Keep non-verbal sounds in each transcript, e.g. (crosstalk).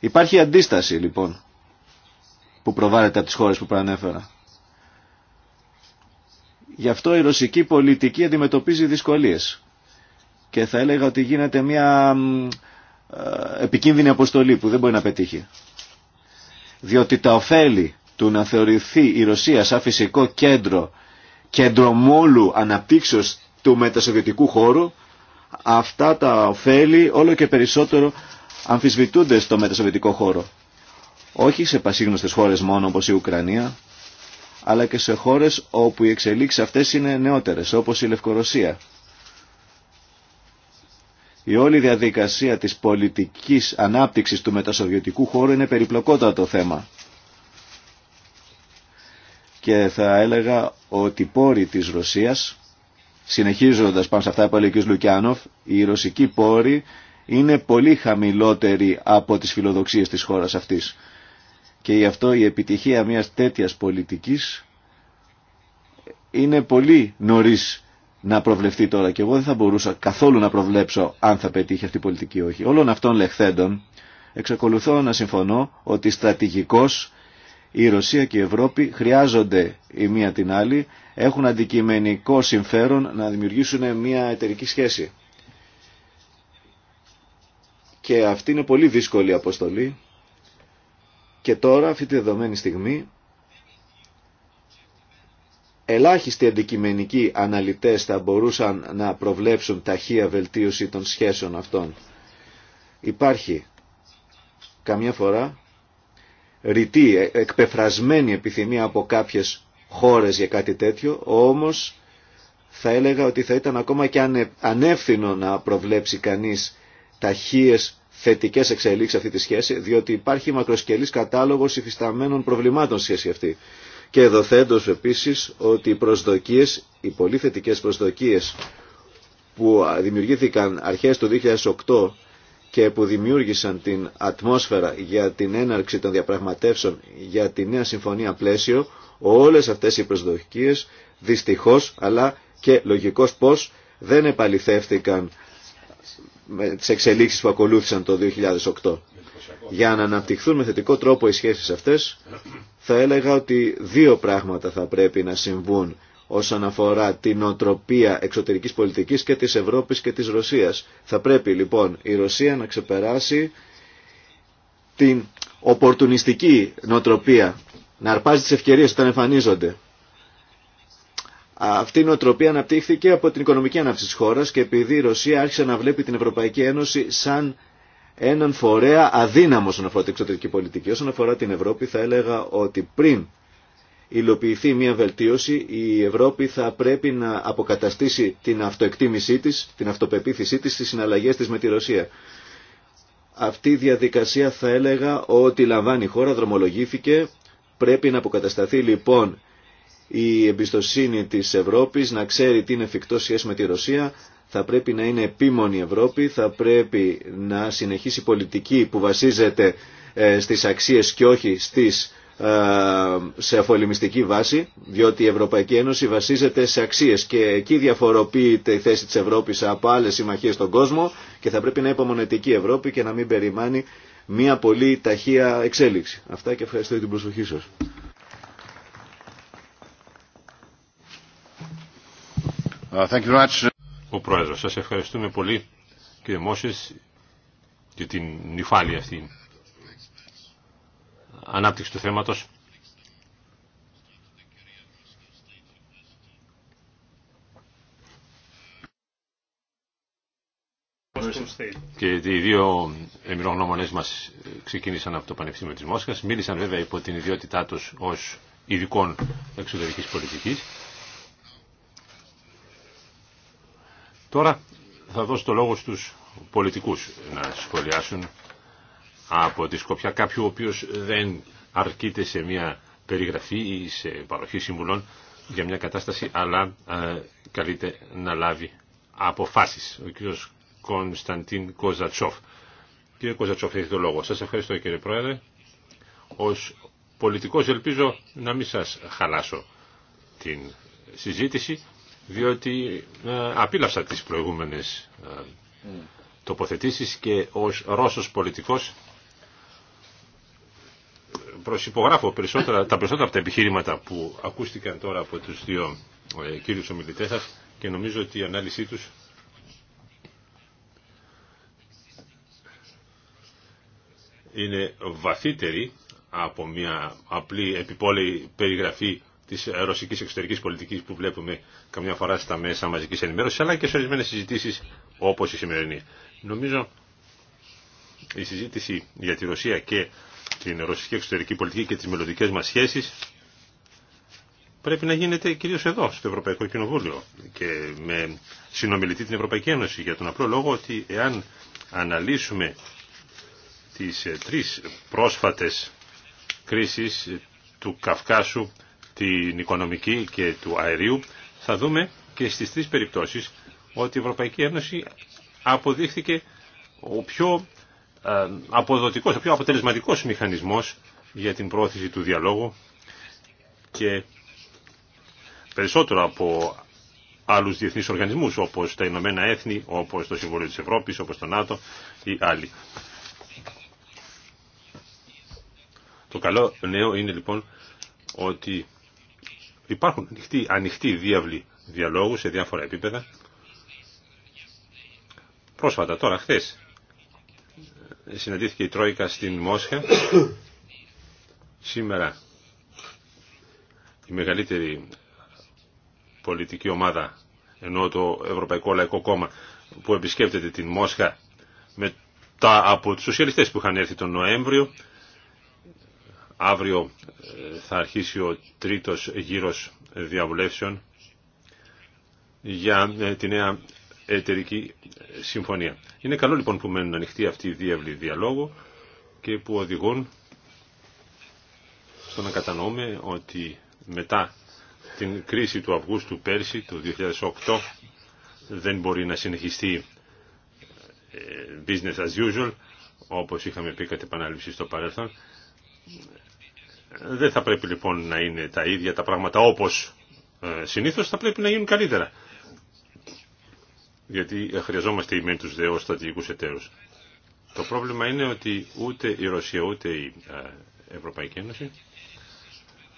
Υπάρχει αντίσταση λοιπόν που προβάλλεται από τις χώρες που προανέφερα. Γι' αυτό η ρωσική πολιτική αντιμετωπίζει δυσκολίες. Και θα έλεγα ότι γίνεται μια ε, επικίνδυνη αποστολή που δεν μπορεί να πετύχει. Διότι τα ωφέλη του να θεωρηθεί η Ρωσία σαν φυσικό κέντρο, κέντρο μόλου αναπτύξεως του μετασοβιετικού χώρου, αυτά τα ωφέλη όλο και περισσότερο αμφισβητούνται στο μετασοβιετικό χώρο. Όχι σε πασίγνωστες χώρες μόνο όπως η Ουκρανία, αλλά και σε χώρες όπου οι εξελίξεις αυτές είναι νεότερες, όπως η Λευκορωσία. Η όλη διαδικασία της πολιτικής ανάπτυξης του μετασοβιωτικού χώρου είναι περιπλοκότατο θέμα. Και θα έλεγα ότι οι πόροι της Ρωσίας Συνεχίζοντας πάνω σε αυτά που έλεγε ο κ. Λουκιάνοφ, είναι πολύ χαμηλότερη από τις φιλοδοξίες της χώρας αυτής. Και γι' αυτό η επιτυχία μιας τέτοιας πολιτικής είναι πολύ νωρίς να προβλεφτεί τώρα και εγώ δεν θα μπορούσα καθόλου να προβλέψω αν θα πετύχει αυτή η πολιτική ή όχι. Όλων αυτών λεχθέντων εξακολουθώ να συμφωνώ ότι στρατηγικός η Ρωσία και η Ευρώπη χρειάζονται η μία την άλλη, έχουν αντικειμενικό συμφέρον να δημιουργήσουν μια εταιρική σχέση. Και αυτή είναι πολύ δύσκολη αποστολή. Και τώρα, αυτή τη δεδομένη στιγμή, ελάχιστοι αντικειμενικοί αναλυτές θα μπορούσαν να προβλέψουν ταχεία βελτίωση των σχέσεων αυτών. Υπάρχει καμιά φορά ρητή, ε, εκπεφρασμένη επιθυμία από κάποιες χώρες για κάτι τέτοιο, όμως θα έλεγα ότι θα ήταν ακόμα και ανεύθυνο να προβλέψει κανείς ταχείες θετικές εξελίξεις αυτή τη σχέση, διότι υπάρχει μακροσκελής κατάλογος υφισταμένων προβλημάτων σχέση αυτή. Και δοθέντως επίσης ότι οι προσδοκίες, οι πολύ θετικές προσδοκίες που δημιουργήθηκαν αρχές του 2008 και που δημιούργησαν την ατμόσφαιρα για την έναρξη των διαπραγματεύσεων για τη νέα συμφωνία πλαίσιο, όλες αυτές οι προσδοκίες δυστυχώς αλλά και λογικός πως δεν επαληθεύτηκαν με τις εξελίξεις που ακολούθησαν το 2008. Για να αναπτυχθούν με θετικό τρόπο οι σχέσεις αυτές, θα έλεγα ότι δύο πράγματα θα πρέπει να συμβούν όσον αφορά την οτροπία εξωτερικής πολιτικής και της Ευρώπης και της Ρωσίας. Θα πρέπει λοιπόν η Ρωσία να ξεπεράσει την οπορτουνιστική νοοτροπία, να αρπάζει τις ευκαιρίες όταν εμφανίζονται. Αυτή η νοοτροπία αναπτύχθηκε από την οικονομική ανάπτυξη της χώρας και επειδή η Ρωσία άρχισε να βλέπει την Ευρωπαϊκή Ένωση σαν έναν φορέα αδύναμο όσον αφορά την εξωτερική πολιτική. Όσον αφορά την Ευρώπη θα έλεγα ότι πριν υλοποιηθεί μια βελτίωση, η Ευρώπη θα πρέπει να αποκαταστήσει την αυτοεκτίμησή της, την αυτοπεποίθησή της στις συναλλαγές της με τη Ρωσία. Αυτή η διαδικασία θα έλεγα ότι λαμβάνει η χώρα, δρομολογήθηκε, πρέπει να αποκατασταθεί λοιπόν η εμπιστοσύνη της Ευρώπης, να ξέρει τι είναι εφικτό σχέση με τη Ρωσία, θα πρέπει να είναι επίμονη η Ευρώπη, θα πρέπει να συνεχίσει πολιτική που βασίζεται ε, στις αξίες και όχι στις ε, σε αφολημιστική βάση, διότι η Ευρωπαϊκή Ένωση βασίζεται σε αξίες και εκεί διαφοροποιείται η θέση της Ευρώπης από άλλες συμμαχίες στον κόσμο και θα πρέπει να υπομονετική η Ευρώπη και να μην περιμένει μια πολύ ταχεία εξέλιξη. Αυτά και ευχαριστώ για την προσοχή σας. Uh, Ο Πρόεδρος, σας ευχαριστούμε πολύ κύριε για την νυφάλια αυτή ανάπτυξη του θέματος. Και οι δύο εμειρογνώμονές μας ξεκίνησαν από το Πανεπιστήμιο της Μόσχας. Μίλησαν βέβαια υπό την ιδιότητά τους ως ειδικών εξωτερικής πολιτικής. Τώρα θα δώσω το λόγο στους πολιτικούς να σχολιάσουν από τη σκοπιά κάποιου ο οποίος δεν αρκείται σε μια περιγραφή ή σε παροχή συμβουλών για μια κατάσταση, αλλά ε, καλείται να λάβει αποφάσεις. Ο κ. Κωνσταντίν Κοζατσόφ. Κύριε Κοζατσόφ, έχει το λόγο. Σας ευχαριστώ κύριε Πρόεδρε. Ως πολιτικός ελπίζω να μην σας χαλάσω την συζήτηση, διότι ε, απίλαυσα τις προηγούμενες ε, τοποθετήσεις και ως Ρώσος πολιτικός προσυπογράφω περισσότερα, τα περισσότερα από τα επιχείρηματα που ακούστηκαν τώρα από τους δύο ε, κύριους ομιλητές σας και νομίζω ότι η ανάλυση τους είναι βαθύτερη από μια απλή επιπόλαιη περιγραφή της ρωσικής εξωτερικής πολιτικής που βλέπουμε καμιά φορά στα μέσα μαζικής ενημέρωσης αλλά και σε ορισμένε συζητήσεις όπως η σημερινή. Νομίζω η συζήτηση για τη Ρωσία και την ρωσική εξωτερική πολιτική και τις μελλοντικέ μας σχέσεις πρέπει να γίνεται κυρίως εδώ, στο Ευρωπαϊκό Κοινοβούλιο και με συνομιλητή την Ευρωπαϊκή Ένωση για τον απλό λόγο ότι εάν αναλύσουμε τις ε, τρεις πρόσφατες κρίσεις του Καυκάσου, την οικονομική και του αερίου, θα δούμε και στις τρεις περιπτώσεις ότι η Ευρωπαϊκή Ένωση αποδείχθηκε ο πιο ε, αποδοτικός, ο πιο αποτελεσματικός μηχανισμός για την πρόθεση του διαλόγου και περισσότερο από άλλους διεθνείς οργανισμούς όπως τα Ηνωμένα Έθνη, όπως το Συμβουλίο της Ευρώπης, όπως το ΝΑΤΟ ή άλλοι. Το καλό νέο είναι λοιπόν ότι υπάρχουν ανοιχτοί, ανοιχτοί διάβλοι διαλόγου σε διάφορα επίπεδα. Πρόσφατα τώρα, χθες, συναντήθηκε η Τρόικα στην Μόσχα. Σήμερα η μεγαλύτερη πολιτική ομάδα, ενώ το Ευρωπαϊκό Λαϊκό Κόμμα που επισκέπτεται την Μόσχα μετά από τους σοσιαλιστές που είχαν έρθει τον Νοέμβριο. Αύριο ε, θα αρχίσει ο τρίτος γύρος διαβουλεύσεων για ε, τη νέα εταιρική συμφωνία. Είναι καλό λοιπόν που μένουν ανοιχτοί αυτοί οι διάβλοι διαλόγου και που οδηγούν στο να κατανοούμε ότι μετά την κρίση του Αυγούστου πέρσι, του 2008, δεν μπορεί να συνεχιστεί ε, business as usual, όπως είχαμε πει κατ' επανάληψη στο παρελθόν. Δεν θα πρέπει λοιπόν να είναι τα ίδια τα πράγματα όπως ε, συνήθως, θα πρέπει να γίνουν καλύτερα γιατί χρειαζόμαστε μεν τους στρατηγικούς εταίρους. Το πρόβλημα είναι ότι ούτε η Ρωσία ούτε η Ευρωπαϊκή Ένωση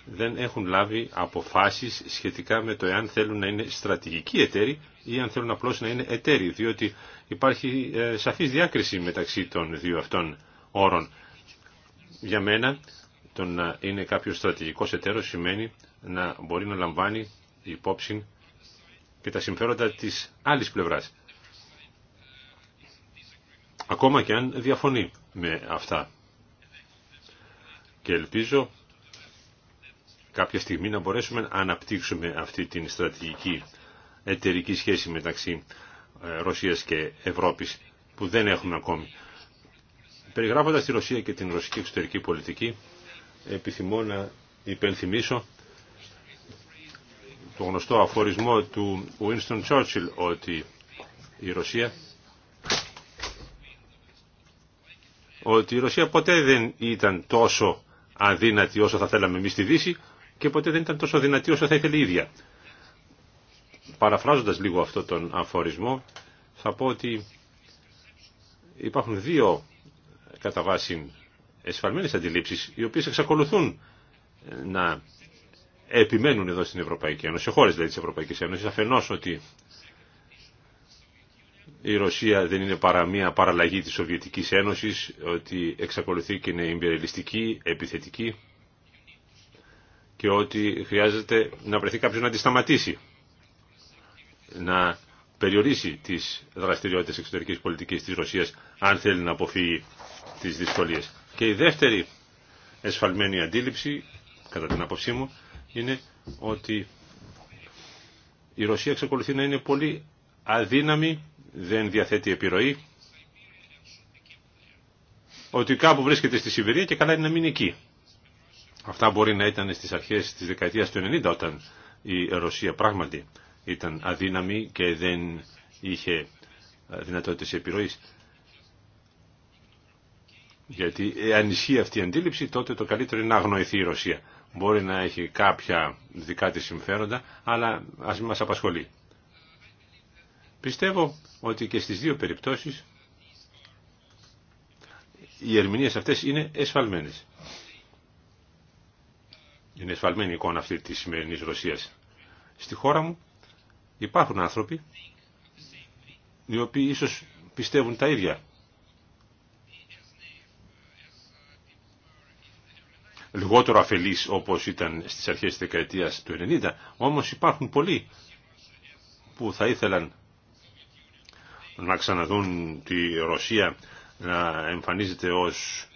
δεν έχουν λάβει αποφάσεις σχετικά με το εάν θέλουν να είναι στρατηγικοί εταίροι ή αν θέλουν απλώς να είναι εταίροι, διότι υπάρχει ε, σαφής διάκριση μεταξύ των δύο αυτών όρων. Για μένα, το να είναι κάποιος στρατηγικός εταίρος σημαίνει να μπορεί να λαμβάνει υπόψη και τα συμφέροντα της άλλης πλευράς. Ακόμα και αν διαφωνεί με αυτά. Και ελπίζω κάποια στιγμή να μπορέσουμε να αναπτύξουμε αυτή την στρατηγική εταιρική σχέση μεταξύ ε, Ρωσίας και Ευρώπης που δεν έχουμε ακόμη. Περιγράφοντας τη Ρωσία και την ρωσική εξωτερική πολιτική επιθυμώ να υπενθυμίσω το γνωστό αφορισμό του Winston Churchill ότι η Ρωσία ότι η Ρωσία ποτέ δεν ήταν τόσο αδύνατη όσο θα θέλαμε εμείς στη Δύση και ποτέ δεν ήταν τόσο δυνατή όσο θα ήθελε η ίδια. Παραφράζοντας λίγο αυτό τον αφορισμό θα πω ότι υπάρχουν δύο κατά βάση εσφαλμένες αντιλήψεις οι οποίες εξακολουθούν να επιμένουν εδώ στην Ευρωπαϊκή Ένωση, σε χώρες δηλαδή της Ευρωπαϊκής Ένωσης, αφενός ότι η Ρωσία δεν είναι παρά μία παραλλαγή της Σοβιετικής Ένωσης, ότι εξακολουθεί και είναι εμπειρελιστική, επιθετική και ότι χρειάζεται να βρεθεί κάποιος να τη σταματήσει, να περιορίσει τις δραστηριότητες εξωτερικής πολιτικής της Ρωσίας αν θέλει να αποφύγει τις δυσκολίες. Και η δεύτερη εσφαλμένη αντίληψη, κατά την άποψή μου, είναι ότι η Ρωσία εξακολουθεί να είναι πολύ αδύναμη, δεν διαθέτει επιρροή, ότι κάπου βρίσκεται στη Σιβηρία και καλά είναι να μείνει εκεί. Αυτά μπορεί να ήταν στις αρχές της δεκαετίας του 90 όταν η Ρωσία πράγματι ήταν αδύναμη και δεν είχε δυνατότητες επιρροής. Γιατί αν ισχύει αυτή η αντίληψη τότε το καλύτερο είναι να αγνοηθεί η Ρωσία μπορεί να έχει κάποια δικά της συμφέροντα, αλλά ας μην μας απασχολεί. Πιστεύω ότι και στις δύο περιπτώσεις οι ερμηνείες αυτές είναι εσφαλμένες. Είναι εσφαλμένη η εικόνα αυτή της σημερινής Ρωσίας. Στη χώρα μου υπάρχουν άνθρωποι οι οποίοι ίσως πιστεύουν τα ίδια λιγότερο αφελείς όπως ήταν στις αρχές της δεκαετίας του 90. Όμως υπάρχουν πολλοί που θα ήθελαν να ξαναδούν τη Ρωσία να εμφανίζεται ως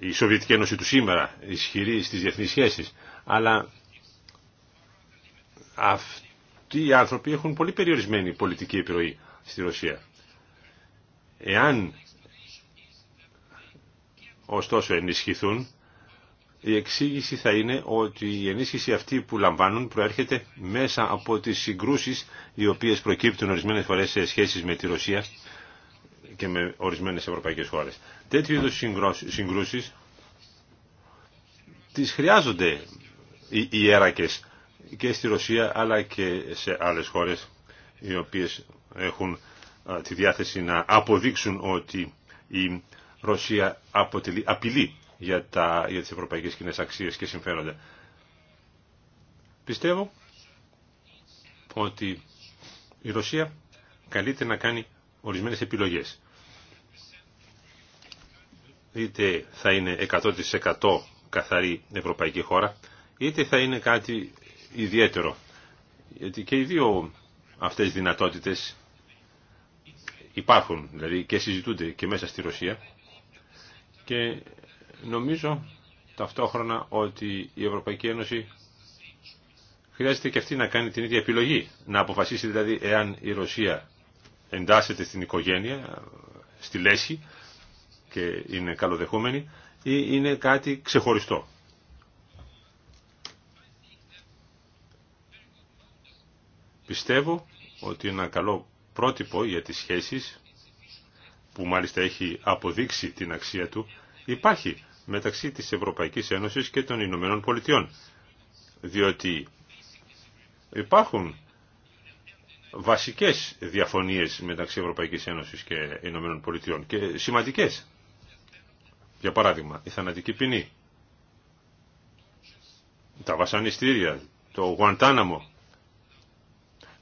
η Σοβιετική Ένωση του σήμερα, ισχυρή στις διεθνείς σχέσεις. Αλλά αυτοί οι άνθρωποι έχουν πολύ περιορισμένη πολιτική επιρροή στη Ρωσία. Εάν ωστόσο ενισχυθούν η εξήγηση θα είναι ότι η ενίσχυση αυτή που λαμβάνουν προέρχεται μέσα από τις συγκρούσεις οι οποίες προκύπτουν ορισμένες φορές σε σχέσεις με τη Ρωσία και με ορισμένες ευρωπαϊκές χώρες. Τέτοιου είδου συγκρούσεις τις χρειάζονται οι ιέρακες και στη Ρωσία αλλά και σε άλλες χώρες οι οποίες έχουν τη διάθεση να αποδείξουν ότι η Ρωσία αποτελεί απειλή για, τα, για τις ευρωπαϊκές κοινέ αξίες και συμφέροντα. Πιστεύω ότι η Ρωσία καλείται να κάνει ορισμένες επιλογές. Είτε θα είναι 100% καθαρή ευρωπαϊκή χώρα, είτε θα είναι κάτι ιδιαίτερο. Γιατί και οι δύο αυτές δυνατότητες υπάρχουν, δηλαδή και συζητούνται και μέσα στη Ρωσία και Νομίζω ταυτόχρονα ότι η Ευρωπαϊκή Ένωση χρειάζεται και αυτή να κάνει την ίδια επιλογή. Να αποφασίσει δηλαδή εάν η Ρωσία εντάσσεται στην οικογένεια, στη λέση και είναι καλοδεχούμενη ή είναι κάτι ξεχωριστό. Πιστεύω ότι ένα καλό πρότυπο για τις σχέσεις που μάλιστα έχει αποδείξει την αξία του υπάρχει μεταξύ της Ευρωπαϊκής Ένωσης και των Ηνωμένων Πολιτειών. Διότι υπάρχουν βασικές διαφωνίες μεταξύ Ευρωπαϊκής Ένωσης και Ηνωμένων Πολιτειών και σημαντικές. Για παράδειγμα, η θανατική ποινή, τα βασανιστήρια, το Γουαντάναμο,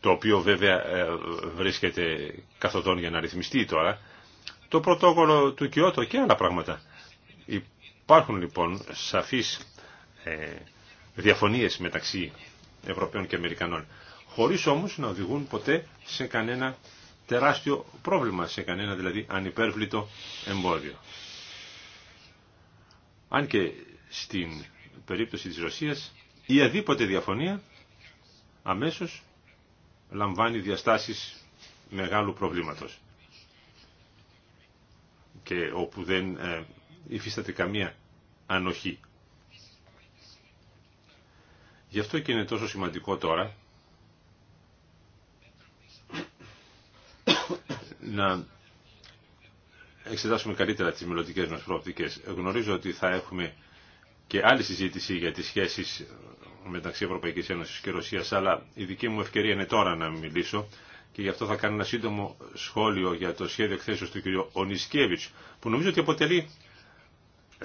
το οποίο βέβαια ε, βρίσκεται καθοδόν για να ρυθμιστεί τώρα, το πρωτόκολλο του Κιώτο και άλλα πράγματα. Υπάρχουν λοιπόν σαφείς ε, διαφωνίες μεταξύ Ευρωπαίων και Αμερικανών, χωρίς όμως να οδηγούν ποτέ σε κανένα τεράστιο πρόβλημα, σε κανένα δηλαδή ανυπέρβλητο εμπόδιο. Αν και στην περίπτωση της Ρωσίας, η αδίποτε διαφωνία αμέσως λαμβάνει διαστάσεις μεγάλου προβλήματος και όπου δεν ε, υφίσταται καμία ανοχή. Γι' αυτό και είναι τόσο σημαντικό τώρα να εξετάσουμε καλύτερα τις μελλοντικέ μας προοπτικές. Γνωρίζω ότι θα έχουμε και άλλη συζήτηση για τις σχέσεις μεταξύ Ευρωπαϊκής Ένωσης και Ρωσίας, αλλά η δική μου ευκαιρία είναι τώρα να μιλήσω και γι' αυτό θα κάνω ένα σύντομο σχόλιο για το σχέδιο εκθέσεως του κ. Ονισκέβιτς, που νομίζω ότι αποτελεί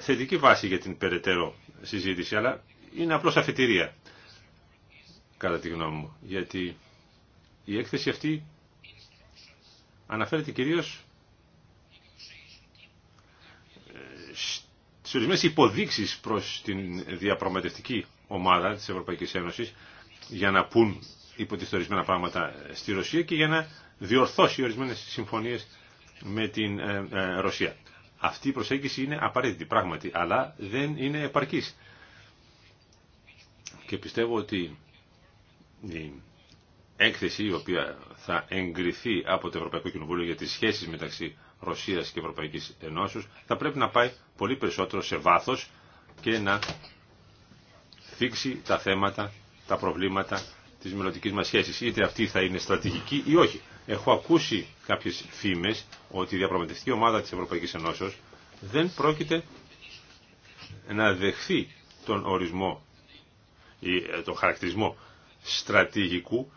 θετική βάση για την περαιτέρω συζήτηση, αλλά είναι απλώς αφετηρία, κατά τη γνώμη μου, γιατί η έκθεση αυτή αναφέρεται κυρίως ε, σε ορισμένε υποδείξεις προς την διαπραγματευτική ομάδα της Ευρωπαϊκής Ένωσης για να πούν υποτιστορισμένα πράγματα στη Ρωσία και για να διορθώσει ορισμένες συμφωνίες με την ε, ε, Ρωσία. Αυτή η προσέγγιση είναι απαραίτητη πράγματι, αλλά δεν είναι επαρκής. Και πιστεύω ότι η έκθεση η οποία θα εγκριθεί από το Ευρωπαϊκό Κοινοβούλιο για τις σχέσεις μεταξύ Ρωσίας και Ευρωπαϊκής Ενώσεως θα πρέπει να πάει πολύ περισσότερο σε βάθος και να θίξει τα θέματα, τα προβλήματα της μελλοντική μας σχέσης. Είτε αυτή θα είναι στρατηγική ή όχι. Έχω ακούσει κάποιες φήμες ότι η διαπραγματευτική ομάδα της Ευρωπαϊκής Ενώσεως δεν πρόκειται να δεχθεί τον ορισμό ή ε, τον χαρακτηρισμό στρατηγικού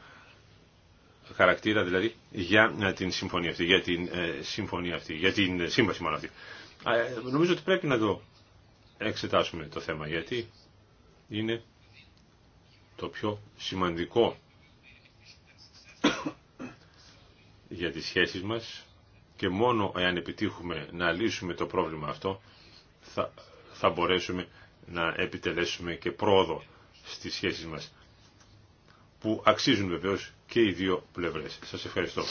χαρακτήρα δηλαδή για ε, την συμφωνία αυτή, για την ε, συμφωνία αυτή, για την σύμβαση μάλλον αυτή. νομίζω ότι πρέπει να το εξετάσουμε το θέμα γιατί είναι το πιο σημαντικό για τις σχέσεις μας και μόνο εάν επιτύχουμε να λύσουμε το πρόβλημα αυτό θα, μπορέσουμε να επιτελέσουμε και πρόοδο στις σχέσεις μας που αξίζουν βεβαίως και οι δύο πλευρές. Σας ευχαριστώ.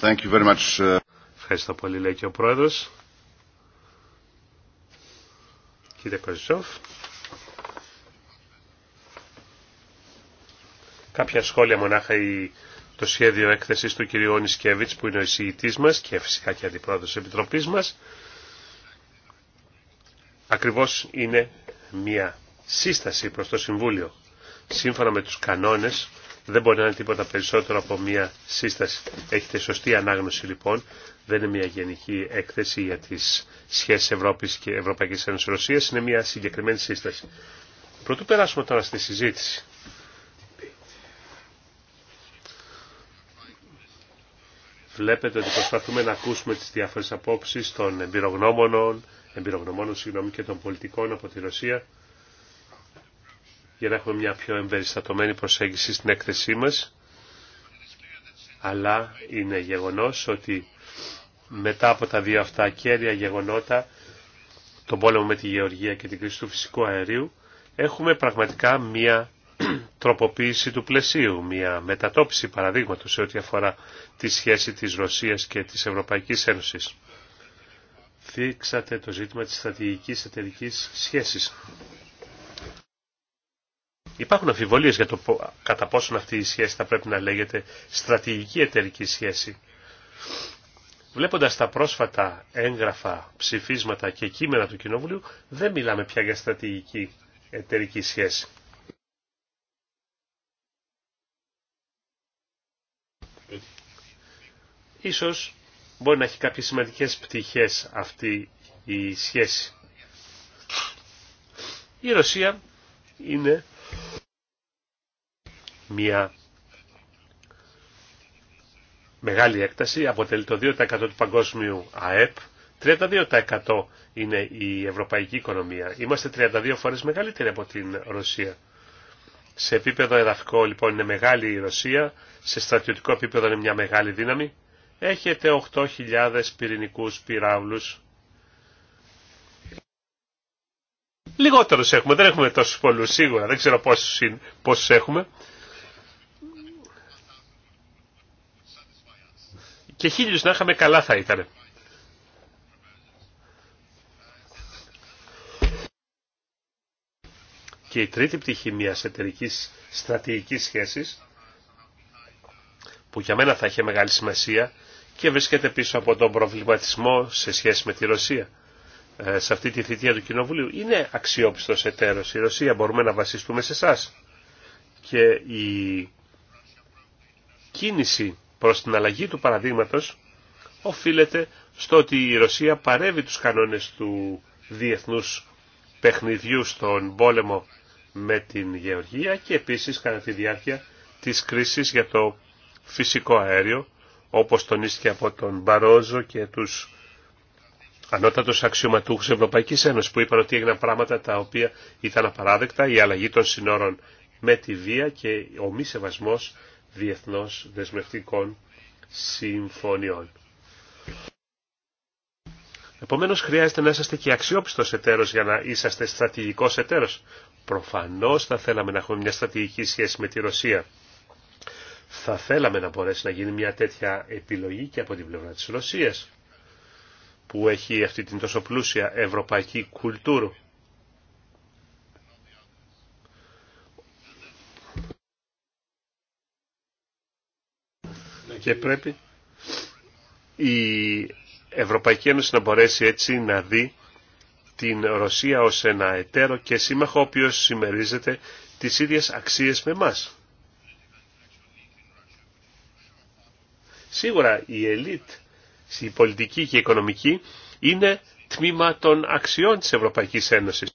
Thank you very much. Ευχαριστώ πολύ λέει και ο Πρόεδρος. Κύριε κάποια σχόλια μονάχα η, το σχέδιο έκθεσης του κυρίου Κέβιτς που είναι ο εισηγητής μας και φυσικά και αντιπρόεδρος της Επιτροπής μας. Ακριβώς είναι μια σύσταση προς το Συμβούλιο. Σύμφωνα με τους κανόνες δεν μπορεί να είναι τίποτα περισσότερο από μια σύσταση. Έχετε σωστή ανάγνωση λοιπόν. Δεν είναι μια γενική έκθεση για τις σχέσεις Ευρώπης και Ευρωπαϊκής Ένωση Ρωσία, Είναι μια συγκεκριμένη σύσταση. Πρωτού περάσουμε τώρα στη συζήτηση. Βλέπετε ότι προσπαθούμε να ακούσουμε τις διάφορες απόψεις των εμπειρογνώμονων, εμπειρογνωμόνων συγγνώμη, και των πολιτικών από τη Ρωσία για να έχουμε μια πιο εμπεριστατωμένη προσέγγιση στην έκθεσή μας. Αλλά είναι γεγονός ότι μετά από τα δύο αυτά κέρια γεγονότα, τον πόλεμο με τη Γεωργία και την κρίση του φυσικού αερίου, έχουμε πραγματικά μια τροποποίηση του πλαισίου, μια μετατόπιση παραδείγματος σε ό,τι αφορά τη σχέση της Ρωσίας και της Ευρωπαϊκής Ένωσης. Θίξατε το ζήτημα της στρατηγικής εταιρικής σχέσης. Υπάρχουν αμφιβολίες για το κατά πόσον αυτή η σχέση θα πρέπει να λέγεται στρατηγική εταιρική σχέση. Βλέποντας τα πρόσφατα έγγραφα, ψηφίσματα και κείμενα του Κοινοβουλίου, δεν μιλάμε πια για στρατηγική εταιρική σχέση. Ίσως μπορεί να έχει κάποιες σημαντικές πτυχές αυτή η σχέση. Η Ρωσία είναι μια μεγάλη έκταση, αποτελεί το 2% του παγκόσμιου ΑΕΠ, 32% είναι η ευρωπαϊκή οικονομία. Είμαστε 32 φορές μεγαλύτεροι από την Ρωσία. Σε επίπεδο εδαφικό λοιπόν είναι μεγάλη η Ρωσία, σε στρατιωτικό επίπεδο είναι μια μεγάλη δύναμη έχετε 8.000 πυρηνικούς πυράβλους. Λιγότερους έχουμε, δεν έχουμε τόσους πολλούς σίγουρα, δεν ξέρω πόσους, έχουμε. Και χίλιους να είχαμε καλά θα ήταν. Και η τρίτη πτυχή μιας εταιρικής στρατηγικής σχέσης, που για μένα θα είχε μεγάλη σημασία, και βρίσκεται πίσω από τον προβληματισμό σε σχέση με τη Ρωσία ε, σε αυτή τη θητεία του Κοινοβουλίου. Είναι αξιόπιστος εταίρος η Ρωσία, μπορούμε να βασιστούμε σε εσά. Και η κίνηση προς την αλλαγή του παραδείγματος οφείλεται στο ότι η Ρωσία παρεύει τους κανόνες του διεθνούς παιχνιδιού στον πόλεμο με την Γεωργία και επίσης κατά τη διάρκεια της κρίσης για το φυσικό αέριο όπως τονίστηκε από τον Μπαρόζο και τους ανώτατους αξιωματούχους Ευρωπαϊκής Ένωσης που είπαν ότι έγιναν πράγματα τα οποία ήταν απαράδεκτα, η αλλαγή των συνόρων με τη βία και ο μη σεβασμός διεθνώς δεσμευτικών συμφωνιών. Επομένως χρειάζεται να είσαστε και αξιόπιστος εταίρος για να είσαστε στρατηγικός εταίρος. Προφανώς θα θέλαμε να έχουμε μια στρατηγική σχέση με τη Ρωσία θα θέλαμε να μπορέσει να γίνει μια τέτοια επιλογή και από την πλευρά της Ρωσίας που έχει αυτή την τόσο πλούσια ευρωπαϊκή κουλτούρα. Και πρέπει η Ευρωπαϊκή Ένωση να μπορέσει έτσι να δει την Ρωσία ως ένα εταίρο και σύμμαχο ο οποίος συμμερίζεται τις ίδιες αξίες με μας. Σίγουρα η ελίτ, η πολιτική και η οικονομική είναι τμήμα των αξιών της Ευρωπαϊκής Ένωσης.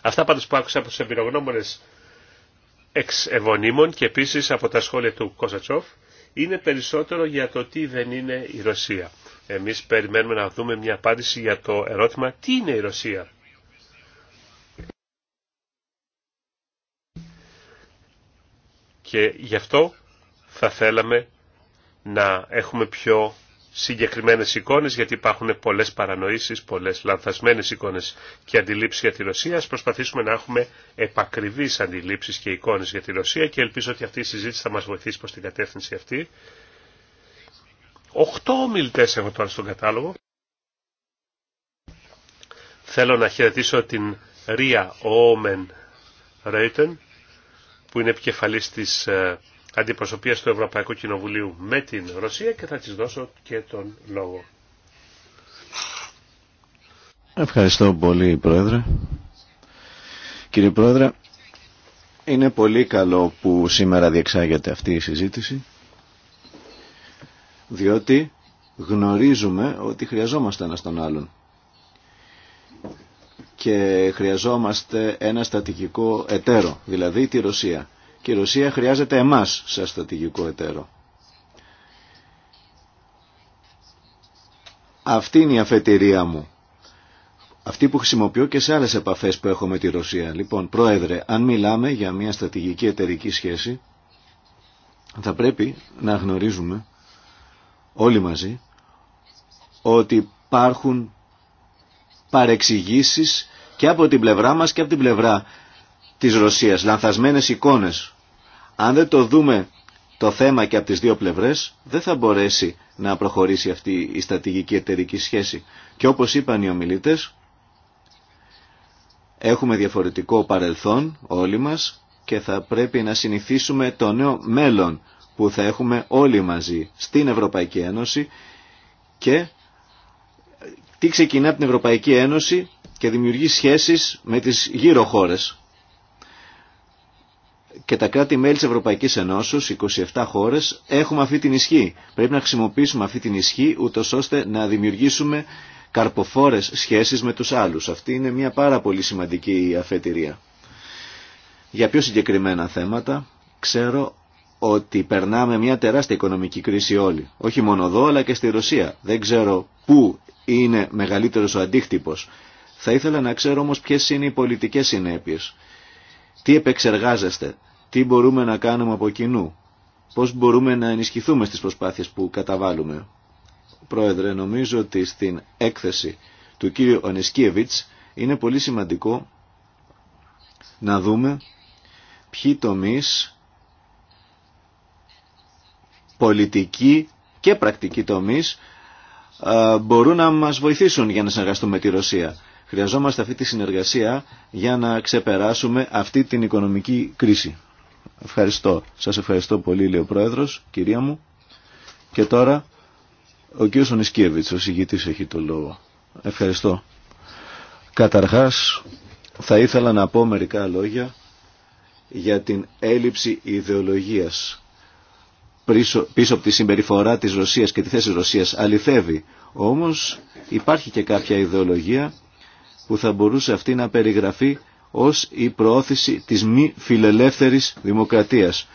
Αυτά πάντως που άκουσα από τους εμπειρογνώμονες εξ ευωνίμων και επίσης από τα σχόλια του Κοσατσόφ είναι περισσότερο για το τι δεν είναι η Ρωσία. Εμείς περιμένουμε να δούμε μια απάντηση για το ερώτημα τι είναι η Ρωσία. Και γι' αυτό θα θέλαμε να έχουμε πιο συγκεκριμένες εικόνες, γιατί υπάρχουν πολλές παρανοήσεις, πολλές λανθασμένες εικόνες και αντιλήψεις για τη Ρωσία. Ας προσπαθήσουμε να έχουμε επακριβείς αντιλήψεις και εικόνες για τη Ρωσία και ελπίζω ότι αυτή η συζήτηση θα μας βοηθήσει προς την κατεύθυνση αυτή. Οχτώ ομιλητές έχω τώρα στον κατάλογο. Θέλω να χαιρετήσω την Ρία Όμεν Ρέιτεν, που είναι επικεφαλής της ε, αντιπροσωπεία του Ευρωπαϊκού Κοινοβουλίου με την Ρωσία και θα της δώσω και τον λόγο. Ευχαριστώ πολύ Πρόεδρε. Κύριε Πρόεδρε, είναι πολύ καλό που σήμερα διεξάγεται αυτή η συζήτηση διότι γνωρίζουμε ότι χρειαζόμαστε ένα τον άλλον και χρειαζόμαστε ένα στατικικό εταίρο, δηλαδή τη Ρωσία και η Ρωσία χρειάζεται εμάς σαν στρατηγικό εταίρο. Αυτή είναι η αφετηρία μου. Αυτή που χρησιμοποιώ και σε άλλες επαφές που έχω με τη Ρωσία. Λοιπόν, Πρόεδρε, αν μιλάμε για μια στρατηγική εταιρική σχέση, θα πρέπει να γνωρίζουμε όλοι μαζί ότι υπάρχουν παρεξηγήσεις και από την πλευρά μας και από την πλευρά της Ρωσίας, λανθασμένες εικόνες. Αν δεν το δούμε το θέμα και από τις δύο πλευρές, δεν θα μπορέσει να προχωρήσει αυτή η στρατηγική εταιρική σχέση. Και όπως είπαν οι ομιλητές, έχουμε διαφορετικό παρελθόν όλοι μας και θα πρέπει να συνηθίσουμε το νέο μέλλον που θα έχουμε όλοι μαζί στην Ευρωπαϊκή Ένωση και τι ξεκινά από την Ευρωπαϊκή Ένωση και δημιουργεί σχέσεις με τις γύρω χώρες και τα κράτη-μέλη της Ευρωπαϊκής Ενώσεως, 27 χώρες, έχουμε αυτή την ισχύ. Πρέπει να χρησιμοποιήσουμε αυτή την ισχύ, ούτω ώστε να δημιουργήσουμε καρποφόρες σχέσεις με τους άλλους. Αυτή είναι μια πάρα πολύ σημαντική αφετηρία. Για πιο συγκεκριμένα θέματα, ξέρω ότι περνάμε μια τεράστια οικονομική κρίση όλοι. Όχι μόνο εδώ, αλλά και στη Ρωσία. Δεν ξέρω πού είναι μεγαλύτερος ο αντίκτυπος. Θα ήθελα να ξέρω όμως ποιες είναι οι πολιτικές συνέπειες. Τι επεξεργάζεστε τι μπορούμε να κάνουμε από κοινού, πώς μπορούμε να ενισχυθούμε στις προσπάθειες που καταβάλουμε. Πρόεδρε, νομίζω ότι στην έκθεση του κύριου Ονισκίεβιτς είναι πολύ σημαντικό να δούμε ποιοι τομείς πολιτικοί και πρακτικοί τομείς μπορούν να μας βοηθήσουν για να συνεργαστούμε με τη Ρωσία. Χρειαζόμαστε αυτή τη συνεργασία για να ξεπεράσουμε αυτή την οικονομική κρίση. Ευχαριστώ. Σας ευχαριστώ πολύ, λέει ο Πρόεδρος, κυρία μου. Και τώρα ο κ. Ονισκίεβιτς, ο συγγητής, έχει το λόγο. Ευχαριστώ. Καταρχάς, θα ήθελα να πω μερικά λόγια για την έλλειψη ιδεολογίας πίσω, πίσω από τη συμπεριφορά της Ρωσίας και τη θέση της Ρωσίας. Αληθεύει. Όμως υπάρχει και κάποια ιδεολογία που θα μπορούσε αυτή να περιγραφεί ως η προώθηση της μη φιλελεύθερης δημοκρατίας.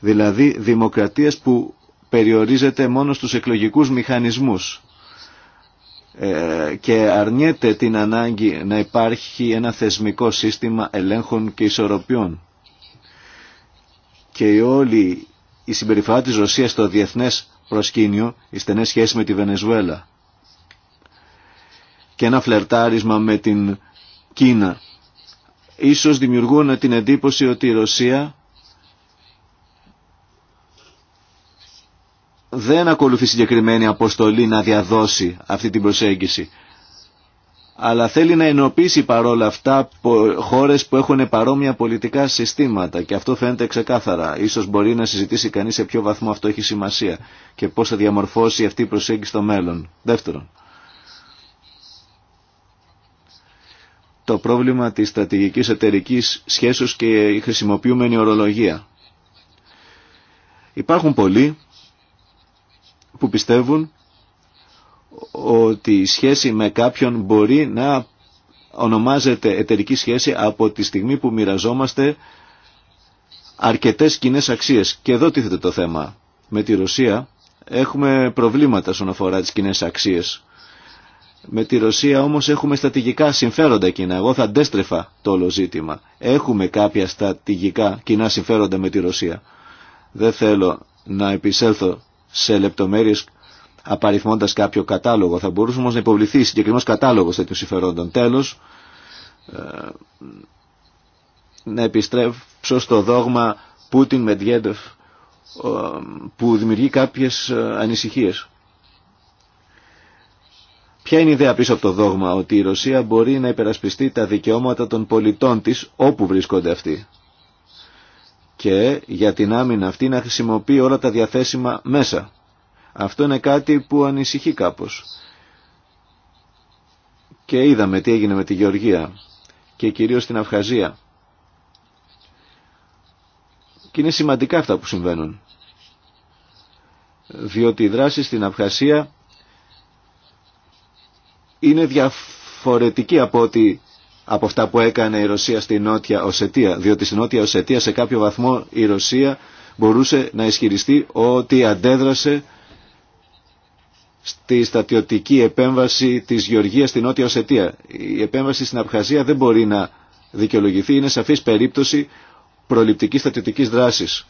Δηλαδή δημοκρατίας που περιορίζεται μόνο στους εκλογικούς μηχανισμούς ε, και αρνιέται την ανάγκη να υπάρχει ένα θεσμικό σύστημα ελέγχων και ισορροπιών. Και όλη η συμπεριφορά της Ρωσίας στο διεθνές προσκήνιο, οι στενές σχέσεις με τη Βενεζουέλα και ένα φλερτάρισμα με την Κίνα ίσως δημιουργούν την εντύπωση ότι η Ρωσία δεν ακολουθεί συγκεκριμένη αποστολή να διαδώσει αυτή την προσέγγιση. Αλλά θέλει να ενοποιήσει παρόλα αυτά χώρες που έχουν παρόμοια πολιτικά συστήματα και αυτό φαίνεται ξεκάθαρα. Ίσως μπορεί να συζητήσει κανείς σε ποιο βαθμό αυτό έχει σημασία και πώς θα διαμορφώσει αυτή η προσέγγιση στο μέλλον. Δεύτερον, το πρόβλημα της στρατηγικής εταιρικής σχέσεως και η χρησιμοποιούμενη ορολογία. Υπάρχουν πολλοί που πιστεύουν ότι η σχέση με κάποιον μπορεί να ονομάζεται εταιρική σχέση από τη στιγμή που μοιραζόμαστε αρκετές κοινέ αξίες. Και εδώ τίθεται το θέμα. Με τη Ρωσία έχουμε προβλήματα στον αφορά τις κοινέ αξίες. Με τη Ρωσία όμως έχουμε στατηγικά συμφέροντα κοινά. Εγώ θα αντέστρεφα το όλο ζήτημα. Έχουμε κάποια στατηγικά κοινά συμφέροντα με τη Ρωσία. Δεν θέλω να επισέλθω σε λεπτομέρειες απαριθμώντας κάποιο κατάλογο. Θα μπορούσε όμως να υποβληθεί συγκεκριμένος κατάλογος τέτοιων συμφερόντων. Τέλος, ε, να επιστρέψω στο δόγμα Πούτιν-Μεντιέντεφ ε, που δημιουργεί κάποιες ε, ανησυχίες. Ποια είναι η ιδέα πίσω από το δόγμα ότι η Ρωσία μπορεί να υπερασπιστεί τα δικαιώματα των πολιτών της όπου βρίσκονται αυτοί και για την άμυνα αυτή να χρησιμοποιεί όλα τα διαθέσιμα μέσα. Αυτό είναι κάτι που ανησυχεί κάπως. Και είδαμε τι έγινε με τη Γεωργία και κυρίως την Αυχαζία. Και είναι σημαντικά αυτά που συμβαίνουν. Διότι οι δράσεις στην Αυχασία είναι διαφορετική από, ότι, από αυτά που έκανε η Ρωσία στη Νότια Οσετία, διότι στη Νότια Οσετία σε κάποιο βαθμό η Ρωσία μπορούσε να ισχυριστεί ότι αντέδρασε στη στατιωτική επέμβαση της Γεωργίας στη Νότια Οσετία. Η επέμβαση στην Απχαζία δεν μπορεί να δικαιολογηθεί, είναι σαφής περίπτωση προληπτικής στατιωτικής δράσης.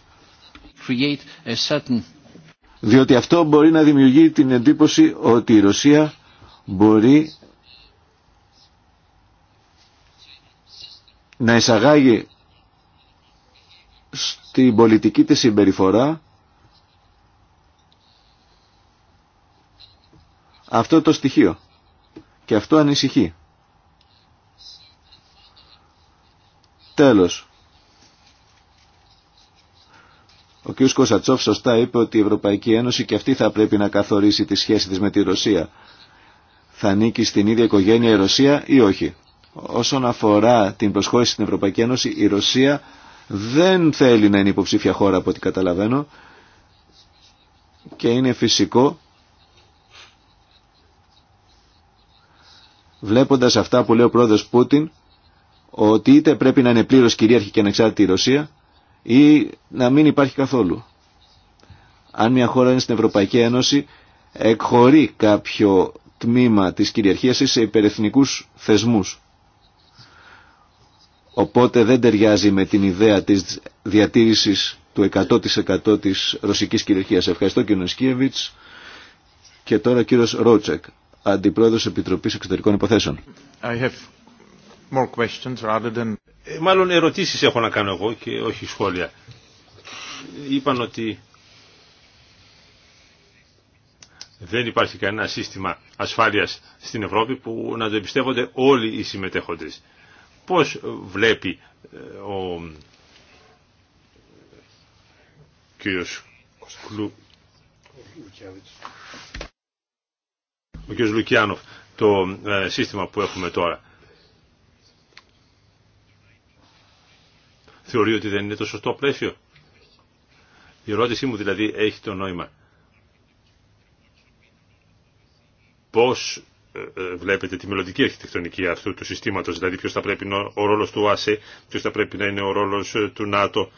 Διότι αυτό μπορεί να δημιουργεί την εντύπωση ότι η Ρωσία μπορεί να εισαγάγει στην πολιτική της συμπεριφορά αυτό το στοιχείο. Και αυτό ανησυχεί. Τέλος. Ο κ. Κοσατσόφ σωστά είπε ότι η Ευρωπαϊκή Ένωση και αυτή θα πρέπει να καθορίσει τη σχέση της με τη Ρωσία θα ανήκει στην ίδια οικογένεια η Ρωσία ή όχι. Όσον αφορά την προσχώρηση στην Ευρωπαϊκή Ένωση, η Ρωσία δεν θέλει να είναι υποψήφια χώρα από ό,τι καταλαβαίνω και είναι φυσικό βλέποντας αυτά που λέει ο πρόεδρος Πούτιν ότι είτε πρέπει να είναι πλήρως κυρίαρχη και ανεξάρτητη η Ρωσία ή να μην υπάρχει καθόλου. Αν μια χώρα είναι στην Ευρωπαϊκή Ένωση εκχωρεί κάποιο τμήμα της κυριαρχίας σε υπερεθνικούς θεσμούς. Οπότε δεν ταιριάζει με την ιδέα της διατήρησης του 100% της ρωσικής κυριαρχίας. Ευχαριστώ κύριο Σκίεβιτς και τώρα κύριος Ρότσεκ, Αντιπρόεδρος Επιτροπής Εξωτερικών Υποθέσεων. I have more than... Ε, μάλλον ερωτήσεις έχω να κάνω εγώ και όχι σχόλια. Είπαν ότι Δεν υπάρχει κανένα σύστημα ασφάλειας στην Ευρώπη που να το εμπιστεύονται όλοι οι συμμετέχοντες. Πώς βλέπει ε, ο κύριος Λουκιάνοφ το ε, σύστημα που έχουμε τώρα. Θεωρεί ότι δεν είναι το σωστό πλαίσιο. Η ερώτησή μου δηλαδή έχει το νόημα. πώς ε, ε, βλέπετε τη μελλοντική αρχιτεκτονική αυτού του συστήματος, δηλαδή ποιος θα πρέπει να είναι ο ρόλος του ΆΣΕ, ποιος θα πρέπει να είναι ο ρόλος ε, του ΝΑΤΟ.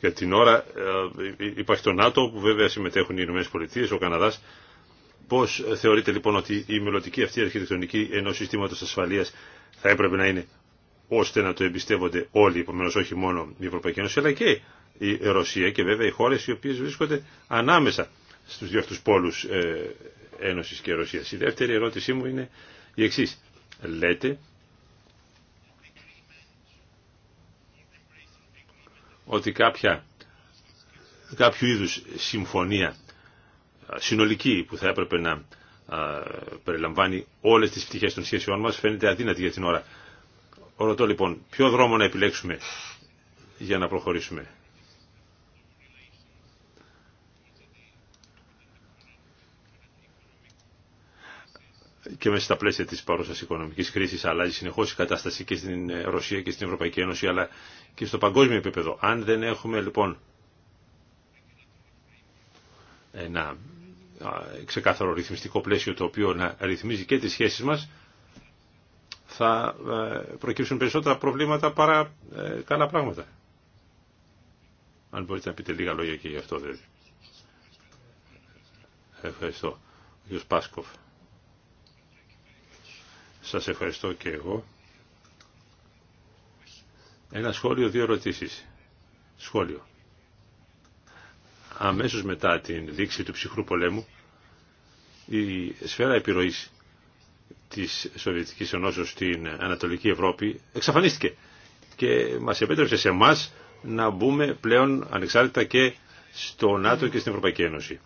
Για την ώρα υπάρχει το ΝΑΤΟ που βέβαια συμμετέχουν οι Ηνωμένες Πολιτείες, ο Καναδάς. Πώς θεωρείτε λοιπόν ότι η μελλοντική αυτή αρχιτεκτονική ενός συστήματος ασφαλείας θα έπρεπε να είναι ώστε να το εμπιστεύονται όλοι, επομένως όχι μόνο η Ευρωπαϊκή Ένωση, αλλά και η Ρωσία και βέβαια οι χώρες οι οποίες βρίσκονται ανάμεσα στους δύο αυτούς πόλους ε, Ένωσης και Ρωσίας. Η δεύτερη ερώτησή μου είναι η εξής. Λέτε ότι κάποια, κάποιο είδους συμφωνία συνολική που θα έπρεπε να περιλαμβάνει όλες τις πτυχές των σχέσεών μας φαίνεται αδύνατη για την ώρα. Ρωτώ λοιπόν ποιο δρόμο να επιλέξουμε για να προχωρήσουμε. και μέσα στα πλαίσια της παρούσας οικονομικής κρίσης αλλάζει συνεχώς η κατάσταση και στην ε, Ρωσία και στην Ευρωπαϊκή Ένωση αλλά και στο παγκόσμιο επίπεδο. Αν δεν έχουμε λοιπόν ένα ξεκάθαρο ρυθμιστικό πλαίσιο το οποίο να ρυθμίζει και τις σχέσεις μας θα ε, προκύψουν περισσότερα προβλήματα παρά ε, καλά πράγματα. Αν μπορείτε να πείτε λίγα λόγια και γι' αυτό δηλαδή. Ευχαριστώ. Ο σας ευχαριστώ και εγώ. Ένα σχόλιο, δύο ερωτήσεις. Σχόλιο. Αμέσως μετά την δείξη του ψυχρού πολέμου, η σφαίρα επιρροής της Σοβιετικής Ενώσεως στην Ανατολική Ευρώπη εξαφανίστηκε και μας επέτρεψε σε εμά να μπούμε πλέον ανεξάρτητα και στο ΝΑΤΟ και στην Ευρωπαϊκή Ένωση.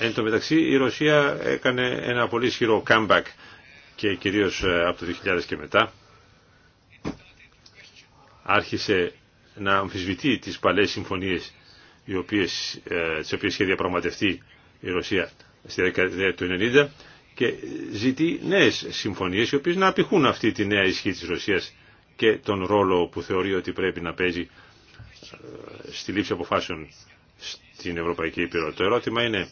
Εν τω μεταξύ η Ρωσία έκανε ένα πολύ ισχυρό comeback και κυρίως ε, από το 2000 και μετά άρχισε να αμφισβητεί τις παλές συμφωνίες οι οποίες, ε, τις οποίες είχε διαπραγματευτεί η Ρωσία στη δεκαετία του 1990 και ζητεί νέες συμφωνίες οι οποίες να απηχούν αυτή τη νέα ισχύ της Ρωσίας και τον ρόλο που θεωρεί ότι πρέπει να παίζει ε, στη λήψη αποφάσεων στην Ευρωπαϊκή Ήπειρο. Το ερώτημα είναι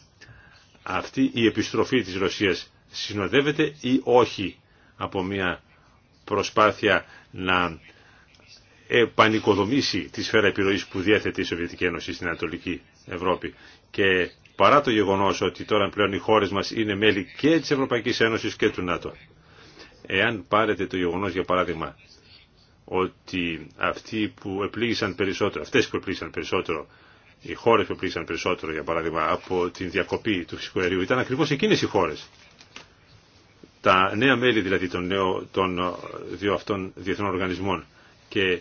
αυτή η επιστροφή της Ρωσίας συνοδεύεται ή όχι από μια προσπάθεια να επανοικοδομήσει τη σφαίρα επιρροής που διέθετε η οχι απο μια προσπαθεια να επανικοδομησει τη Ένωση στην Ανατολική Ευρώπη. Και παρά το γεγονός ότι τώρα πλέον οι χώρες μας είναι μέλη και της Ευρωπαϊκής Ένωσης και του ΝΑΤΟ. Εάν πάρετε το γεγονός για παράδειγμα ότι αυτοί που επλήγησαν περισσότερο, αυτές που επλήγησαν περισσότερο οι χώρε που πλήγησαν περισσότερο, για παράδειγμα, από την διακοπή του φυσικού αερίου ήταν ακριβώ εκείνε οι χώρε. Τα νέα μέλη δηλαδή των, νέων, των δύο αυτών διεθνών οργανισμών και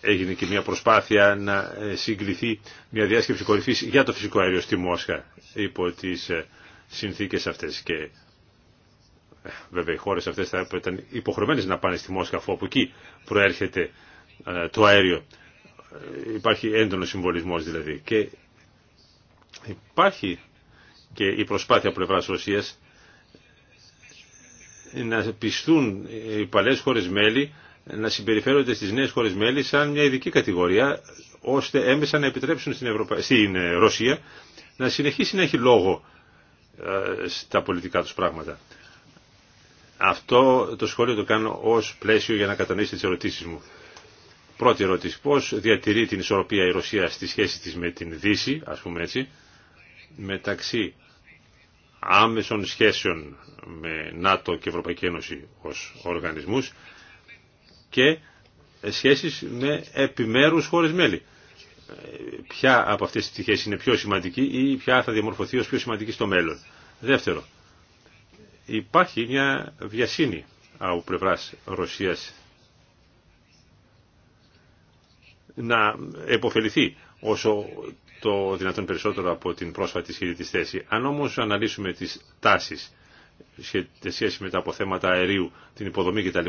έγινε και μια προσπάθεια να ε, συγκληθεί μια διάσκεψη κορυφή για το φυσικό αέριο στη Μόσχα υπό τι ε, συνθήκες αυτές και ε, βέβαια οι χώρε αυτέ θα ήταν υποχρεωμένε να πάνε στη Μόσχα αφού από εκεί προέρχεται το αέριο Υπάρχει έντονο συμβολισμός δηλαδή. Και υπάρχει και η προσπάθεια πλευράς Ρωσίας να πιστούν οι παλές χώρες μέλη να συμπεριφέρονται στις νέες χώρες μέλη σαν μια ειδική κατηγορία ώστε έμεσα να επιτρέψουν στην, στην ε, Ρωσία να συνεχίσει να έχει λόγο ε, στα πολιτικά τους πράγματα. Αυτό το σχόλιο το κάνω ως πλαίσιο για να κατανοήσετε τις ερωτήσεις μου. Πρώτη ερώτηση, πώς διατηρεί την ισορροπία η Ρωσία στη σχέση της με την Δύση, ας πούμε έτσι, μεταξύ άμεσων σχέσεων με ΝΑΤΟ και Ευρωπαϊκή Ένωση ως οργανισμούς και σχέσεις με επιμέρους χώρες μέλη. Ποια από αυτές τις σχέσεις είναι πιο σημαντική ή ποια θα διαμορφωθεί ως πιο σημαντική στο μέλλον. Δεύτερο, υπάρχει μια βιασύνη από πλευράς Ρωσίας να επωφεληθεί όσο το δυνατόν περισσότερο από την πρόσφατη ισχυρή της θέση. Αν όμως αναλύσουμε τις τάσεις σε σχέση με τα αποθέματα αερίου, την υποδομή κτλ.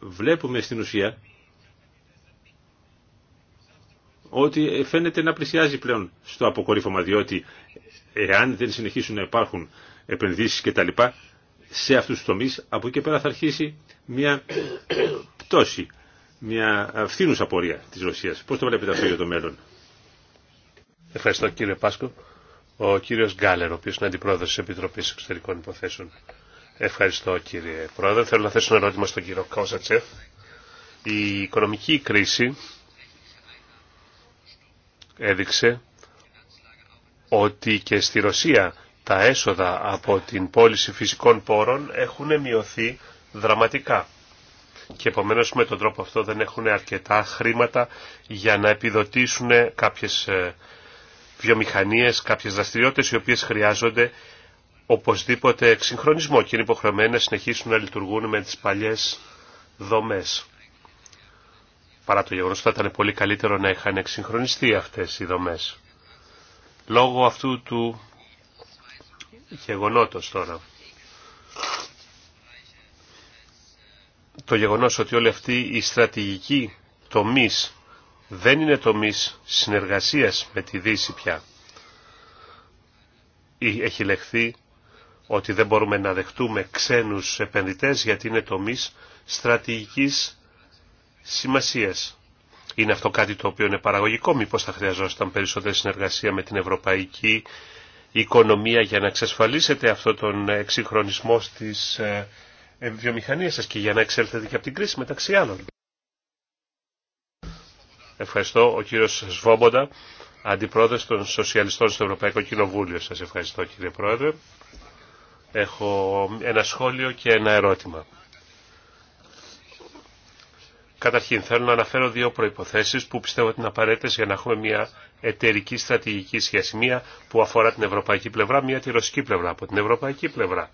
Βλέπουμε στην ουσία ότι φαίνεται να πλησιάζει πλέον στο αποκορύφωμα, διότι εάν δεν συνεχίσουν να υπάρχουν επενδύσεις κτλ. σε αυτούς τους τομείς, από εκεί πέρα θα αρχίσει μια (clears throat) πτώση μια αυθύνουσα πορεία της Ρωσίας. Πώς το βλέπετε αυτό για το μέλλον. Ευχαριστώ κύριε Πάσκο. Ο κύριος Γκάλερ, ο οποίος είναι αντιπρόεδρος της Επιτροπής Εξωτερικών Υποθέσεων. Ευχαριστώ κύριε Πρόεδρε. Θέλω να θέσω ένα ερώτημα στον κύριο Κόζατσεφ. Η οικονομική κρίση έδειξε ότι και στη Ρωσία τα έσοδα από την πώληση φυσικών πόρων έχουν μειωθεί δραματικά και επομένως με τον τρόπο αυτό δεν έχουν αρκετά χρήματα για να επιδοτήσουν κάποιες ε, βιομηχανίες, κάποιες δραστηριότητες οι οποίες χρειάζονται οπωσδήποτε εξυγχρονισμό και είναι υποχρεωμένοι να συνεχίσουν να λειτουργούν με τις παλιές δομές. Παρά το γεγονός θα ήταν πολύ καλύτερο να είχαν εξυγχρονιστεί αυτές οι δομές. Λόγω αυτού του γεγονότος τώρα. το γεγονός ότι όλοι αυτοί η στρατηγική τομείς δεν είναι τομείς συνεργασίας με τη Δύση πια. έχει λεχθεί ότι δεν μπορούμε να δεχτούμε ξένους επενδυτές γιατί είναι τομείς στρατηγικής σημασίας. Είναι αυτό κάτι το οποίο είναι παραγωγικό, μήπως θα χρειαζόταν περισσότερη συνεργασία με την ευρωπαϊκή οικονομία για να εξασφαλίσετε αυτό τον εξυγχρονισμό στις ε, βιομηχανία σας και για να εξέλθετε και από την κρίση μεταξύ άλλων. Ευχαριστώ ο κύριος Σβόμποντα, αντιπρόεδρος των Σοσιαλιστών στο Ευρωπαϊκό Κοινοβούλιο. Σας ευχαριστώ κύριε Πρόεδρε. Έχω ένα σχόλιο και ένα ερώτημα. Καταρχήν θέλω να αναφέρω δύο προϋποθέσεις που πιστεύω ότι είναι απαραίτητες για να έχουμε μια εταιρική στρατηγική σχέση. Μία που αφορά την ευρωπαϊκή πλευρά, μία τη ρωσική πλευρά. Από την ευρωπαϊκή πλευρά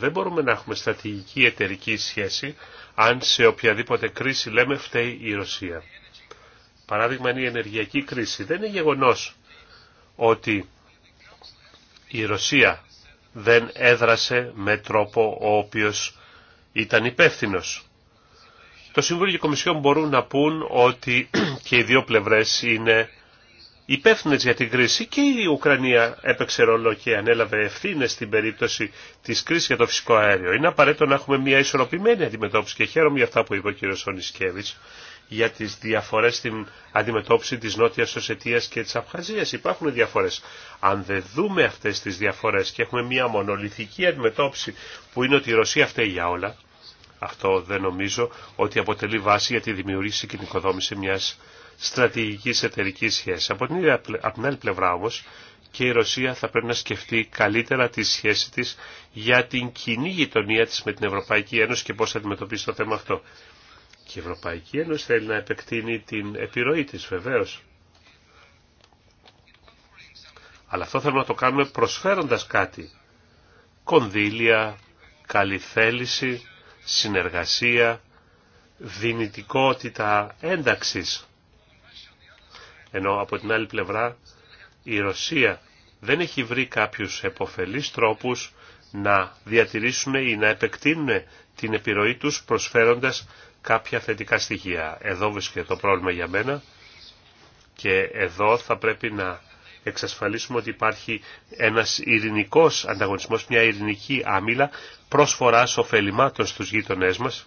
δεν μπορούμε να έχουμε στρατηγική εταιρική σχέση αν σε οποιαδήποτε κρίση λέμε φταίει η Ρωσία. Παράδειγμα είναι η ενεργειακή κρίση. Δεν είναι γεγονός ότι η Ρωσία δεν έδρασε με τρόπο ο οποίος ήταν υπεύθυνο. Το Συμβούλιο και η Κομισιόν μπορούν να πούν ότι (clears throat) και οι δύο πλευρές είναι υπεύθυνε για την κρίση και η Ουκρανία έπαιξε ρόλο και ανέλαβε ευθύνε στην περίπτωση τη κρίση για το φυσικό αέριο. Είναι απαραίτητο να έχουμε μια ισορροπημένη αντιμετώπιση και χαίρομαι για αυτά που είπε ο κ. Σονισκέβη για τι διαφορέ στην αντιμετώπιση τη Νότια Οσετία και τη Απχαζία. Υπάρχουν διαφορέ. Αν δεν δούμε αυτέ τι διαφορέ και έχουμε μια μονολυθική αντιμετώπιση που είναι ότι η Ρωσία φταίει για όλα, αυτό δεν νομίζω ότι αποτελεί βάση για τη δημιουργήση και την οικοδόμηση μιας στρατηγικής εταιρική σχέση, Από την, την άλλη πλευρά όμω, και η Ρωσία θα πρέπει να σκεφτεί καλύτερα τη σχέση της για την κοινή γειτονία τη με την Ευρωπαϊκή Ένωση και πώ θα αντιμετωπίσει το θέμα αυτό. Και η Ευρωπαϊκή Ένωση θέλει να επεκτείνει την επιρροή της βεβαίω. Αλλά αυτό θέλουμε να το κάνουμε προσφέροντας κάτι. Κονδύλια, καλή συνεργασία, δυνητικότητα ένταξης. Ενώ από την άλλη πλευρά η Ρωσία δεν έχει βρει κάποιους εποφελείς τρόπους να διατηρήσουν ή να επεκτείνουν την επιρροή τους προσφέροντας κάποια θετικά στοιχεία. Εδώ βρίσκεται το πρόβλημα για μένα και εδώ θα πρέπει να εξασφαλίσουμε ότι υπάρχει ένας ειρηνικός ανταγωνισμός, μια ειρηνική άμυλα προσφοράς ωφελημάτων στους γείτονές μας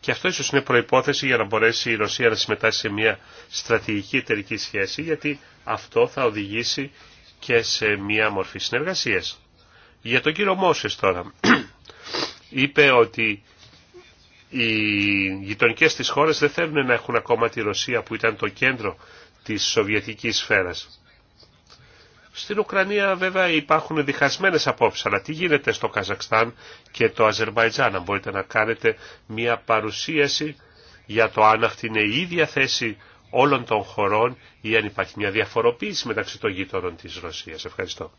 και αυτό ίσως είναι προϋπόθεση για να μπορέσει η Ρωσία να συμμετάσχει σε μια στρατηγική εταιρική σχέση, γιατί αυτό θα οδηγήσει και σε μια μορφή συνεργασίας. Για τον κύριο Μόσες τώρα, (clears throat) είπε ότι οι γειτονικέ της χώρες δεν θέλουν να έχουν ακόμα τη Ρωσία που ήταν το κέντρο της Σοβιετικής σφαίρας. Στην Ουκρανία βέβαια υπάρχουν διχασμένες απόψεις, αλλά τι γίνεται στο Καζακστάν και το Αζερβαϊτζάν, αν μπορείτε να κάνετε μια παρουσίαση για το αν αυτή είναι η ίδια θέση όλων των χωρών ή αν υπάρχει μια διαφοροποίηση μεταξύ των γείτονων της Ρωσίας. Ευχαριστώ.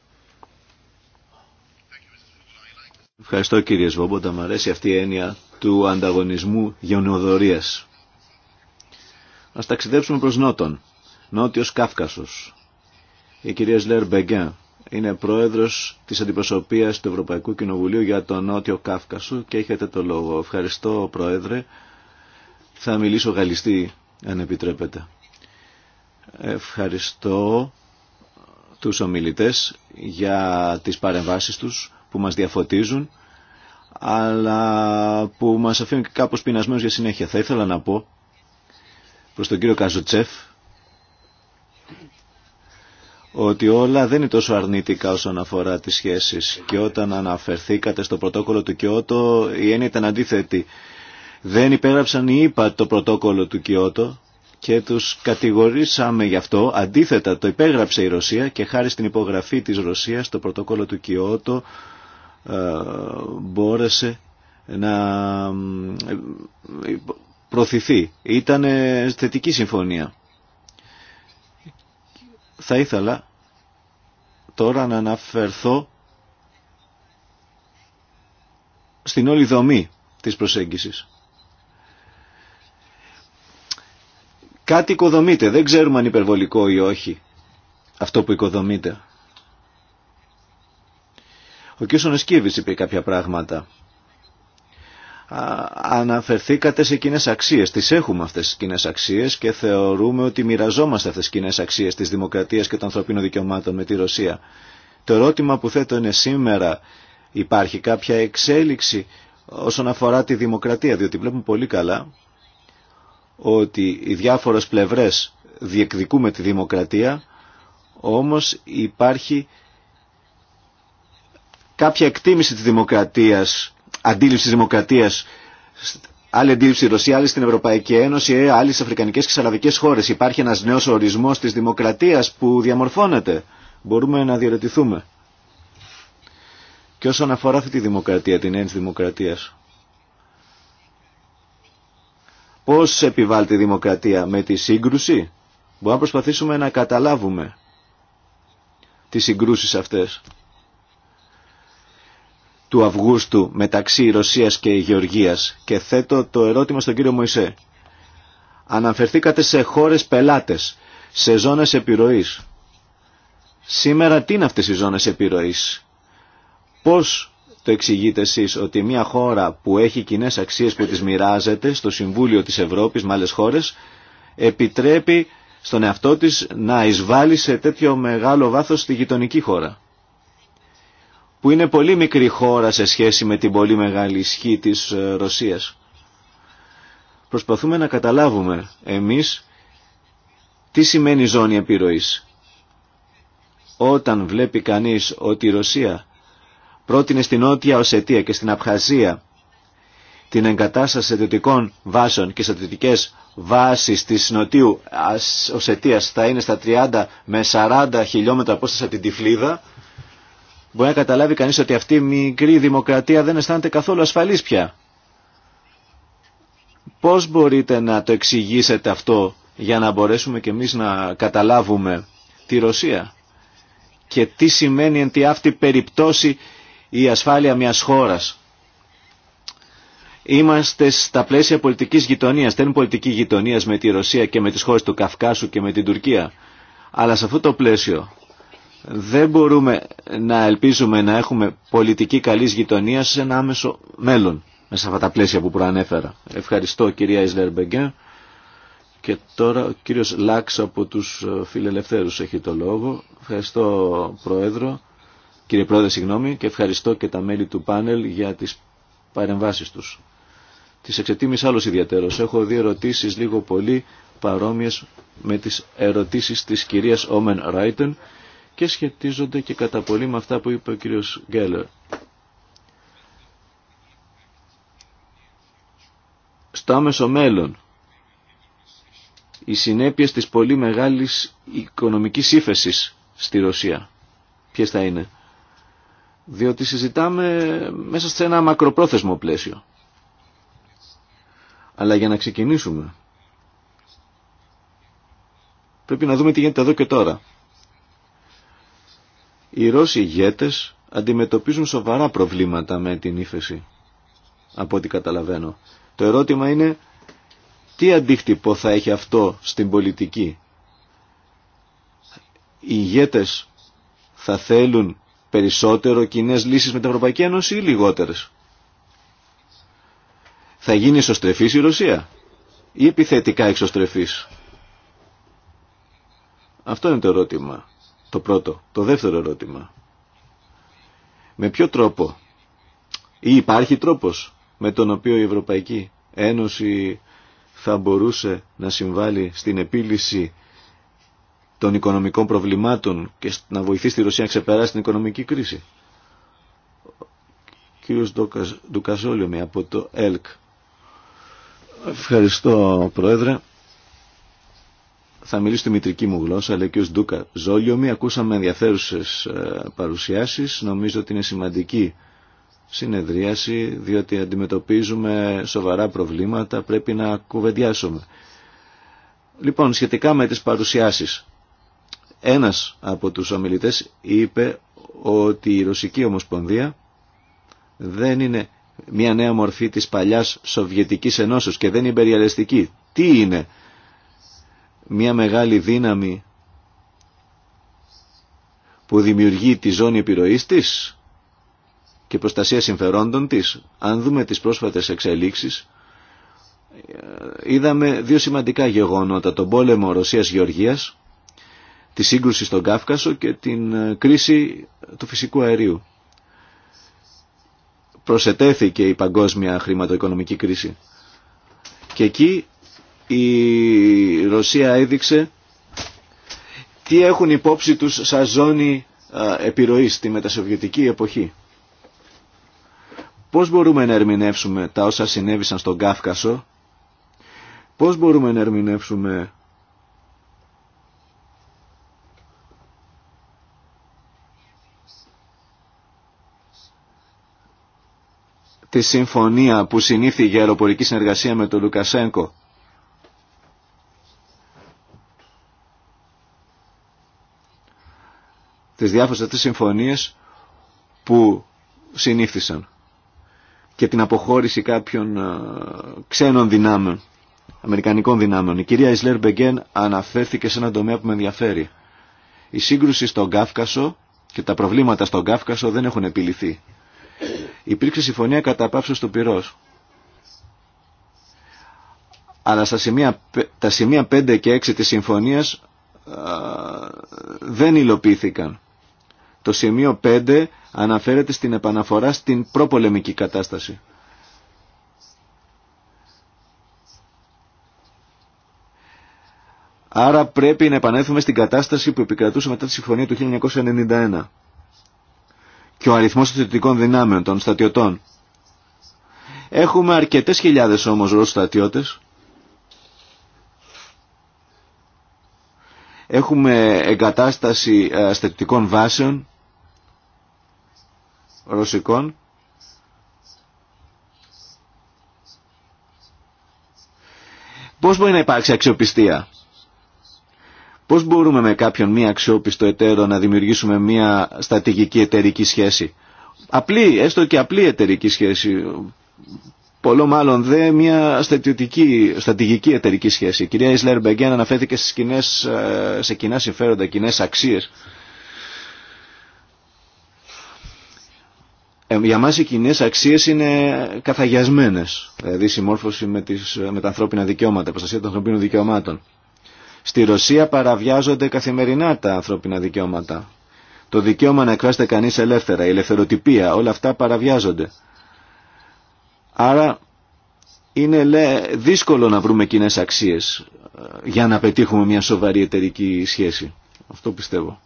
Ευχαριστώ κύριε Σβόμποντα, μου αρέσει αυτή η έννοια του ανταγωνισμού γεωνοδορίας. Ας ταξιδέψουμε προς Νότον, Νότιος Κάφκασος, η κυρία Σλέρ Μπεγκέν είναι πρόεδρο τη αντιπροσωπεία του Ευρωπαϊκού Κοινοβουλίου για τον Νότιο Κάφκασο και έχετε το λόγο. Ευχαριστώ πρόεδρε. Θα μιλήσω γαλλιστή αν επιτρέπετε. Ευχαριστώ του ομιλητέ για τι παρεμβάσει τους που μας διαφωτίζουν αλλά που μας αφήνουν και κάπως πεινασμένους για συνέχεια. Θα ήθελα να πω προς τον κύριο Καζουτσέφ ότι όλα δεν είναι τόσο αρνητικά όσον αφορά τις σχέσεις και όταν αναφερθήκατε στο πρωτόκολλο του Κιώτο η έννοια ήταν αντίθετη. Δεν υπέγραψαν οι ΙΠΑ το πρωτόκολλο του Κιώτο και τους κατηγορήσαμε γι' αυτό. Αντίθετα το υπέγραψε η Ρωσία και χάρη στην υπογραφή της Ρωσίας το πρωτόκολλο του Κιώτο ε, μπόρεσε να ε, προωθηθεί. Ήταν θετική συμφωνία. Θα ήθελα τώρα να αναφερθώ στην όλη δομή της προσέγγισης. Κάτι οικοδομείται, δεν ξέρουμε αν υπερβολικό ή όχι αυτό που οικοδομείται. Ο κ. Σονεσκίβης είπε κάποια πράγματα αναφερθήκατε σε κοινέ αξίες. Τις έχουμε αυτές τις κοινέ αξίες και θεωρούμε ότι μοιραζόμαστε αυτές τις κοινέ αξίες της δημοκρατίας και των ανθρωπίνων δικαιωμάτων με τη Ρωσία. Το ερώτημα που θέτω είναι σήμερα υπάρχει κάποια εξέλιξη όσον αφορά τη δημοκρατία, διότι βλέπουμε πολύ καλά ότι οι διάφορες πλευρές διεκδικούμε τη δημοκρατία, όμως υπάρχει κάποια εκτίμηση της δημοκρατίας αντίληψη δημοκρατίας Άλλη αντίληψη Ρωσία, άλλη στην Ευρωπαϊκή Ένωση, ε, άλλη στι Αφρικανικέ και σαλαβικές χώρε. Υπάρχει ένα νέο ορισμό τη δημοκρατία που διαμορφώνεται. Μπορούμε να διαρωτηθούμε. Και όσον αφορά αυτή τη δημοκρατία, την έννοια δημοκρατία. Πώ επιβάλλεται η δημοκρατία, με τη σύγκρουση. Μπορούμε να προσπαθήσουμε να καταλάβουμε τις συγκρούσεις αυτές του Αυγούστου μεταξύ Ρωσίας και Γεωργίας και θέτω το ερώτημα στον κύριο Μωυσέ. Αναφερθήκατε σε χώρες πελάτες, σε ζώνες επιρροής. Σήμερα τι είναι αυτές οι ζώνες επιρροής. Πώς το εξηγείτε εσείς ότι μια χώρα που έχει κοινέ αξίες που τις μοιράζεται στο Συμβούλιο της Ευρώπης με άλλες χώρες επιτρέπει στον εαυτό της να εισβάλλει σε τέτοιο μεγάλο βάθος στη γειτονική χώρα που είναι πολύ μικρή χώρα σε σχέση με την πολύ μεγάλη ισχύ της ε, Ρωσίας. Προσπαθούμε να καταλάβουμε εμείς τι σημαίνει ζώνη επιρροής. Όταν βλέπει κανείς ότι η Ρωσία πρότεινε στην Νότια Οσετία και στην Απχαζία την εγκατάσταση στρατιωτικών βάσεων και στρατιωτικές βάσεις της Νοτιού Οσετίας θα είναι στα 30 με 40 χιλιόμετρα απόσταση από την Τυφλίδα, Μπορεί να καταλάβει κανείς ότι αυτή η μικρή δημοκρατία δεν αισθάνεται καθόλου ασφαλής πια. Πώς μπορείτε να το εξηγήσετε αυτό για να μπορέσουμε και εμείς να καταλάβουμε τη Ρωσία και τι σημαίνει εν τη αυτή περιπτώσει η ασφάλεια μιας χώρας. Είμαστε στα πλαίσια πολιτικής γειτονίας, δεν είναι πολιτική γειτονίας με τη Ρωσία και με τις χώρες του Καυκάσου και με την Τουρκία. Αλλά σε αυτό το πλαίσιο δεν μπορούμε να ελπίζουμε να έχουμε πολιτική καλής γειτονίας σε ένα άμεσο μέλλον μέσα από τα πλαίσια που προανέφερα. Ευχαριστώ κυρία Ισλερ Και τώρα ο κύριος Λάξ από τους ε, φιλελευθέρους έχει το λόγο. Ευχαριστώ Πρόεδρο, κύριε Πρόεδρε συγγνώμη και ευχαριστώ και τα μέλη του πάνελ για τις παρεμβάσεις τους. Τις εξετίμησα άλλος ιδιαίτερος. Έχω δύο ερωτήσεις λίγο πολύ παρόμοιες με τις ερωτήσεις της κυρίας Όμεν Ράιτεν και σχετίζονται και κατά πολύ με αυτά που είπε ο κύριος Γκέλλερ. Στο άμεσο μέλλον, οι συνέπειες της πολύ μεγάλης οικονομικής ύφεσης στη Ρωσία, ποιες θα είναι. Διότι συζητάμε μέσα σε ένα μακροπρόθεσμο πλαίσιο. Αλλά για να ξεκινήσουμε, πρέπει να δούμε τι γίνεται εδώ και τώρα. Οι Ρώσοι ηγέτες αντιμετωπίζουν σοβαρά προβλήματα με την ύφεση, από ό,τι καταλαβαίνω. Το ερώτημα είναι τι αντίκτυπο θα έχει αυτό στην πολιτική. Οι ηγέτες θα θέλουν περισσότερο κοινέ λύσεις με την Ευρωπαϊκή Ένωση ή λιγότερες. Θα γίνει ισοστρεφής η Ρωσία γινει εσωστρεφης επιθετικά εξωστρεφής. Αυτό είναι το ερώτημα. Το πρώτο. Το δεύτερο ερώτημα. Με ποιο τρόπο ή υπάρχει τρόπος με τον οποίο η Ευρωπαϊκή Ένωση θα μπορούσε να συμβάλλει στην επίλυση των οικονομικών προβλημάτων και να βοηθήσει τη Ρωσία να ξεπεράσει την οικονομική κρίση. Κύριος Ντουκαζόλιομι με από το ΕΛΚ. Ευχαριστώ Πρόεδρε θα μιλήσω στη μητρική μου γλώσσα, λέει και ο Ντούκα Ζόλιομι. Ακούσαμε ενδιαφέρουσε ε, παρουσιάσεις. Νομίζω ότι είναι σημαντική συνεδρίαση, διότι αντιμετωπίζουμε σοβαρά προβλήματα, πρέπει να κουβεντιάσουμε. Λοιπόν, σχετικά με τις παρουσιάσεις, ένας από τους ομιλητέ είπε ότι η Ρωσική Ομοσπονδία δεν είναι μια νέα μορφή της παλιάς Σοβιετικής Ενώσεως και δεν είναι υπεριαλιστική. Τι είναι μια μεγάλη δύναμη που δημιουργεί τη ζώνη επιρροής της και προστασία συμφερόντων της. Αν δούμε τις πρόσφατες εξελίξεις, είδαμε δύο σημαντικά γεγονότα, τον πόλεμο Ρωσίας-Γεωργίας, τη σύγκρουση στον Κάφκασο και την ε, κρίση του φυσικού αερίου. Προσετέθηκε η παγκόσμια χρηματοοικονομική κρίση. Και εκεί η Ρωσία έδειξε τι έχουν υπόψη τους σαν ζώνη επιρροής στη μετασοβιετική εποχή. Πώς μπορούμε να ερμηνεύσουμε τα όσα συνέβησαν στον Κάφκασο, πώς μπορούμε να ερμηνεύσουμε τη συμφωνία που συνήθιγε η αεροπορική συνεργασία με τον Λουκασένκο τις διάφορες αυτές συμφωνίες που συνήθισαν και την αποχώρηση κάποιων ε, ξένων δυνάμεων, αμερικανικών δυνάμεων. Η κυρία Ισλέρ Μπεγκέν αναφέρθηκε σε έναν τομέα που με ενδιαφέρει. Η σύγκρουση στον Κάφκασο και τα προβλήματα στον Κάφκασο δεν έχουν επιληθεί. Υπήρξε συμφωνία κατά πάψος του πυρός. Αλλά στα σημεία, τα σημεία 5 και 6 της συμφωνίας ε, δεν υλοποιήθηκαν. Το σημείο 5 αναφέρεται στην επαναφορά στην προπολεμική κατάσταση. Άρα πρέπει να επανέλθουμε στην κατάσταση που επικρατούσε μετά τη συμφωνία του 1991 και ο αριθμός των θετικών δυνάμεων των στατιωτών. Έχουμε αρκετές χιλιάδες όμως Ρώσους στατιώτες. Έχουμε εγκατάσταση ε, στρατιωτικών βάσεων ρωσικών Πώς μπορεί να υπάρξει αξιοπιστία. Πώς μπορούμε με κάποιον μη αξιόπιστο εταίρο να δημιουργήσουμε μια στατηγική εταιρική σχέση. Απλή, έστω και απλή εταιρική σχέση. Πολλό μάλλον δε μια στατηγική, εταιρική σχέση. Η κυρία Ισλέρ Μπεγκέν αναφέρθηκε ε, σε κοινά συμφέροντα, κοινέ αξίες. Ε, για μας οι κοινέ αξίες είναι καθαγιασμένες, δηλαδή συμμόρφωση με, τις, με τα ανθρώπινα δικαιώματα, προστασία των ανθρωπίνων δικαιωμάτων. Στη Ρωσία παραβιάζονται καθημερινά τα ανθρώπινα δικαιώματα. Το δικαίωμα να εκφράζεται κανείς ελεύθερα, η ελευθεροτυπία, όλα αυτά παραβιάζονται. Άρα είναι λέ, δύσκολο να βρούμε κοινέ αξίες ε, για να πετύχουμε μια σοβαρή εταιρική σχέση. Αυτό πιστεύω.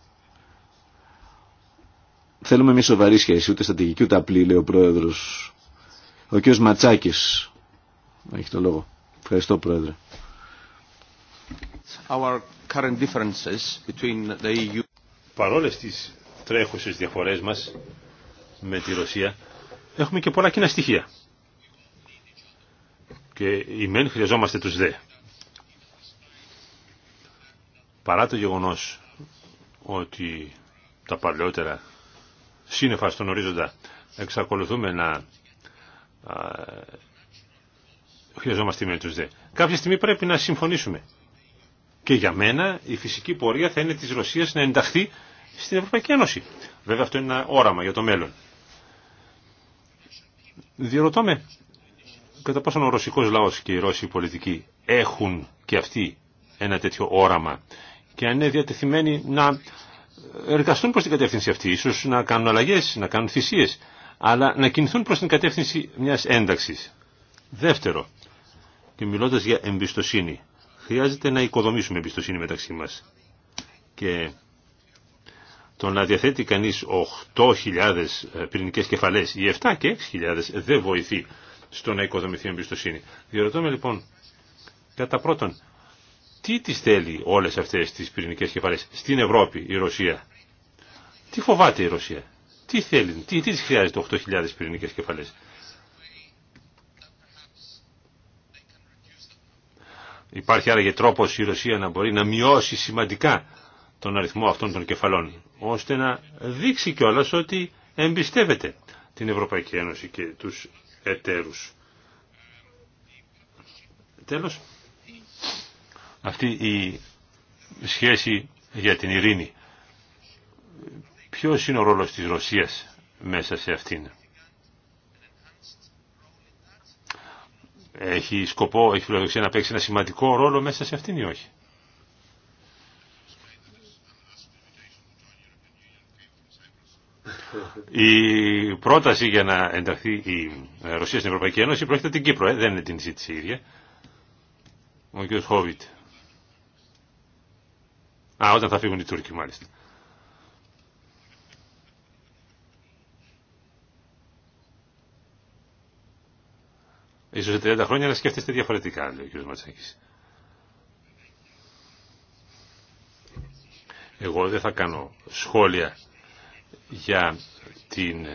Θέλουμε μια σοβαρή σχέση, ούτε στρατηγική ούτε απλή, λέει ο πρόεδρο. Ο κ. Ματσάκη. έχει το λόγο. Ευχαριστώ, Πρόεδρε. Παρόλε τι τρέχουσε διαφορέ μα Παρόλες τις τρέχουσες διαφορές μας με τη Ρωσία, έχουμε και πολλά κοινά στοιχεία. Και οι μεν χρειαζόμαστε τους δε. Παρά το γεγονός ότι τα παλαιότερα σύννεφα στον ορίζοντα. Εξακολουθούμε να χρειαζόμαστε με τους δε. Κάποια στιγμή πρέπει να συμφωνήσουμε. Και για μένα η φυσική πορεία θα είναι της Ρωσίας να ενταχθεί στην Ευρωπαϊκή Ένωση. Βέβαια αυτό είναι ένα όραμα για το μέλλον. Διερωτώ με κατά πόσο ο ρωσικός λαός και οι ρώσοι πολιτικοί έχουν και αυτοί ένα τέτοιο όραμα και αν είναι διατεθειμένοι να εργαστούν προς την κατεύθυνση αυτή, ίσως να κάνουν αλλαγές, να κάνουν θυσίες, αλλά να κινηθούν προς την κατεύθυνση μιας ένταξης. Δεύτερο, και μιλώντας για εμπιστοσύνη, χρειάζεται να οικοδομήσουμε εμπιστοσύνη μεταξύ μας. Και το να διαθέτει κανείς 8.000 ε, πυρηνικές κεφαλές ή 7 και 6.000 δεν βοηθεί στο να οικοδομηθεί εμπιστοσύνη. Διερωτώ λοιπόν, κατά πρώτον, τι τις θέλει όλες αυτές τις πυρηνικές κεφαλές στην Ευρώπη η Ρωσία. Τι φοβάται η Ρωσία. Τι θέλει, τι, τι της χρειάζεται 8.000 πυρηνικές κεφαλές. Υπάρχει άραγε τρόπος η Ρωσία να μπορεί να μειώσει σημαντικά τον αριθμό αυτών των κεφαλών, ώστε να δείξει κιόλας ότι εμπιστεύεται την Ευρωπαϊκή Ένωση και τους εταίρους. Τέλος, αυτή η σχέση για την ειρήνη. Ποιος είναι ο ρόλος της Ρωσίας μέσα σε αυτήν. Έχει σκοπό, έχει φιλοδοξία να παίξει ένα σημαντικό ρόλο μέσα σε αυτήν ή όχι. Η πρόταση για να ενταχθεί η Ρωσία στην Ευρωπαϊκή Ένωση προέρχεται την Κύπρο, ε? δεν είναι την ζήτηση ίδια. Ο κ. Χόβιτ. Α, όταν θα φύγουν οι Τούρκοι μάλιστα. Ίσως σε 30 χρόνια να σκέφτεστε διαφορετικά, λέει ο κ. Ματσάκης. Εγώ δεν θα κάνω σχόλια για την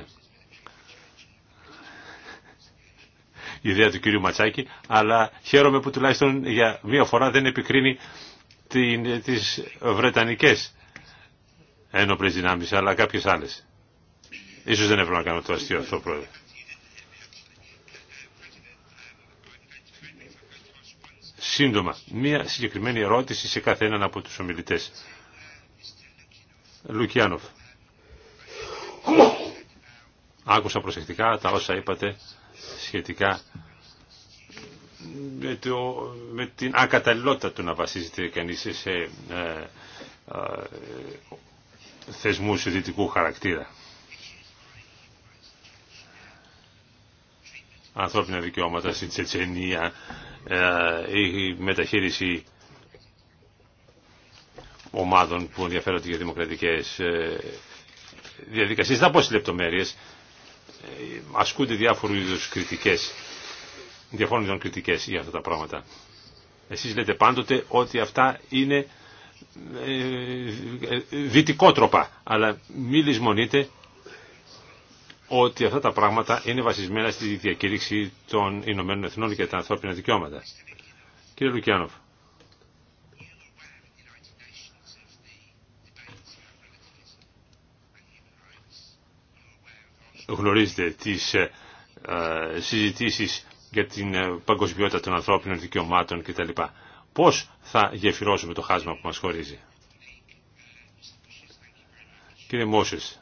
ιδέα του κ. Ματσάκη, αλλά χαίρομαι που τουλάχιστον για μία φορά δεν επικρίνει την, τις Βρετανικές ένοπλες δυνάμεις, αλλά κάποιες άλλες. Ίσως δεν έπρεπε να κάνω το αστείο αυτό πρόεδρε. Σύντομα, μία συγκεκριμένη ερώτηση σε κάθε έναν από τους ομιλητές. Λουκιάνοφ. Άκουσα προσεκτικά τα όσα είπατε σχετικά με, την ακαταλληλότητα του να βασίζεται κανείς σε ε, ε, θεσμούς δυτικού χαρακτήρα. Ανθρώπινα δικαιώματα στην Τσετσενία, ε, η μεταχείριση ομάδων που ενδιαφέρονται για δημοκρατικές ε, διαδικασίες. θα πω στις λεπτομέρειες, ε, ασκούνται διάφορου κριτικές διαφώνησαν κριτικέ κριτικές για αυτά τα πράγματα. Εσείς λέτε πάντοτε ότι αυτά είναι ε, ε, δυτικότροπα, αλλά μη λησμονείτε ότι αυτά τα πράγματα είναι βασισμένα στη διακήρυξη των Ηνωμένων Εθνών για τα ανθρώπινα δικαιώματα. Κύριε Λουκιάνοφ. Γνωρίζετε τις ε, συζητήσεις για την ε, παγκοσμιότητα των ανθρώπινων δικαιωμάτων κτλ. Πώς θα γεφυρώσουμε το χάσμα που μας χωρίζει. Κύριε Μόσες,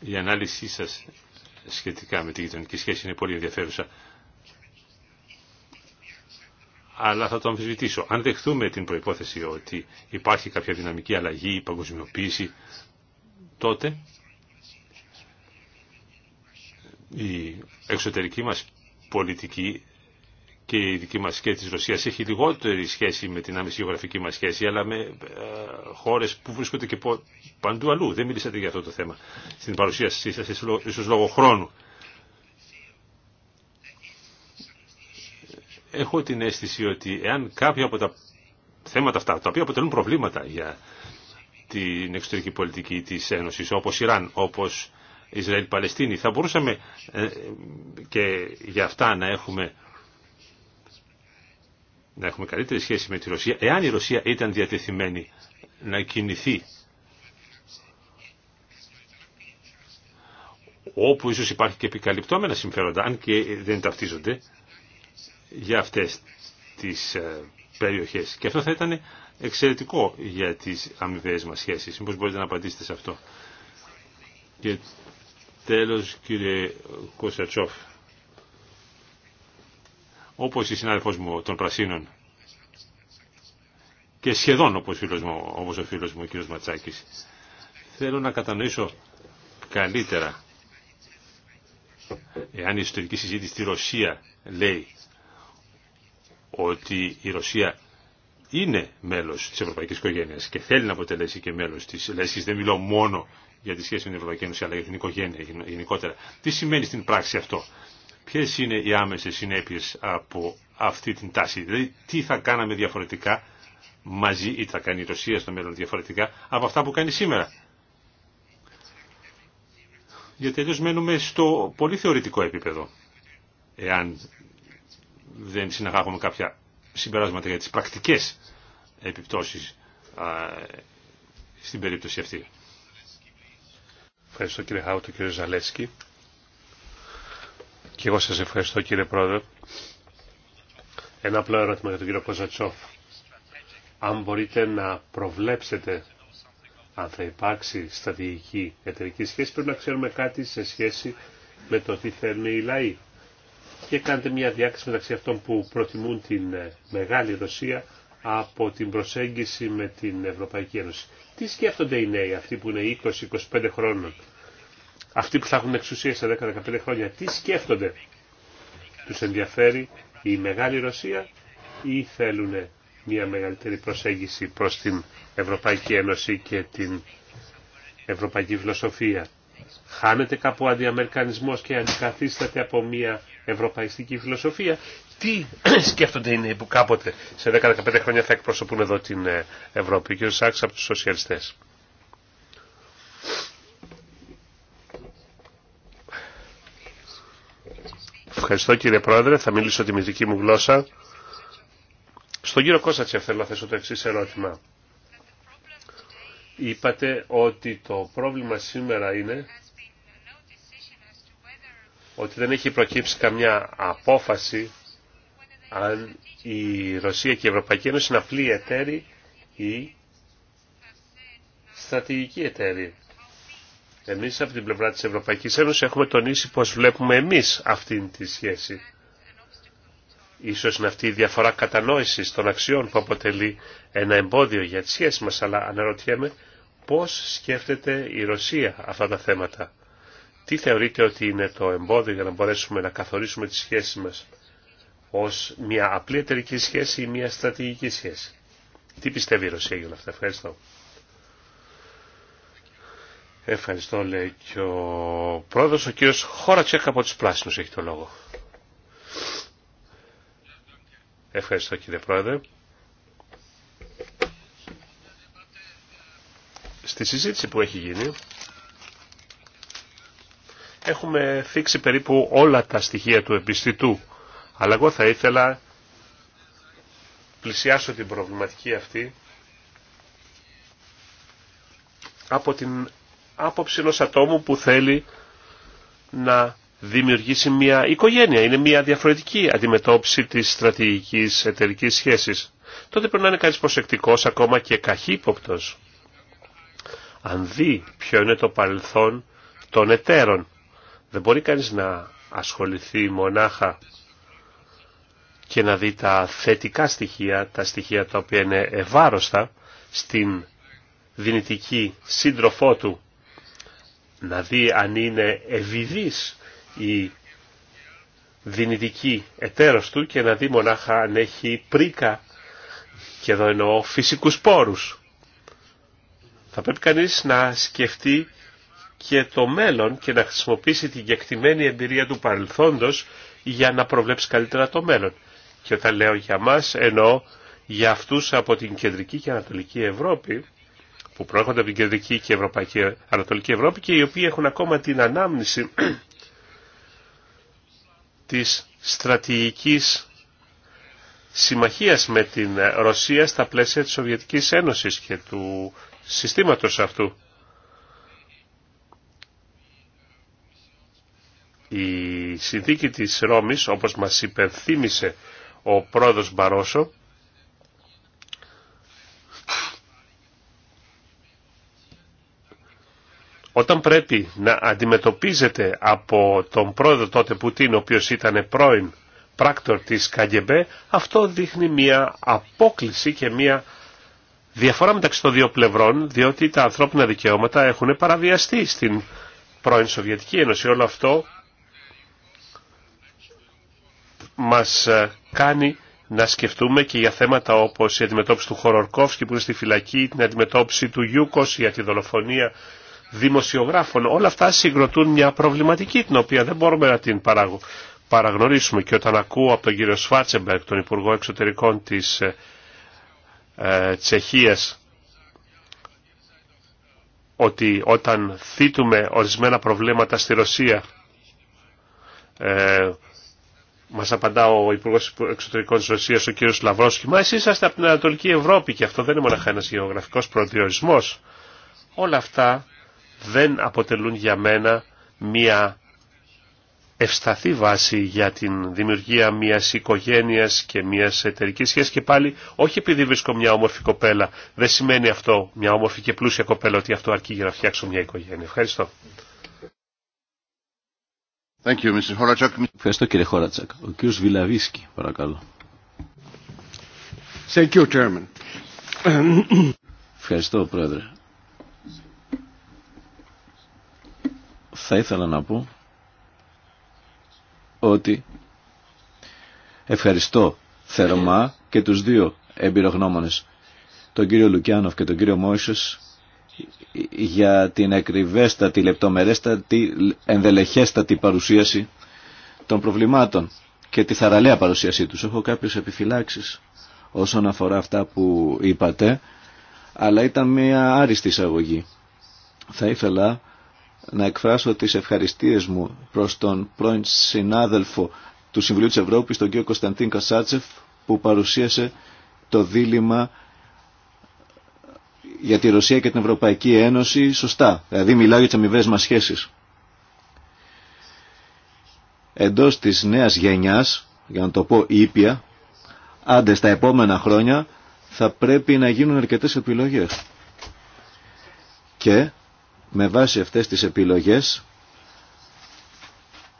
η ανάλυση σας σχετικά με τη γειτονική σχέση είναι πολύ ενδιαφέρουσα. Αλλά θα το αμφισβητήσω. Αν δεχτούμε την προϋπόθεση ότι υπάρχει κάποια δυναμική αλλαγή, παγκοσμιοποίηση, τότε η εξωτερική μας πολιτική και η δική μας σχέση της Ρωσίας έχει λιγότερη σχέση με την άμεση γεωγραφική μας σχέση, αλλά με ε, χώρες που βρίσκονται και παντού αλλού. Δεν μιλήσατε για αυτό το θέμα στην παρουσίασή σας, ίσως λόγω χρόνου. Έχω την αίσθηση ότι εάν κάποια από τα θέματα αυτά, τα οποία αποτελούν προβλήματα για την εξωτερική πολιτική της Ένωσης, όπως Ιράν, όπως Ισραήλ-Παλαιστίνη. Θα μπορούσαμε ε, και για αυτά να έχουμε, να έχουμε καλύτερη σχέση με τη Ρωσία, εάν η Ρωσία ήταν διατεθειμένη να κινηθεί όπου ίσως υπάρχει και επικαλυπτόμενα συμφέροντα, αν και δεν ταυτίζονται, για αυτές τις ε, περιοχές. Και αυτό θα ήταν εξαιρετικό για τις αμοιβαίες μας σχέσεις. Μήπως μπορείτε να απαντήσετε σε αυτό. Και Τέλος κύριε Κοσατσόφ, όπως η συνάδελφός μου των Πρασίνων και σχεδόν όπως, φίλος μου, όπως ο φίλος μου ο κύριος Ματσάκης, θέλω να κατανοήσω καλύτερα εάν η ιστορική συζήτηση στη Ρωσία λέει ότι η Ρωσία είναι μέλος της Ευρωπαϊκής Οικογένειας και θέλει να αποτελέσει και μέλος της Λέσχης. Δεν μιλώ μόνο για τη σχέση με την Ευρωπαϊκή Ένωση αλλά για την οικογένεια γενικότερα. Τι σημαίνει στην πράξη αυτό. Ποιε είναι οι άμεσε συνέπειε από αυτή την τάση. Δηλαδή τι θα κάναμε διαφορετικά μαζί ή θα κάνει η Ρωσία στο μέλλον διαφορετικά από αυτά που κάνει σήμερα. Γιατί αλλιώ μένουμε στο πολύ θεωρητικό επίπεδο. Εάν δεν συναγάγουμε κάποια συμπεράσματα για τις πρακτικές επιπτώσεις στην περίπτωση αυτή. Ευχαριστώ κύριε Χάουτο, κύριε Ζαλέσκι. Και εγώ σας ευχαριστώ κύριε Πρόεδρε. Ένα απλό ερώτημα για τον κύριο Κοζατσόφ. Αν μπορείτε να προβλέψετε αν θα υπάρξει στρατηγική εταιρική σχέση, πρέπει να ξέρουμε κάτι σε σχέση με το τι θέλουν οι λαοί. Και κάντε μια διάκριση μεταξύ αυτών που προτιμούν την ε, μεγάλη Ρωσία από την προσέγγιση με την Ευρωπαϊκή Ένωση. Τι σκέφτονται οι νέοι, αυτοί που είναι 20-25 χρόνων, αυτοί που θα έχουν εξουσία σε 10-15 χρόνια, τι σκέφτονται. Τους ενδιαφέρει η μεγάλη Ρωσία ή θέλουν μια μεγαλύτερη προσέγγιση προς την Ευρωπαϊκή Ένωση και την Ευρωπαϊκή Φιλοσοφία. Χάνεται κάπου ο αντιαμερικανισμός και αντικαθίσταται από μια ευρωπαϊστική φιλοσοφία τι (clears throat) σκέφτονται οι που κάποτε σε 10-15 χρόνια θα εκπροσωπούν εδώ την ε, Ευρώπη. Ο Σάξ από τους σοσιαλιστές. Ευχαριστώ κύριε Πρόεδρε. Θα μιλήσω τη μυθική μου γλώσσα. Στον κύριο Κώστατσεφ θέλω να θέσω το εξής ερώτημα. Είπατε ότι το πρόβλημα σήμερα είναι ότι δεν έχει προκύψει καμιά απόφαση αν η Ρωσία και η Ευρωπαϊκή Ένωση είναι απλή εταίροι ή στρατηγική εταίροι. Εμείς από την πλευρά της Ευρωπαϊκής Ένωσης έχουμε τονίσει πως βλέπουμε εμείς αυτήν τη σχέση. Ίσως είναι αυτή η διαφορά κατανόησης των αξιών που αποτελεί ένα εμπόδιο για τη σχέση μας, αλλά αναρωτιέμαι πώς σκέφτεται η Ρωσία αυτά τα θέματα. Τι θεωρείτε ότι είναι το εμπόδιο για να μπορέσουμε να καθορίσουμε τη σχέση μας ως μια απλή εταιρική σχέση ή μια στρατηγική σχέση. Τι πιστεύει η Ρωσία για όλα αυτά. Ευχαριστώ. Ευχαριστώ λέει και ο πρόεδρος, ο κύριος Χόρατσεκ από τις Πράσινους έχει το λόγο. Ευχαριστώ κύριε πρόεδρε. Στη συζήτηση που έχει γίνει έχουμε θίξει περίπου όλα τα στοιχεία του επιστητού αλλά εγώ θα ήθελα πλησιάσω την προβληματική αυτή από την άποψη ενός ατόμου που θέλει να δημιουργήσει μια οικογένεια. Είναι μια διαφορετική αντιμετώπιση της στρατηγικής εταιρική σχέσης. Τότε πρέπει να είναι κανείς προσεκτικός ακόμα και καχύποπτος. Αν δει ποιο είναι το παρελθόν των εταίρων, δεν μπορεί κανείς να ασχοληθεί μονάχα και να δει τα θετικά στοιχεία, τα στοιχεία τα οποία είναι ευάρωστα στην δυνητική σύντροφό του, να δει αν είναι ευηδής η δυνητική εταίρος του και να δει μονάχα αν έχει πρίκα και εδώ εννοώ φυσικούς πόρους. Θα πρέπει κανείς να σκεφτεί και το μέλλον και να χρησιμοποιήσει την κεκτημένη εμπειρία του παρελθόντος για να προβλέψει καλύτερα το μέλλον. Και όταν λέω για μας εννοώ για αυτούς από την κεντρική και ανατολική Ευρώπη που προέρχονται από την κεντρική και ευρωπαϊκή, ανατολική Ευρώπη και οι οποίοι έχουν ακόμα την ανάμνηση (clears throat) της στρατηγικής συμμαχίας με την Ρωσία στα πλαίσια της Σοβιετικής Ένωσης και του συστήματος αυτού. Η συνθήκη της Ρώμης, όπως μας υπενθύμησε ο πρόεδρος Μπαρόσο όταν πρέπει να αντιμετωπίζεται από τον πρόεδρο τότε Πουτίν, ο οποίος ήταν πρώην πράκτορ της ΚΑΓΕΜΠΕ, αυτό δείχνει μια απόκληση και μια διαφορά μεταξύ των δύο πλευρών, διότι τα ανθρώπινα δικαιώματα έχουν παραβιαστεί στην πρώην Σοβιετική Ένωση. Όλο αυτό μας ε, κάνει να σκεφτούμε και για θέματα όπως η αντιμετώπιση του και που είναι στη φυλακή, την αντιμετώπιση του Γιούκος για τη δολοφονία δημοσιογράφων. Όλα αυτά συγκροτούν μια προβληματική την οποία δεν μπορούμε να την παραγνωρίσουμε. Και όταν ακούω από τον κύριο Σφάτσεμπερκ, τον Υπουργό Εξωτερικών της ε, ε Τσεχίας, ότι όταν θίτουμε ορισμένα προβλήματα στη Ρωσία ε, Μα απαντά ο Υπουργό Εξωτερικών τη Ρωσία, ο κ. Λαυρόσκι, Μα εσεί είσαστε από την Ανατολική Ευρώπη και αυτό δεν είναι μόνο ένα γεωγραφικό προδιορισμό. Όλα αυτά δεν αποτελούν για μένα μία ευσταθή βάση για την δημιουργία μια οικογένεια και μια εταιρική σχέση, και πάλι όχι επειδή βρίσκω μια όμορφη κοπέλα. Δεν σημαίνει αυτό μια όμορφη και πλούσια κοπέλα ότι αυτό αρκεί για να φτιάξω μια οικογένεια. Ευχαριστώ. Ευχαριστώ κύριε Χόρατσακ. Ο κύριος Βιλαβίσκη, παρακαλώ. Ευχαριστώ, Πρόεδρε. Θα ήθελα να πω ότι ευχαριστώ θερμά και τους δύο εμπειρογνώμονες, τον κύριο Λουκιάνοφ και τον κύριο Μόησος, για την ακριβέστατη, λεπτομερέστατη, ενδελεχέστατη παρουσίαση των προβλημάτων και τη θαραλέα παρουσίασή τους. Έχω κάποιες επιφυλάξεις όσον αφορά αυτά που είπατε, αλλά ήταν μια άριστη εισαγωγή. Θα ήθελα να εκφράσω τις ευχαριστίες μου προς τον πρώην συνάδελφο του Συμβουλίου της Ευρώπης, τον κ. Κωνσταντίν Κασάτσεφ, που παρουσίασε το δίλημα για τη Ρωσία και την Ευρωπαϊκή Ένωση σωστά. Δηλαδή μιλάω για τι αμοιβέ μας σχέσει. Εντό της νέας γενιάς, για να το πω ήπια, άντε στα επόμενα χρόνια θα πρέπει να γίνουν αρκετέ επιλογές. Και με βάση αυτές τις επιλογές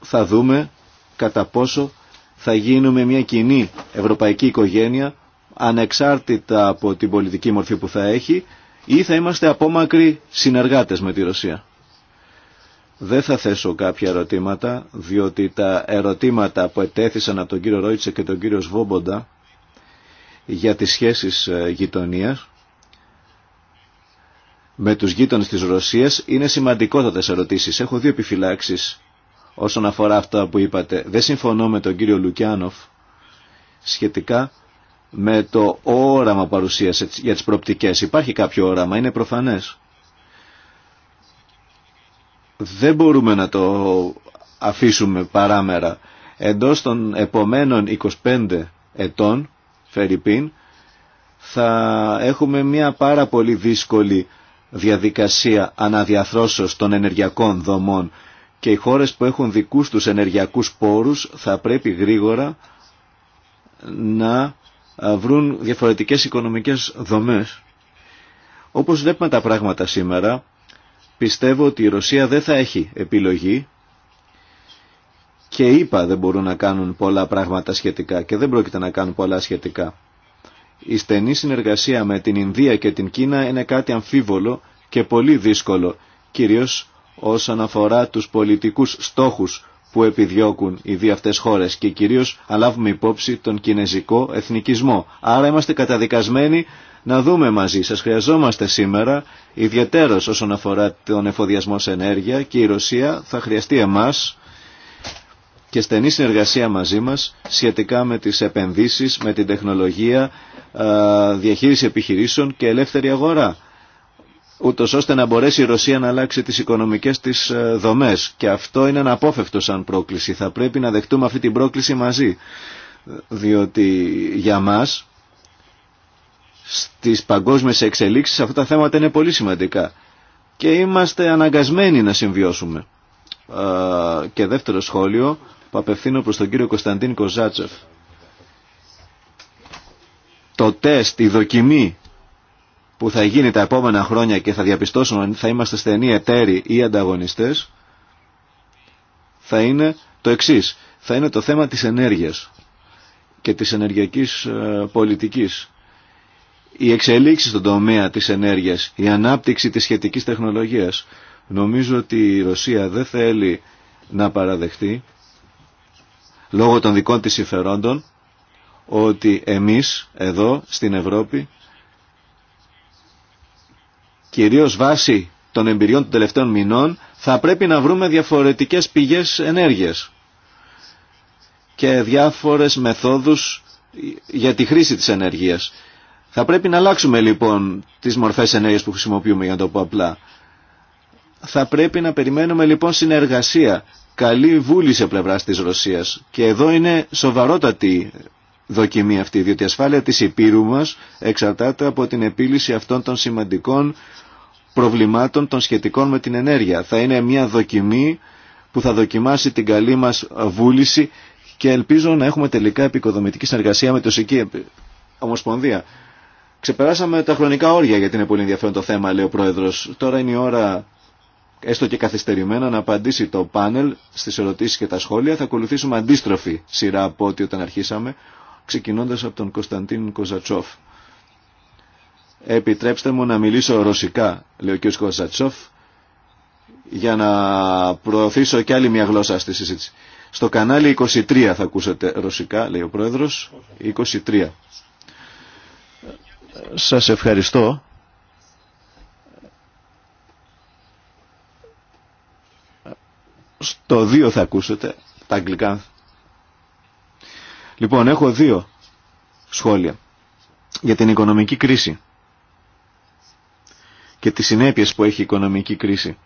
θα δούμε κατά πόσο θα γίνουμε μια κοινή ευρωπαϊκή οικογένεια ανεξάρτητα από την πολιτική μορφή που θα έχει ή θα είμαστε απόμακροι συνεργάτες με τη Ρωσία. Δεν θα θέσω κάποια ερωτήματα, διότι τα ερωτήματα που ετέθησαν από τον κύριο Ρόιτσε και τον κύριο Σβόμποντα για τις σχέσεις ε, γειτονίας με τους γείτονες της Ρωσίας είναι σημαντικότατες ερωτήσεις. Έχω δύο επιφυλάξεις όσον αφορά αυτά που είπατε. Δεν συμφωνώ με τον κύριο Λουκιάνοφ σχετικά με το όραμα παρουσίας για τις προπτικές. Υπάρχει κάποιο όραμα, είναι προφανές. Δεν μπορούμε να το αφήσουμε παράμερα. Εντός των επομένων 25 ετών, φεριπίν, θα έχουμε μια πάρα πολύ δύσκολη διαδικασία αναδιαθρώσεως των ενεργειακών δομών και οι χώρες που έχουν δικούς τους ενεργειακούς πόρους θα πρέπει γρήγορα να βρουν διαφορετικές οικονομικές δομές. Όπως βλέπουμε τα πράγματα σήμερα, πιστεύω ότι η Ρωσία δεν θα έχει επιλογή και είπα δεν μπορούν να κάνουν πολλά πράγματα σχετικά και δεν πρόκειται να κάνουν πολλά σχετικά. Η στενή συνεργασία με την Ινδία και την Κίνα είναι κάτι αμφίβολο και πολύ δύσκολο, κυρίως όσον αφορά τους πολιτικούς στόχους που επιδιώκουν οι δύο αυτές χώρες και κυρίως αλάβουμε υπόψη τον κινέζικο εθνικισμό. Άρα είμαστε καταδικασμένοι να δούμε μαζί. Σας χρειαζόμαστε σήμερα ιδιαίτερο όσον αφορά τον εφοδιασμό σε ενέργεια και η Ρωσία θα χρειαστεί εμάς και στενή συνεργασία μαζί μας σχετικά με τις επενδύσεις, με την τεχνολογία, διαχείριση επιχειρήσεων και ελεύθερη αγορά ούτως ώστε να μπορέσει η Ρωσία να αλλάξει τις οικονομικές της ε, δομές. Και αυτό είναι ένα αναπόφευκτο σαν πρόκληση. Θα πρέπει να δεχτούμε αυτή την πρόκληση μαζί. Διότι για μας στις παγκόσμιες εξελίξεις αυτά τα θέματα είναι πολύ σημαντικά. Και είμαστε αναγκασμένοι να συμβιώσουμε. Και δεύτερο σχόλιο που απευθύνω προς τον κύριο Κωνσταντίν Κοζάτσεφ. Το τεστ, η δοκιμή που θα γίνει τα επόμενα χρόνια και θα διαπιστώσουμε αν θα είμαστε στενοί εταίροι ή ανταγωνιστές θα είναι το εξής. Θα είναι το θέμα της ενέργειας και της ενεργειακής ε, πολιτικής. Η εξελίξη στον τομέα της ενέργειας, η ανάπτυξη της σχετικής τεχνολογίας. Νομίζω ότι η Ρωσία δεν θέλει να παραδεχτεί λόγω των δικών της συμφερόντων ότι εμείς εδώ στην Ευρώπη κυρίως βάσει των εμπειριών των τελευταίων μηνών, θα πρέπει να βρούμε διαφορετικές πηγές ενέργειας και διάφορες μεθόδους για τη χρήση της ενέργειας. Θα πρέπει να αλλάξουμε λοιπόν τις μορφές ενέργειας που χρησιμοποιούμε, για να το πω απλά. Θα πρέπει να περιμένουμε λοιπόν συνεργασία, καλή βούληση σε πλευράς της Ρωσίας. Και εδώ είναι σοβαρότατη δοκιμή αυτή, διότι η ασφάλεια της Υπήρου μας εξαρτάται από την επίλυση αυτών των σημαντικών προβλημάτων των σχετικών με την ενέργεια. Θα είναι μια δοκιμή που θα δοκιμάσει την καλή μας βούληση και ελπίζω να έχουμε τελικά επικοδομητική συνεργασία με το ΣΥΚΙ ε, Ομοσπονδία. Ξεπεράσαμε τα χρονικά όρια γιατί είναι πολύ ενδιαφέρον το θέμα, λέει ο Πρόεδρος. Τώρα είναι η ώρα, έστω και καθυστερημένα, να απαντήσει το πάνελ στις ερωτήσεις και τα σχόλια. Θα ακολουθήσουμε αντίστροφη σειρά από ό,τι όταν αρχίσαμε, ξεκινώντας από τον Κωνσταντίν Κοζατσόφ. Επιτρέψτε μου να μιλήσω ρωσικά, λέει ο κ. Κοζατσόφ, για να προωθήσω κι άλλη μια γλώσσα στη συζήτηση. Στο κανάλι 23 θα ακούσετε ρωσικά, λέει ο Πρόεδρος, 23. Σας ευχαριστώ. Στο 2 θα ακούσετε, τα αγγλικά. Λοιπόν, έχω δύο σχόλια για την οικονομική κρίση και τις συνέπειες που έχει η οικονομική κρίση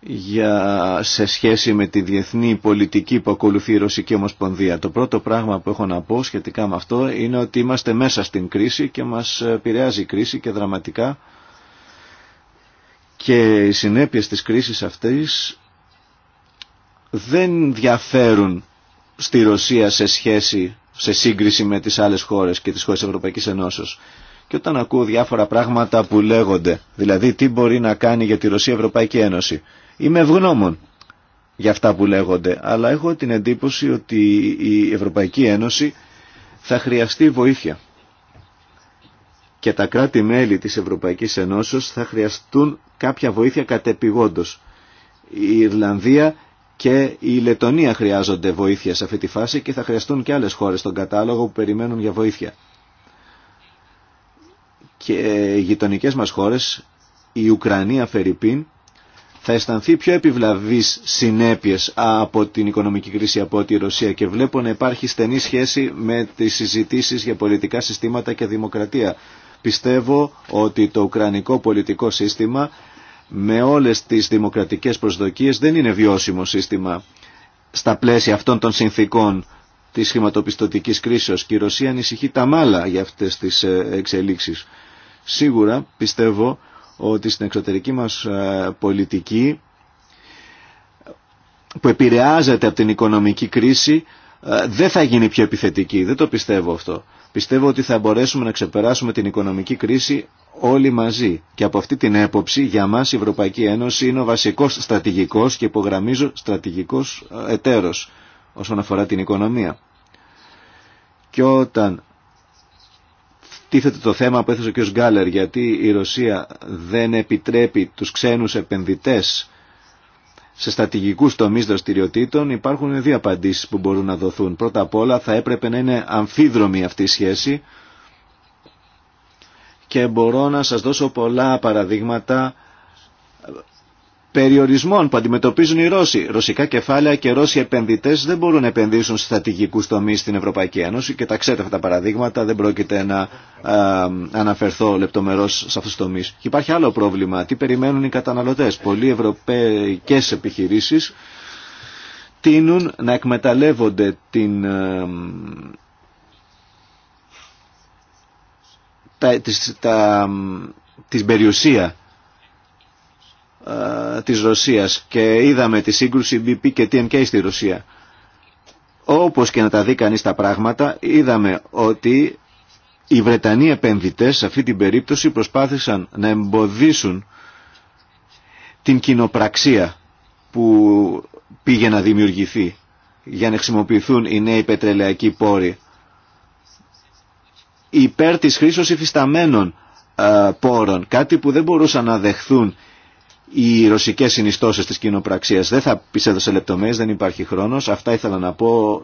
για, σε σχέση με τη διεθνή πολιτική που ακολουθεί η Ρωσική Ομοσπονδία. Το πρώτο πράγμα που έχω να πω σχετικά με αυτό είναι ότι είμαστε μέσα στην κρίση και μας επηρεάζει η κρίση και δραματικά και οι συνέπειες της κρίσης αυτής δεν διαφέρουν στη Ρωσία σε σχέση, σε σύγκριση με τις άλλες χώρες και τις χώρες Ευρωπαϊκής Ενώσεως και όταν ακούω διάφορα πράγματα που λέγονται, δηλαδή τι μπορεί να κάνει για τη Ρωσία Ευρωπαϊκή Ένωση, είμαι ευγνώμων για αυτά που λέγονται, αλλά έχω την εντύπωση ότι η Ευρωπαϊκή Ένωση θα χρειαστεί βοήθεια και τα κράτη-μέλη της Ευρωπαϊκής Ενώσεως θα χρειαστούν κάποια βοήθεια κατεπηγόντως. Η Ιρλανδία και η Λετωνία χρειάζονται βοήθεια σε αυτή τη φάση και θα χρειαστούν και άλλες χώρες στον κατάλογο που περιμένουν για βοήθεια και οι γειτονικές μας χώρες, η Ουκρανία Φερρυπίν, θα αισθανθεί πιο επιβλαβείς συνέπειες από την οικονομική κρίση από τη Ρωσία και βλέπω να υπάρχει στενή σχέση με τις συζητήσεις για πολιτικά συστήματα και δημοκρατία. Πιστεύω ότι το ουκρανικό πολιτικό σύστημα με όλες τις δημοκρατικές προσδοκίες δεν είναι βιώσιμο σύστημα στα πλαίσια αυτών των συνθήκων της χρηματοπιστωτικής κρίσεως και η Ρωσία ανησυχεί τα μάλα για αυτές τις ε, εξελίξεις. Σίγουρα πιστεύω ότι στην εξωτερική μας ε, πολιτική που επηρεάζεται από την οικονομική κρίση ε, δεν θα γίνει πιο επιθετική. Δεν το πιστεύω αυτό. Πιστεύω ότι θα μπορέσουμε να ξεπεράσουμε την οικονομική κρίση όλοι μαζί. Και από αυτή την έποψη για μας η Ευρωπαϊκή Ένωση είναι ο βασικός στρατηγικός και υπογραμμίζω στρατηγικός ε, εταίρος όσον αφορά την οικονομία. Και όταν τίθεται το θέμα που έθεσε ο κ. Γκάλερ γιατί η Ρωσία δεν επιτρέπει τους ξένους επενδυτές σε στατηγικούς τομείς δραστηριοτήτων υπάρχουν δύο απαντήσεις που μπορούν να δοθούν. Πρώτα απ' όλα θα έπρεπε να είναι αμφίδρομη αυτή η σχέση και μπορώ να σας δώσω πολλά παραδείγματα περιορισμών που αντιμετωπίζουν οι Ρώσοι. Ρωσικά κεφάλαια και Ρώσοι επενδυτέ δεν μπορούν να επενδύσουν σε στρατηγικού τομεί στην Ευρωπαϊκή Ένωση και τα ξέρετε αυτά τα παραδείγματα, δεν πρόκειται να αναφερθώ λεπτομερώ σε αυτού του τομεί. υπάρχει άλλο πρόβλημα. Τι περιμένουν οι καταναλωτέ. Πολλοί ευρωπαϊκέ επιχειρήσει τείνουν να εκμεταλλεύονται την. περιουσία ε, της Ρωσίας και είδαμε τη σύγκρουση BP και TNK στη Ρωσία. Όπως και να τα δει κανείς τα πράγματα, είδαμε ότι οι Βρετανοί επενδυτές σε αυτή την περίπτωση προσπάθησαν να εμποδίσουν την κοινοπραξία που πήγε να δημιουργηθεί για να χρησιμοποιηθούν οι νέοι πετρελαϊκοί πόροι υπέρ της χρήσης υφισταμένων ε, πόρων, κάτι που δεν μπορούσαν να δεχθούν οι ρωσικές συνιστώσεις της κοινοπραξίας. Δεν θα πει σε λεπτομέρειες, δεν υπάρχει χρόνος. Αυτά ήθελα να πω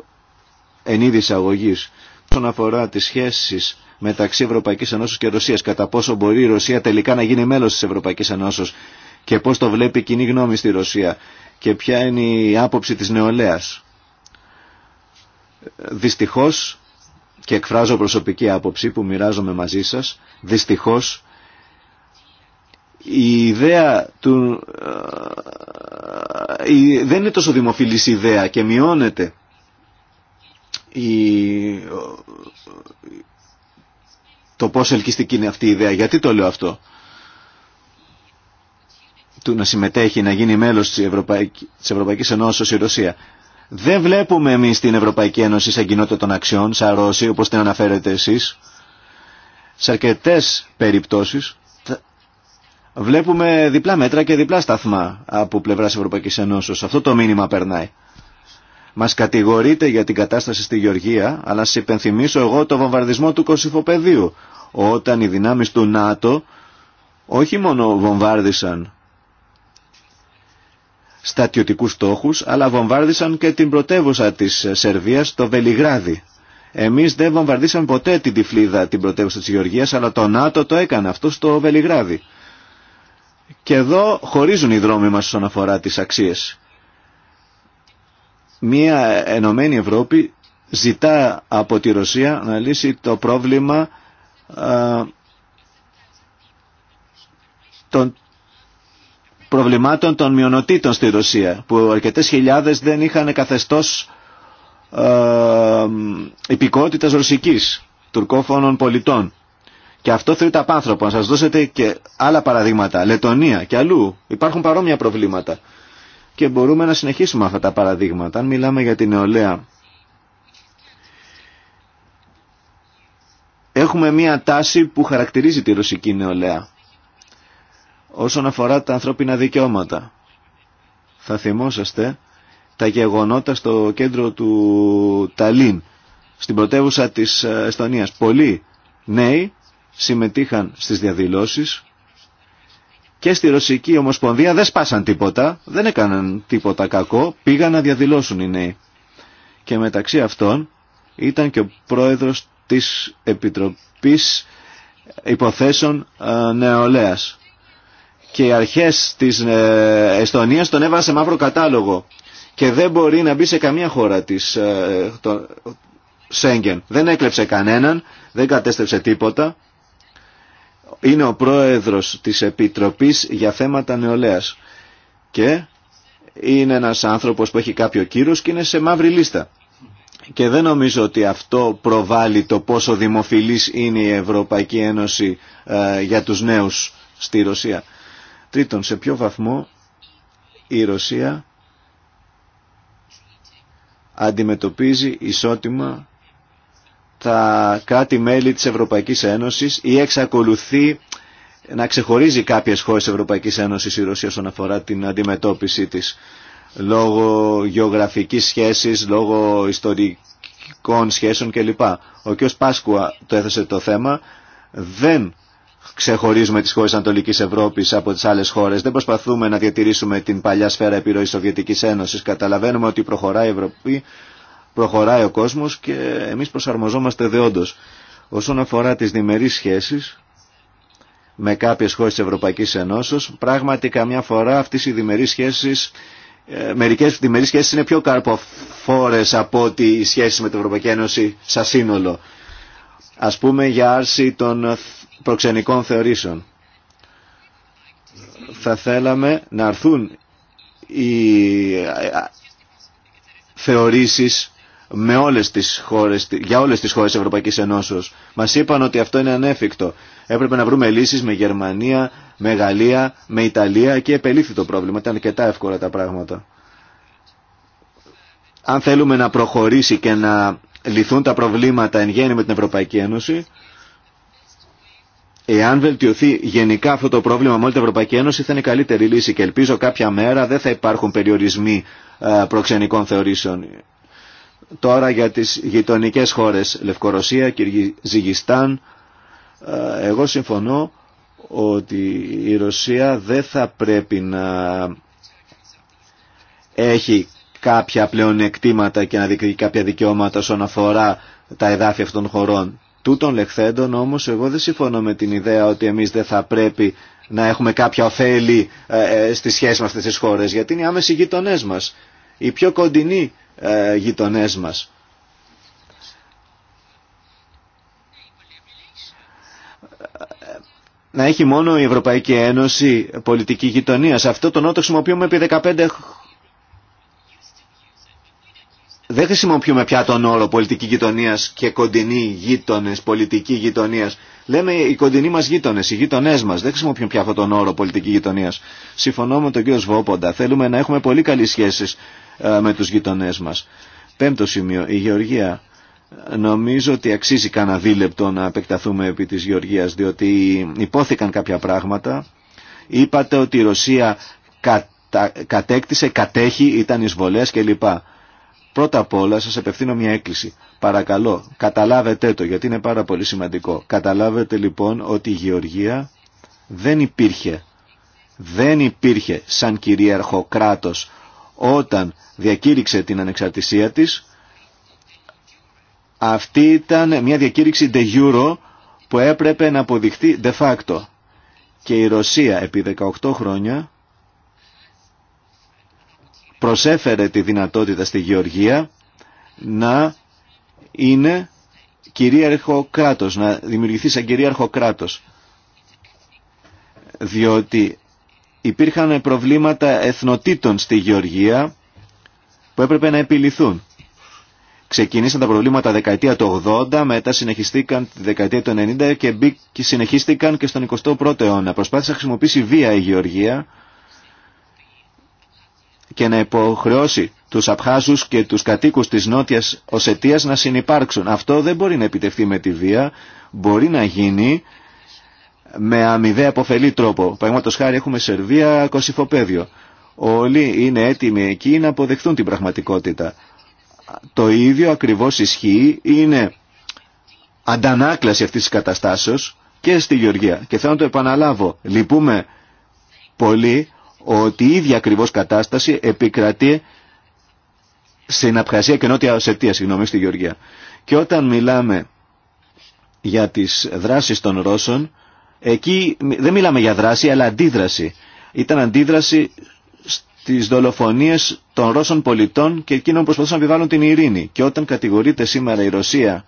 εν είδη εισαγωγής. Όσον αφορά τις σχέσεις μεταξύ Ευρωπαϊκής Ενώσεως και Ρωσίας, κατά πόσο μπορεί η Ρωσία τελικά να γίνει μέλος της Ευρωπαϊκής Ενώση και πώς το βλέπει η κοινή γνώμη στη Ρωσία και ποια είναι η άποψη της νεολαίας. Δυστυχώς, και εκφράζω προσωπική άποψη που μοιράζομαι μαζί σας, δυστυχώς η ιδέα του ε, δεν είναι τόσο δημοφιλής ιδέα και μειώνεται η, το πόσο ελκυστική είναι αυτή η ιδέα. Γιατί το λέω αυτό. Του να συμμετέχει, να γίνει μέλος της, Ευρωπαϊκή, της Ευρωπαϊκής ως η Ρωσία. Δεν βλέπουμε εμείς την Ευρωπαϊκή Ένωση σαν κοινότητα των αξιών, σαν Ρώση, όπως την αναφέρετε εσείς. Σε αρκετές περιπτώσεις βλέπουμε διπλά μέτρα και διπλά σταθμά από πλευρά Ευρωπαϊκή Ενώσεως. Αυτό το μήνυμα περνάει. Μα κατηγορείτε για την κατάσταση στη Γεωργία, αλλά σα υπενθυμίσω εγώ το βομβαρδισμό του Κωσυφοπεδίου, όταν οι δυνάμει του ΝΑΤΟ όχι μόνο βομβάρδισαν στατιωτικούς στόχους, αλλά βομβάρδισαν και την πρωτεύουσα της Σερβίας, το Βελιγράδι. Εμείς δεν βομβαρδίσαμε ποτέ την Τυφλίδα, την πρωτεύουσα της Γεωργίας, αλλά το ΝΑΤΟ το έκανε αυτό στο Βελιγράδι. Και εδώ χωρίζουν οι δρόμοι μας όσον αφορά τις αξίες. Μία ενωμένη Ευρώπη ζητά από τη Ρωσία να λύσει το πρόβλημα των προβλημάτων των μειονοτήτων στη Ρωσία που αρκετές χιλιάδες δεν είχαν καθεστώς ε, υπηκότητας ρωσικής τουρκόφωνων πολιτών και αυτό θεωρείται απάνθρωπο. Αν σας δώσετε και άλλα παραδείγματα, Λετωνία και αλλού, υπάρχουν παρόμοια προβλήματα. Και μπορούμε να συνεχίσουμε αυτά τα παραδείγματα. Αν μιλάμε για την νεολαία, έχουμε μία τάση που χαρακτηρίζει τη ρωσική νεολαία όσον αφορά τα ανθρώπινα δικαιώματα. Θα θυμόσαστε τα γεγονότα στο κέντρο του Ταλίν, στην πρωτεύουσα της ε, Εστονίας. Πολλοί νέοι συμμετείχαν στις διαδηλώσεις και στη Ρωσική Ομοσπονδία δεν σπάσαν τίποτα, δεν έκαναν τίποτα κακό, πήγαν να διαδηλώσουν οι νέοι. Και μεταξύ αυτών ήταν και ο πρόεδρος της Επιτροπής Υποθέσεων ε, Νεολαίας. Και οι αρχές της ε, Εστονίας τον έβαλαν σε μαύρο κατάλογο και δεν μπορεί να μπει σε καμία χώρα της ε, Σέγγεν. Δεν έκλεψε κανέναν, δεν κατέστρεψε τίποτα είναι ο πρόεδρος της Επιτροπής για θέματα νεολαίας και είναι ένας άνθρωπος που έχει κάποιο κύρος και είναι σε μαύρη λίστα. Και δεν νομίζω ότι αυτό προβάλλει το πόσο δημοφιλής είναι η Ευρωπαϊκή Ένωση ε, για τους νέους στη Ρωσία. Τρίτον, σε ποιο βαθμό η Ρωσία αντιμετωπίζει ισότιμα τα κράτη-μέλη της Ευρωπαϊκής Ένωσης ή εξακολουθεί να ξεχωρίζει κάποιες χώρες της Ευρωπαϊκής Ένωσης η Ρωσία όσον αφορά την αντιμετώπιση της λόγω γεωγραφικής σχέσης, λόγω ιστορικών σχέσεων κλπ. Ο κ. Πάσκουα το έθεσε το θέμα. Δεν ξεχωρίζουμε τις χώρες Ανατολικής Ευρώπης από τις άλλες χώρες. Δεν προσπαθούμε να διατηρήσουμε την παλιά σφαίρα επιρροής Σοβιετικής Ένωσης. Καταλαβαίνουμε ότι προχωράει η Ευρωπή προχωράει ο κόσμος και εμείς προσαρμοζόμαστε δεόντως. Όσον αφορά τις διμερείς σχέσεις με κάποιες χώρες της Ευρωπαϊκής Ενώσεως, πράγματι καμιά φορά αυτές οι διμερείς σχέσεις ε, μερικές διμερείς σχέσεις είναι πιο καρποφόρες από ότι οι σχέσεις με την Ευρωπαϊκή Ένωση σαν σύνολο. Ας πούμε για άρση των προξενικών θεωρήσεων. Θα θέλαμε να αρθούν οι ε, ε, θεωρήσεις με όλες τις χώρες, για όλες τις χώρες Ευρωπαϊκής Ενώσεως. Μας είπαν ότι αυτό είναι ανέφικτο. Έπρεπε να βρούμε λύσεις με Γερμανία, με Γαλλία, με Ιταλία και επελήφθη το πρόβλημα. Ήταν αρκετά εύκολα τα πράγματα. Αν θέλουμε να προχωρήσει και να λυθούν τα προβλήματα εν γέννη με την Ευρωπαϊκή Ένωση, Εάν βελτιωθεί γενικά αυτό το πρόβλημα με όλη την Ευρωπαϊκή Ένωση θα είναι καλύτερη λύση και ελπίζω κάποια μέρα δεν θα υπάρχουν περιορισμοί ε, προξενικών θεωρήσεων. Τώρα για τις γειτονικές χώρες, Λευκορωσία, Κυργιζιγιστάν, ε, εγώ συμφωνώ ότι η Ρωσία δεν θα πρέπει να έχει κάποια πλεονεκτήματα και να διεκδικεί κάποια δικαιώματα όσον αφορά τα εδάφη αυτών των χωρών. Τούτων λεχθέντων όμως εγώ δεν συμφωνώ με την ιδέα ότι εμείς δεν θα πρέπει να έχουμε κάποια ωφέλη ε, ε, στη σχέση με αυτές τις χώρες γιατί είναι οι άμεσοι γειτονές μας οι πιο κοντινοί ε, γειτονές μας. Να έχει μόνο η Ευρωπαϊκή Ένωση πολιτική γειτονία. Σε αυτό τον όρο το χρησιμοποιούμε επί 15 δεν χρησιμοποιούμε πια τον όρο πολιτική γειτονία και κοντινοί γείτονε, πολιτική γειτονία. Λέμε οι κοντινοί μα γείτονε, οι γείτονέ μα. Δεν χρησιμοποιούμε πια αυτόν τον όρο πολιτική γειτονία. Συμφωνώ με τον κύριο Σβόποντα. Θέλουμε να έχουμε πολύ καλέ σχέσει ε, με τους γειτονές μας. Πέμπτο σημείο, η Γεωργία. Νομίζω ότι αξίζει κανένα δίλεπτο να επεκταθούμε επί της Γεωργίας, διότι υπόθηκαν κάποια πράγματα. Είπατε ότι η Ρωσία κατέκτησε, κατέχει, ήταν εισβολές κλπ. Πρώτα απ' όλα σας απευθύνω μια έκκληση. Παρακαλώ, καταλάβετε το, γιατί είναι πάρα πολύ σημαντικό. Καταλάβετε λοιπόν ότι η Γεωργία δεν υπήρχε, δεν υπήρχε σαν κυρίαρχο κράτος όταν διακήρυξε την ανεξαρτησία της, αυτή ήταν μια διακήρυξη de jure που έπρεπε να αποδειχτεί de facto. Και η Ρωσία επί 18 χρόνια προσέφερε τη δυνατότητα στη Γεωργία να είναι κυρίαρχο κράτος, να δημιουργηθεί σαν κυρίαρχο κράτος. Διότι υπήρχαν προβλήματα εθνοτήτων στη Γεωργία που έπρεπε να επιληθούν. Ξεκινήσαν τα προβλήματα δεκαετία του 80, μετά συνεχιστήκαν τη δεκαετία του 90 και, συνεχίστηκαν και στον 21ο αιώνα. Προσπάθησε να χρησιμοποιήσει βία η Γεωργία και να υποχρεώσει τους Απχάζους και τους κατοίκους της Νότιας Οσετίας να συνεπάρξουν. Αυτό δεν μπορεί να επιτευχθεί με τη βία, μπορεί να γίνει με αμοιβαία αποφελή τρόπο. Παραδείγματο χάρη έχουμε Σερβία, Κωσυφοπέδιο. Όλοι είναι έτοιμοι εκεί να αποδεχτούν την πραγματικότητα. Το ίδιο ακριβώς ισχύει, είναι αντανάκλαση αυτής της καταστάσεως και στη Γεωργία. Και θέλω να το επαναλάβω. Λυπούμε πολύ ότι η ίδια ακριβώς κατάσταση επικρατεί στην Απχασία και Νότια Οσετία, συγγνώμη, στη Γεωργία. Και όταν μιλάμε για τις δράσεις των Ρώσων, Εκεί δεν μιλάμε για δράση, αλλά αντίδραση. Ήταν αντίδραση στις δολοφονίες των Ρώσων πολιτών και εκείνων που προσπαθούσαν να επιβάλλουν την ειρήνη. Και όταν κατηγορείται σήμερα η Ρωσία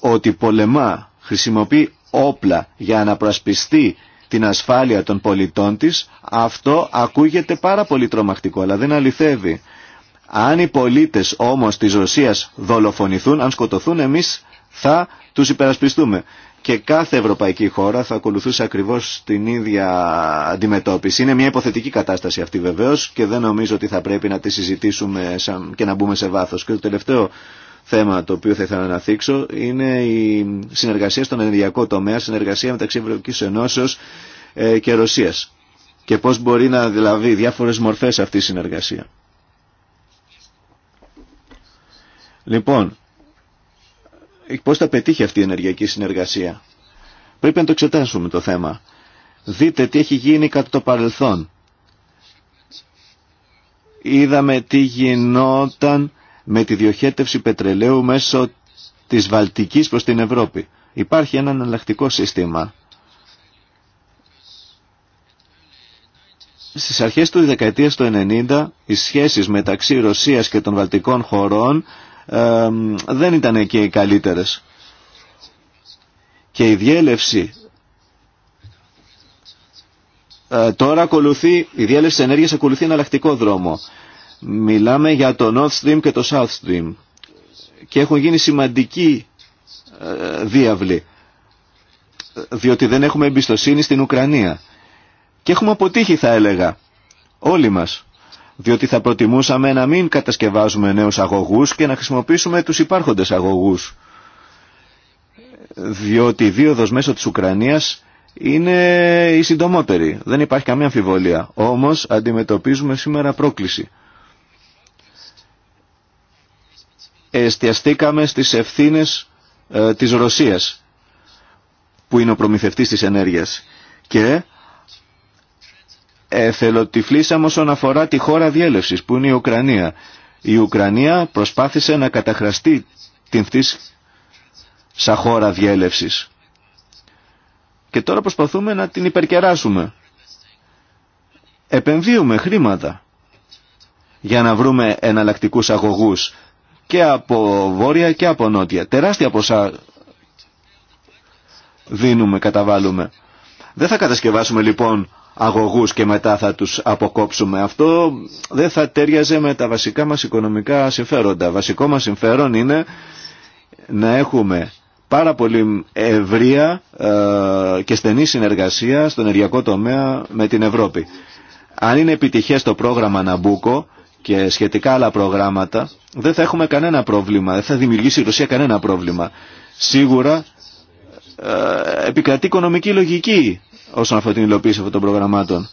ότι πολεμά, χρησιμοποιεί όπλα για να προασπιστεί την ασφάλεια των πολιτών της, αυτό ακούγεται πάρα πολύ τρομακτικό, αλλά δεν αληθεύει. Αν οι πολίτες όμως της Ρωσίας δολοφονηθούν, αν σκοτωθούν, εμείς θα τους υπερασπιστούμε και κάθε ευρωπαϊκή χώρα θα ακολουθούσε ακριβώς την ίδια αντιμετώπιση. Είναι μια υποθετική κατάσταση αυτή βεβαίως και δεν νομίζω ότι θα πρέπει να τη συζητήσουμε και να μπούμε σε βάθος. Και το τελευταίο θέμα το οποίο θα ήθελα να θίξω είναι η συνεργασία στον ενεργειακό τομέα, συνεργασία μεταξύ Ευρωπαϊκής Ενώσεως ε, και Ρωσίας και πώς μπορεί να δηλαδή διάφορες μορφές αυτή η συνεργασία. Λοιπόν, πώς θα πετύχει αυτή η ενεργειακή συνεργασία. Πρέπει να το εξετάσουμε το θέμα. Δείτε τι έχει γίνει κατά το παρελθόν. Είδαμε τι γινόταν με τη διοχέτευση πετρελαίου μέσω της Βαλτικής προς την Ευρώπη. Υπάρχει ένα εναλλακτικό σύστημα. Στις αρχές του δεκαετίας του 90 οι σχέσεις μεταξύ Ρωσίας και των Βαλτικών χωρών δεν ήταν και οι καλύτερες. Και η διέλευση ε, τώρα ακολουθεί, η διέλευση ενέργειας ακολουθεί εναλλακτικό δρόμο. Μιλάμε για το North Stream και το South Stream και έχουν γίνει σημαντικοί ε, διάβλοι διότι δεν έχουμε εμπιστοσύνη στην Ουκρανία. Και έχουμε αποτύχει θα έλεγα όλοι μας διότι θα προτιμούσαμε να μην κατασκευάζουμε νέους αγωγούς και να χρησιμοποιήσουμε τους υπάρχοντες αγωγούς. Διότι η δίωδος μέσω της Ουκρανίας είναι η συντομότερη, δεν υπάρχει καμία αμφιβολία. Όμως αντιμετωπίζουμε σήμερα πρόκληση. Εστιαστήκαμε στις ευθύνες ε, της Ρωσίας, που είναι ο προμηθευτής της ενέργειας. Και εθελοτυφλήσαμε όσον αφορά τη χώρα διέλευσης που είναι η Ουκρανία. Η Ουκρανία προσπάθησε να καταχραστεί την φτής σαν χώρα διέλευσης. Και τώρα προσπαθούμε να την υπερκεράσουμε. Επενδύουμε χρήματα για να βρούμε εναλλακτικούς αγωγούς και από βόρεια και από νότια. Τεράστια ποσά δίνουμε, καταβάλουμε. Δεν θα κατασκευάσουμε λοιπόν αγωγούς και μετά θα τους αποκόψουμε. Αυτό δεν θα τέριαζε με τα βασικά μας οικονομικά συμφέροντα. Βασικό μας συμφέρον είναι να έχουμε πάρα πολύ ευρεία ε, και στενή συνεργασία στον ενεργειακό τομέα με την Ευρώπη. Αν είναι επιτυχές το πρόγραμμα Ναμπούκο και σχετικά άλλα προγράμματα, δεν θα έχουμε κανένα πρόβλημα, δεν θα δημιουργήσει η Ρωσία κανένα πρόβλημα. Σίγουρα ε, επικρατεί οικονομική λογική όσον αφορά την υλοποίηση αυτών των προγραμμάτων.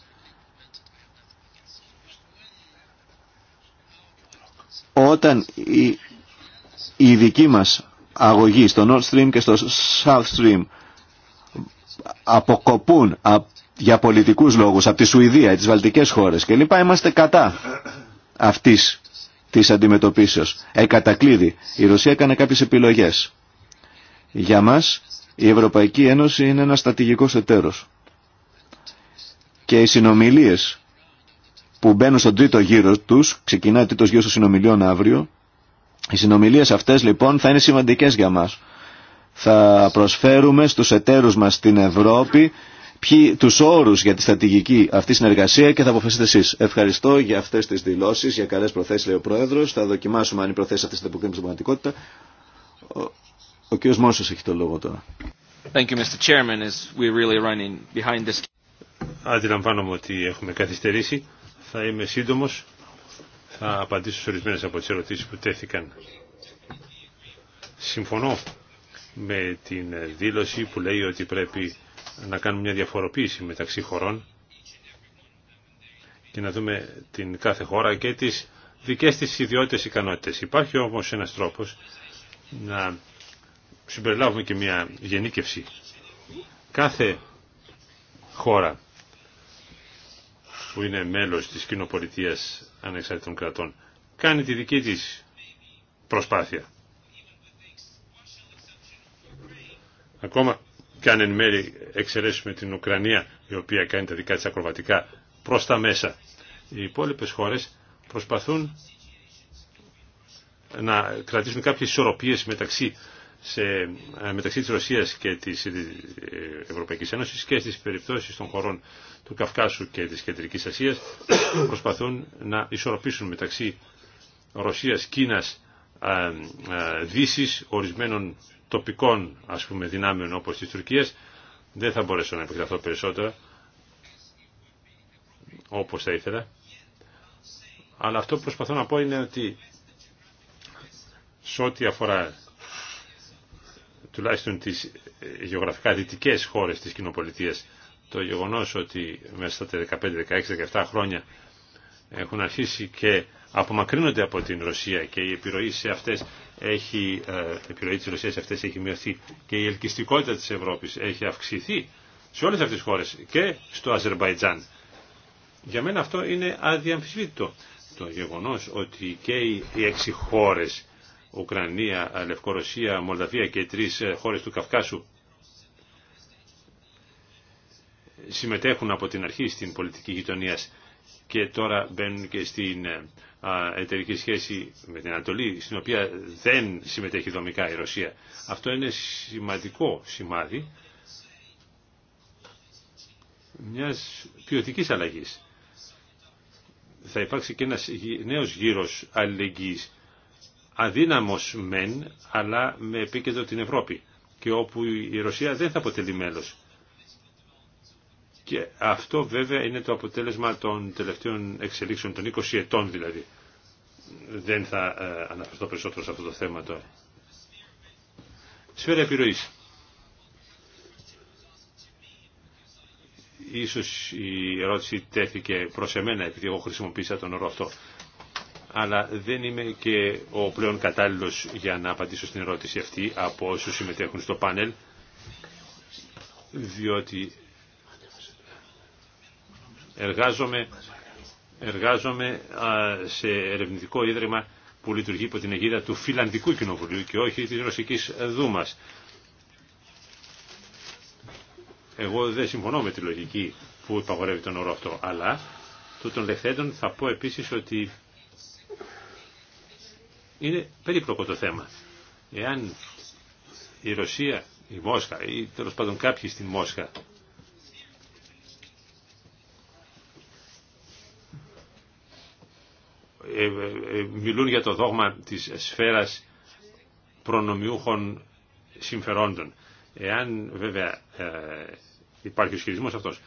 Όταν η, η δική μας αγωγή στο Nord Stream και στο South Stream αποκοπούν για πολιτικούς λόγους από τη Σουηδία, τις Βαλτικές χώρες και λοιπά, είμαστε κατά αυτής της αντιμετωπίσεως. Εκατακλείδη, η Ρωσία έκανε κάποιες επιλογές. Για μας η Ευρωπαϊκή Ένωση είναι ένας στατηγικός εταίρος και οι συνομιλίε που μπαίνουν στον τρίτο γύρο του, ξεκινάει ο τρίτο γύρο των συνομιλιών αύριο, οι συνομιλίε αυτέ λοιπόν θα είναι σημαντικέ για μα. Θα προσφέρουμε στου εταίρου μα στην Ευρώπη του όρου για τη στρατηγική αυτή συνεργασία και θα αποφασίσετε εσεί. Ευχαριστώ για αυτέ τι δηλώσει, για καλέ προθέσει λέει ο Προεδρο. Θα δοκιμάσουμε αν οι προθέσει αυτέ θα αποκρίνουν στην πραγματικότητα. Ο, ο κ. Μόσος έχει το λόγο τώρα. Thank you, Mr. Chairman, as we're really running behind Αντιλαμβάνομαι ότι έχουμε καθυστερήσει. Θα είμαι σύντομος. Θα απαντήσω σε ορισμένε από τι ερωτήσει που τέθηκαν. Συμφωνώ με την δήλωση που λέει ότι πρέπει να κάνουμε μια διαφοροποίηση μεταξύ χωρών και να δούμε την κάθε χώρα και τις δικές της ιδιότητες ικανότητες. Υπάρχει όμως ένας τρόπος να συμπεριλάβουμε και μια γενίκευση. Κάθε χώρα που είναι μέλος της κοινοπολιτείας ανεξάρτητων κρατών κάνει τη δική της προσπάθεια. Ακόμα και αν εν μέρη εξαιρέσουμε την Ουκρανία η οποία κάνει τα δικά της ακροβατικά προς τα μέσα. Οι υπόλοιπες χώρες προσπαθούν να κρατήσουν κάποιες ισορροπίες μεταξύ σε, ε, μεταξύ της Ρωσίας και της ε, Ευρωπαϊκής Ένωσης και στις περιπτώσεις των χωρών του Καυκάσου και της Κεντρικής Ασίας (coughs) προσπαθούν να ισορροπήσουν μεταξύ Ρωσίας, Κίνας, ε, Δύσης, ορισμένων τοπικών ας πούμε δυνάμεων όπως της Τουρκίας δεν θα μπορέσω να επεκταθώ περισσότερο όπως θα ήθελα αλλά αυτό που προσπαθώ να πω είναι ότι σε ό,τι αφορά τουλάχιστον τις ε, γεωγραφικά δυτικές χώρες της κοινοπολιτείας το γεγονός ότι μέσα στα 15, 16, 17 χρόνια έχουν αρχίσει και απομακρύνονται από την Ρωσία και η επιρροή, σε αυτές έχει, ε, επιρροή της Ρωσίας σε αυτές έχει μειωθεί και η ελκυστικότητα της Ευρώπης έχει αυξηθεί σε όλες αυτές τις χώρες και στο Αζερβαϊτζάν. Για μένα αυτό είναι αδιαμφισβήτητο. Το γεγονός ότι και οι έξι χώρες Ουκρανία, Λευκορωσία, Μολδαβία και τρεις χώρες του Καυκάσου συμμετέχουν από την αρχή στην πολιτική γειτονία και τώρα μπαίνουν και στην ε, εταιρική σχέση με την Ανατολή, στην οποία δεν συμμετέχει δομικά η Ρωσία. Αυτό είναι σημαντικό σημάδι μιας ποιοτικής αλλαγής. Θα υπάρξει και ένας νέος γύρος αλληλεγγύης αδύναμος μεν, αλλά με επίκεντρο την Ευρώπη και όπου η Ρωσία δεν θα αποτελεί μέλος. Και αυτό βέβαια είναι το αποτέλεσμα των τελευταίων εξελίξεων, των 20 ετών δηλαδή. Δεν θα ε, αναφερθώ περισσότερο σε αυτό το θέμα τώρα. Σφαίρα επιρροής. Ίσως η ερώτηση τέθηκε προς εμένα επειδή εγώ χρησιμοποίησα τον όρο αυτό αλλά δεν είμαι και ο πλέον κατάλληλος για να απαντήσω στην ερώτηση αυτή από όσους συμμετέχουν στο πάνελ, διότι εργάζομαι, εργάζομαι σε ερευνητικό ίδρυμα που λειτουργεί υπό την αιγίδα του Φιλανδικού Κοινοβουλίου και όχι της Ρωσικής Δούμας. Εγώ δεν συμφωνώ με τη λογική που υπαγορεύει τον όρο αυτό, αλλά τούτων λεχθέντων θα πω επίσης ότι είναι περίπλοκο το θέμα. Εάν η Ρωσία, η Μόσχα ή τέλο πάντων κάποιοι στην Μόσχα ε, ε, ε, μιλούν για το δόγμα της σφαίρας προνομιούχων συμφερόντων. Εάν βέβαια υπάρχει ο ισχυρισμό αυτός,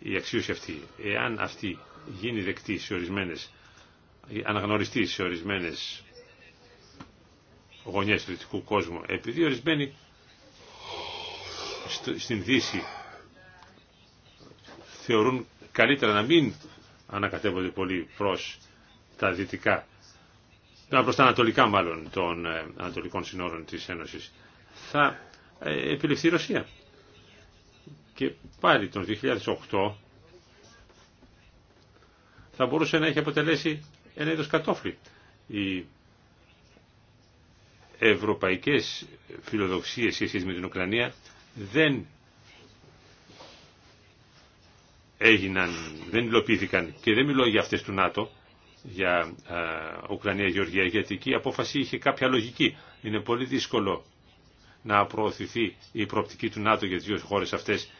η αξίωση αυτή, εάν αυτή γίνει δεκτή σε ορισμένες, αναγνωριστή σε ορισμένες γωνιές του δυτικού κόσμου. Επειδή ορισμένοι στην Δύση θεωρούν καλύτερα να μην ανακατεύονται πολύ προς τα δυτικά, προς τα ανατολικά μάλλον των ε, ανατολικών συνόρων της Ένωσης, θα ε, επιληφθεί η Ρωσία. Και πάλι τον 2008 θα μπορούσε να έχει αποτελέσει ένα είδος κατόφλι η ευρωπαϊκές φιλοδοξίες σχετικά με την Ουκρανία δεν έγιναν, δεν υλοποιήθηκαν και δεν μιλώ για αυτές του ΝΑΤΟ, για Ουκρανία-Γεωργία, γιατί εκεί η απόφαση είχε κάποια λογική. Είναι πολύ δύσκολο να προωθηθεί η προοπτική του ΝΑΤΟ για τις δύο χώρες αυτές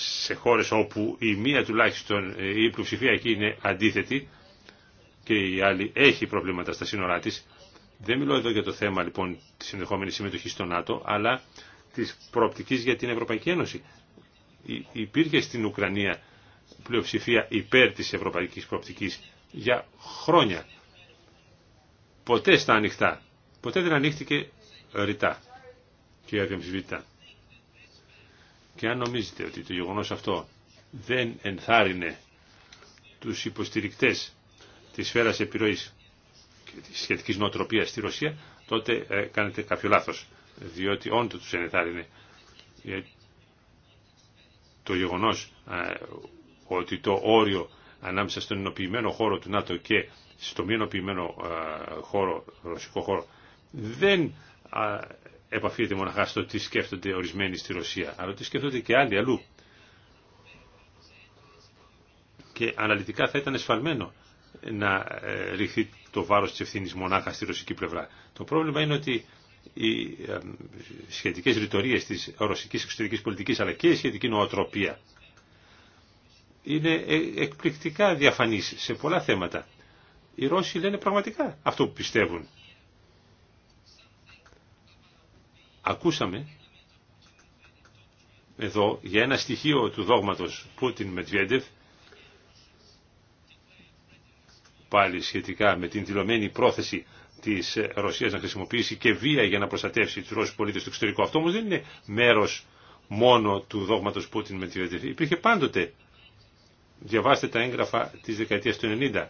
σε χώρες όπου η μία τουλάχιστον ε, η πλειοψηφία εκεί είναι αντίθετη και η άλλη έχει προβλήματα στα σύνορά της δεν μιλώ εδώ για το θέμα λοιπόν τη ενδεχομένη συμμετοχή στο ΝΑΤΟ, αλλά τη προοπτική για την Ευρωπαϊκή Ένωση. Υπήρχε στην Ουκρανία πλειοψηφία υπέρ της ευρωπαϊκής προοπτικής για χρόνια. Ποτέ στα ανοιχτά. Ποτέ δεν ανοίχτηκε ρητά και αδιαμφισβήτητα. Και αν νομίζετε ότι το γεγονός αυτό δεν ενθάρρυνε τους υποστηρικτές της σφαίρας επιρροής της σχετικής νοοτροπίας στη Ρωσία, τότε ε, κάνετε κάποιο λάθο. διότι όντως τους ενεθάρρυνε ε, το γεγονό ε, ότι το όριο ανάμεσα στον ενοποιημένο χώρο του ΝΑΤΟ και στο μη ενοποιημένο χώρο, ρωσικό χώρο, δεν επαφείται μοναχά στο τι σκέφτονται ορισμένοι στη Ρωσία, αλλά τι σκέφτονται και άλλοι αλλού. Και αναλυτικά θα ήταν εσφαλμένο να ρηχθεί το βάρος της ευθύνης μονάχα στη ρωσική πλευρά. Το πρόβλημα είναι ότι οι σχετικές ρητορίες της ρωσικής εξωτερικής πολιτικής αλλά και η σχετική νοοτροπία είναι ε, εκπληκτικά διαφανής σε πολλά θέματα. Οι Ρώσοι λένε πραγματικά αυτό που πιστεύουν. Ακούσαμε εδώ για ένα στοιχείο του δόγματος Πούτιν Μετβιέντεφ πάλι σχετικά με την δηλωμένη πρόθεση της Ρωσίας να χρησιμοποιήσει και βία για να προστατεύσει τους Ρώσους πολίτες στο εξωτερικό. Αυτό όμως δεν είναι μέρος μόνο του δόγματος Πούτιν με τη Ρετεφή. Υπήρχε πάντοτε. Διαβάστε τα έγγραφα της δεκαετίας του 90.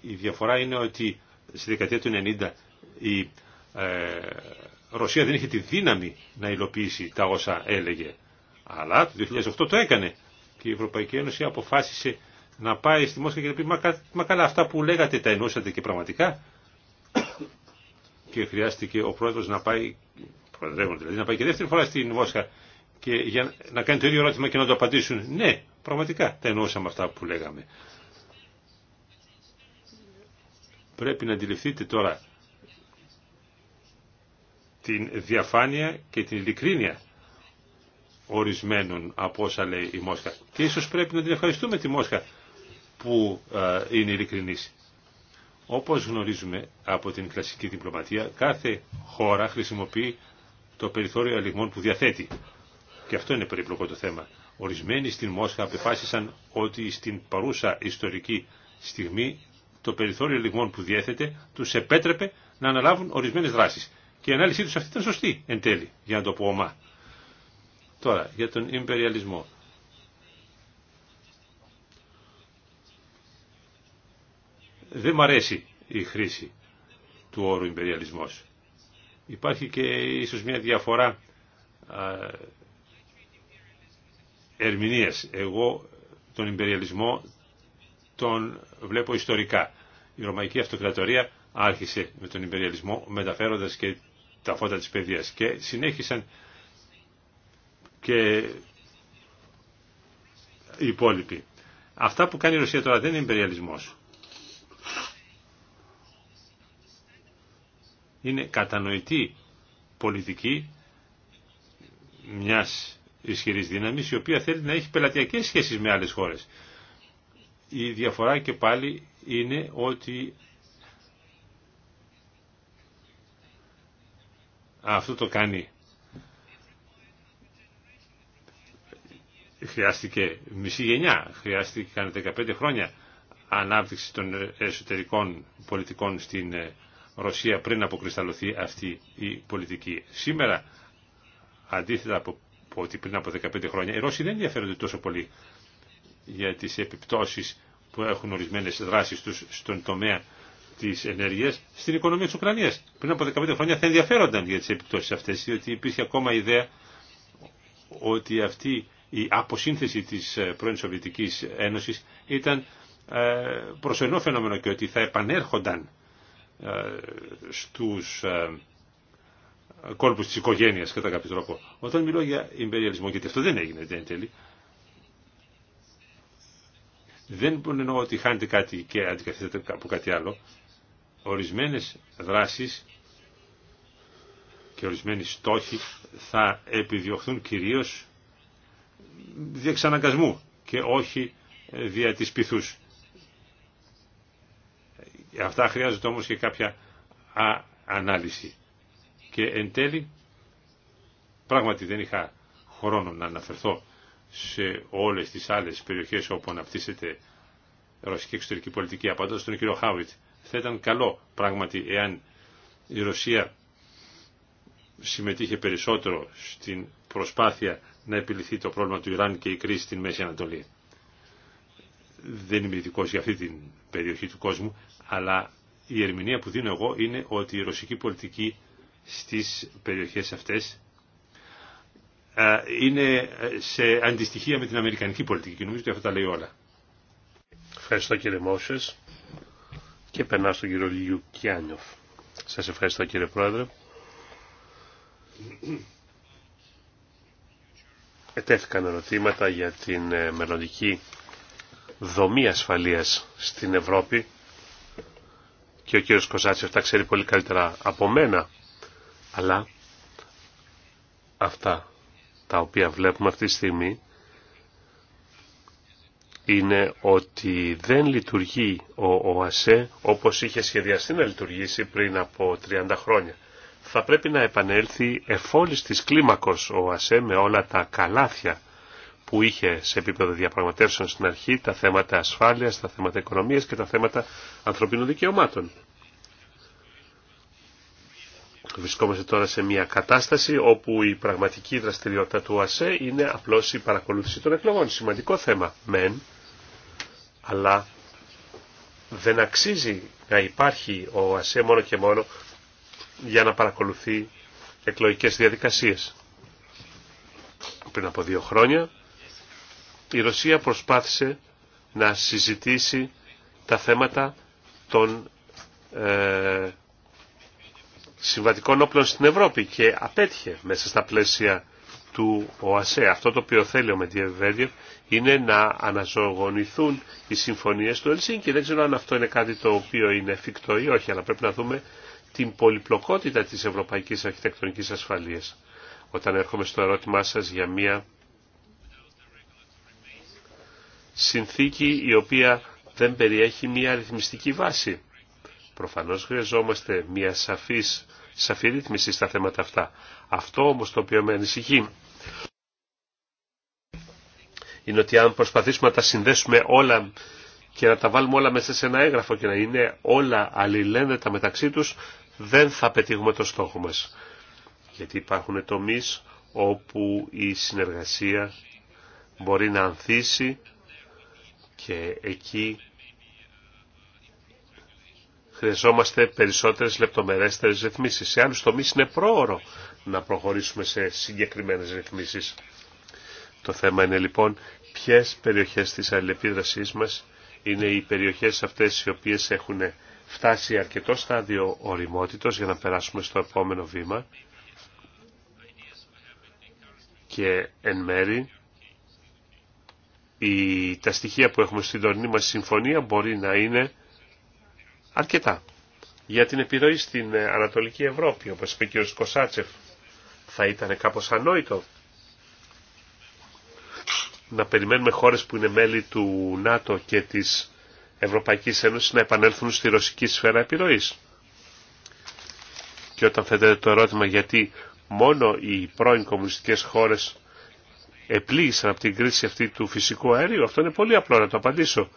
Η διαφορά είναι ότι στη δεκαετία του 90 η ε, Ρωσία δεν είχε τη δύναμη να υλοποιήσει τα όσα έλεγε. Αλλά το 2008 το έκανε και η Ευρωπαϊκή Ένωση αποφάσισε να πάει στη Μόσχα και να πει μα, καλά αυτά που λέγατε τα εννοούσατε και πραγματικά και χρειάστηκε ο πρόεδρος να πάει δηλαδή να πάει και δεύτερη φορά στην Μόσχα και για να κάνει το ίδιο ερώτημα και να το απαντήσουν ναι πραγματικά τα εννοούσαμε αυτά που λέγαμε πρέπει να αντιληφθείτε τώρα την διαφάνεια και την ειλικρίνεια ορισμένων από όσα λέει η Μόσχα. Και ίσως πρέπει να την ευχαριστούμε τη Μόσχα που ε, είναι ειλικρινής. Όπως γνωρίζουμε από την κλασική διπλωματία, κάθε χώρα χρησιμοποιεί το περιθώριο ελιγμών που διαθέτει. Και αυτό είναι περίπλοκο το θέμα. Ορισμένοι στην Μόσχα απεφάσισαν ότι στην παρούσα ιστορική στιγμή το περιθώριο ελιγμών που διέθετε τους επέτρεπε να αναλάβουν ορισμένες δράσεις. Και η ανάλυση τους αυτή ήταν σωστή εν τέλει, για να το πω ομά. Τώρα, για τον υπεριαλισμό. Δεν μ' αρέσει η χρήση του όρου «Ιμπεριαλισμός». Υπάρχει και ίσως μια διαφορά ερμηνείας. Εγώ τον υπεριαλισμό τον βλέπω ιστορικά. Η Ρωμαϊκή Αυτοκρατορία άρχισε με τον «Ιμπεριαλισμό» μεταφέροντας και τα φώτα της παιδείας και συνέχισαν και οι υπόλοιποι. Αυτά που κάνει η Ρωσία τώρα δεν είναι «Ιμπεριαλισμός» είναι κατανοητή πολιτική μιας ισχυρής δύναμης η οποία θέλει να έχει πελατειακές σχέσεις με άλλες χώρες. Η διαφορά και πάλι είναι ότι αυτό το κάνει χρειάστηκε μισή γενιά, χρειάστηκαν 15 χρόνια ανάπτυξη των εσωτερικών πολιτικών στην ε, Ρωσία πριν αποκρισταλωθεί αυτή η πολιτική. Σήμερα, αντίθετα από ότι πριν από 15 χρόνια, οι Ρώσοι δεν ενδιαφέρονται τόσο πολύ για τις επιπτώσεις που έχουν ορισμένες δράσεις τους στον τομέα της ενέργειας στην οικονομία της Ουκρανίας. Πριν από 15 χρόνια θα ενδιαφέρονταν για τις επιπτώσεις αυτές, διότι υπήρχε ακόμα ιδέα ότι αυτή η αποσύνθεση της ε, πρώην Σοβιετικής Ένωσης ήταν ε, προσωρινό φαινόμενο και ότι θα επανέρχονταν ε, στους ε, κόλπους της οικογένειας κατά κάποιο τρόπο. Όταν μιλώ για υπεριαλισμό, γιατί αυτό δεν έγινε εν τέλει, δεν εννοώ ότι χάνεται κάτι και αντικαθιστάται από κάτι άλλο. Ορισμένες δράσεις και ορισμένοι στόχοι θα επιδιωχθούν κυρίως εξαναγκασμού και όχι δια της πυθούς. Αυτά χρειάζεται όμως και κάποια ανάλυση. Και εν τέλει, πράγματι δεν είχα χρόνο να αναφερθώ σε όλες τις άλλες περιοχές όπου αναπτύσσεται ρωσική εξωτερική πολιτική. Απαντώ στον κύριο Χάουιτ, θα ήταν καλό πράγματι εάν η Ρωσία συμμετείχε περισσότερο στην προσπάθεια να επιληθεί το πρόβλημα του Ιράν και η κρίση στην Μέση Ανατολή δεν είμαι ειδικό για αυτή την περιοχή του κόσμου, αλλά η ερμηνεία που δίνω εγώ είναι ότι η ρωσική πολιτική στις περιοχές αυτές ε, είναι ε, σε αντιστοιχεία με την αμερικανική πολιτική και νομίζω ότι αυτό τα λέει όλα. Ευχαριστώ κύριε Μόσες και περνάω στον κύριο Κιάνιοφ. Σας ευχαριστώ κύριε Πρόεδρε. Ετέθηκαν ερωτήματα για την ε, μελλοντική δομή ασφαλείας στην Ευρώπη και ο κύριος Κοσάτσιος, τα ξέρει πολύ καλύτερα από μένα, αλλά αυτά τα οποία βλέπουμε αυτή τη στιγμή είναι ότι δεν λειτουργεί ο ΟΑΣΕ όπως είχε σχεδιαστεί να λειτουργήσει πριν από 30 χρόνια. Θα πρέπει να επανέλθει εφόλης της κλίμακος ο ΟΑΣΕ με όλα τα καλάθια που είχε σε επίπεδο διαπραγματεύσεων στην αρχή τα θέματα ασφάλειας, τα θέματα οικονομίας και τα θέματα ανθρωπίνων δικαιωμάτων. Βρισκόμαστε τώρα σε μια κατάσταση όπου η πραγματική δραστηριότητα του ΟΑΣΕ είναι απλώς η παρακολούθηση των εκλογών. Σημαντικό θέμα, μεν, αλλά δεν αξίζει να υπάρχει ο ΟΑΣΕ μόνο και μόνο για να παρακολουθεί εκλογικές διαδικασίες. Πριν από δύο χρόνια η Ρωσία προσπάθησε να συζητήσει τα θέματα των ε, συμβατικών όπλων στην Ευρώπη και απέτυχε μέσα στα πλαίσια του ΟΑΣΕ. Αυτό το οποίο θέλει ο Μεντιεβέντιεφ είναι να αναζωογονηθούν οι συμφωνίες του Ελσίνκη. Δεν ξέρω αν αυτό είναι κάτι το οποίο είναι εφικτό ή όχι, αλλά πρέπει να δούμε την πολυπλοκότητα της ευρωπαϊκής αρχιτεκτονικής ασφαλείας. Όταν έρχομαι στο ερώτημά σας για μια συνθήκη η οποία δεν περιέχει μια ρυθμιστική βάση. Προφανώς χρειαζόμαστε μια σαφής, σαφή ρύθμιση στα θέματα αυτά. Αυτό όμως το οποίο με ανησυχεί είναι ότι αν προσπαθήσουμε να τα συνδέσουμε όλα και να τα βάλουμε όλα μέσα σε ένα έγγραφο και να είναι όλα αλληλένδετα μεταξύ τους, δεν θα πετύχουμε το στόχο μας. Γιατί υπάρχουν τομείς όπου η συνεργασία μπορεί να ανθίσει και εκεί χρειαζόμαστε περισσότερες λεπτομερέστερες ρυθμίσεις. Σε άλλους τομείς είναι πρόωρο να προχωρήσουμε σε συγκεκριμένες ρυθμίσεις. Το θέμα είναι λοιπόν ποιες περιοχές της αλληλεπίδρασής μας είναι οι περιοχές αυτές οι οποίες έχουν φτάσει αρκετό στάδιο οριμότητος για να περάσουμε στο επόμενο βήμα και εν μέρη η, τα στοιχεία που έχουμε στην τωρινή μας συμφωνία μπορεί να είναι αρκετά. Για την επιρροή στην ε, Ανατολική Ευρώπη, όπως είπε ο κ. θα ήταν κάπως ανόητο να περιμένουμε χώρες που είναι μέλη του ΝΑΤΟ και της Ευρωπαϊκής Ένωσης να επανέλθουν στη ρωσική σφαίρα επιρροής. Και όταν θέτεται το ερώτημα γιατί μόνο οι πρώην κομμουνιστικές χώρες επλήγησαν από την κρίση αυτή του φυσικού αερίου. Αυτό είναι πολύ απλό να το απαντήσω.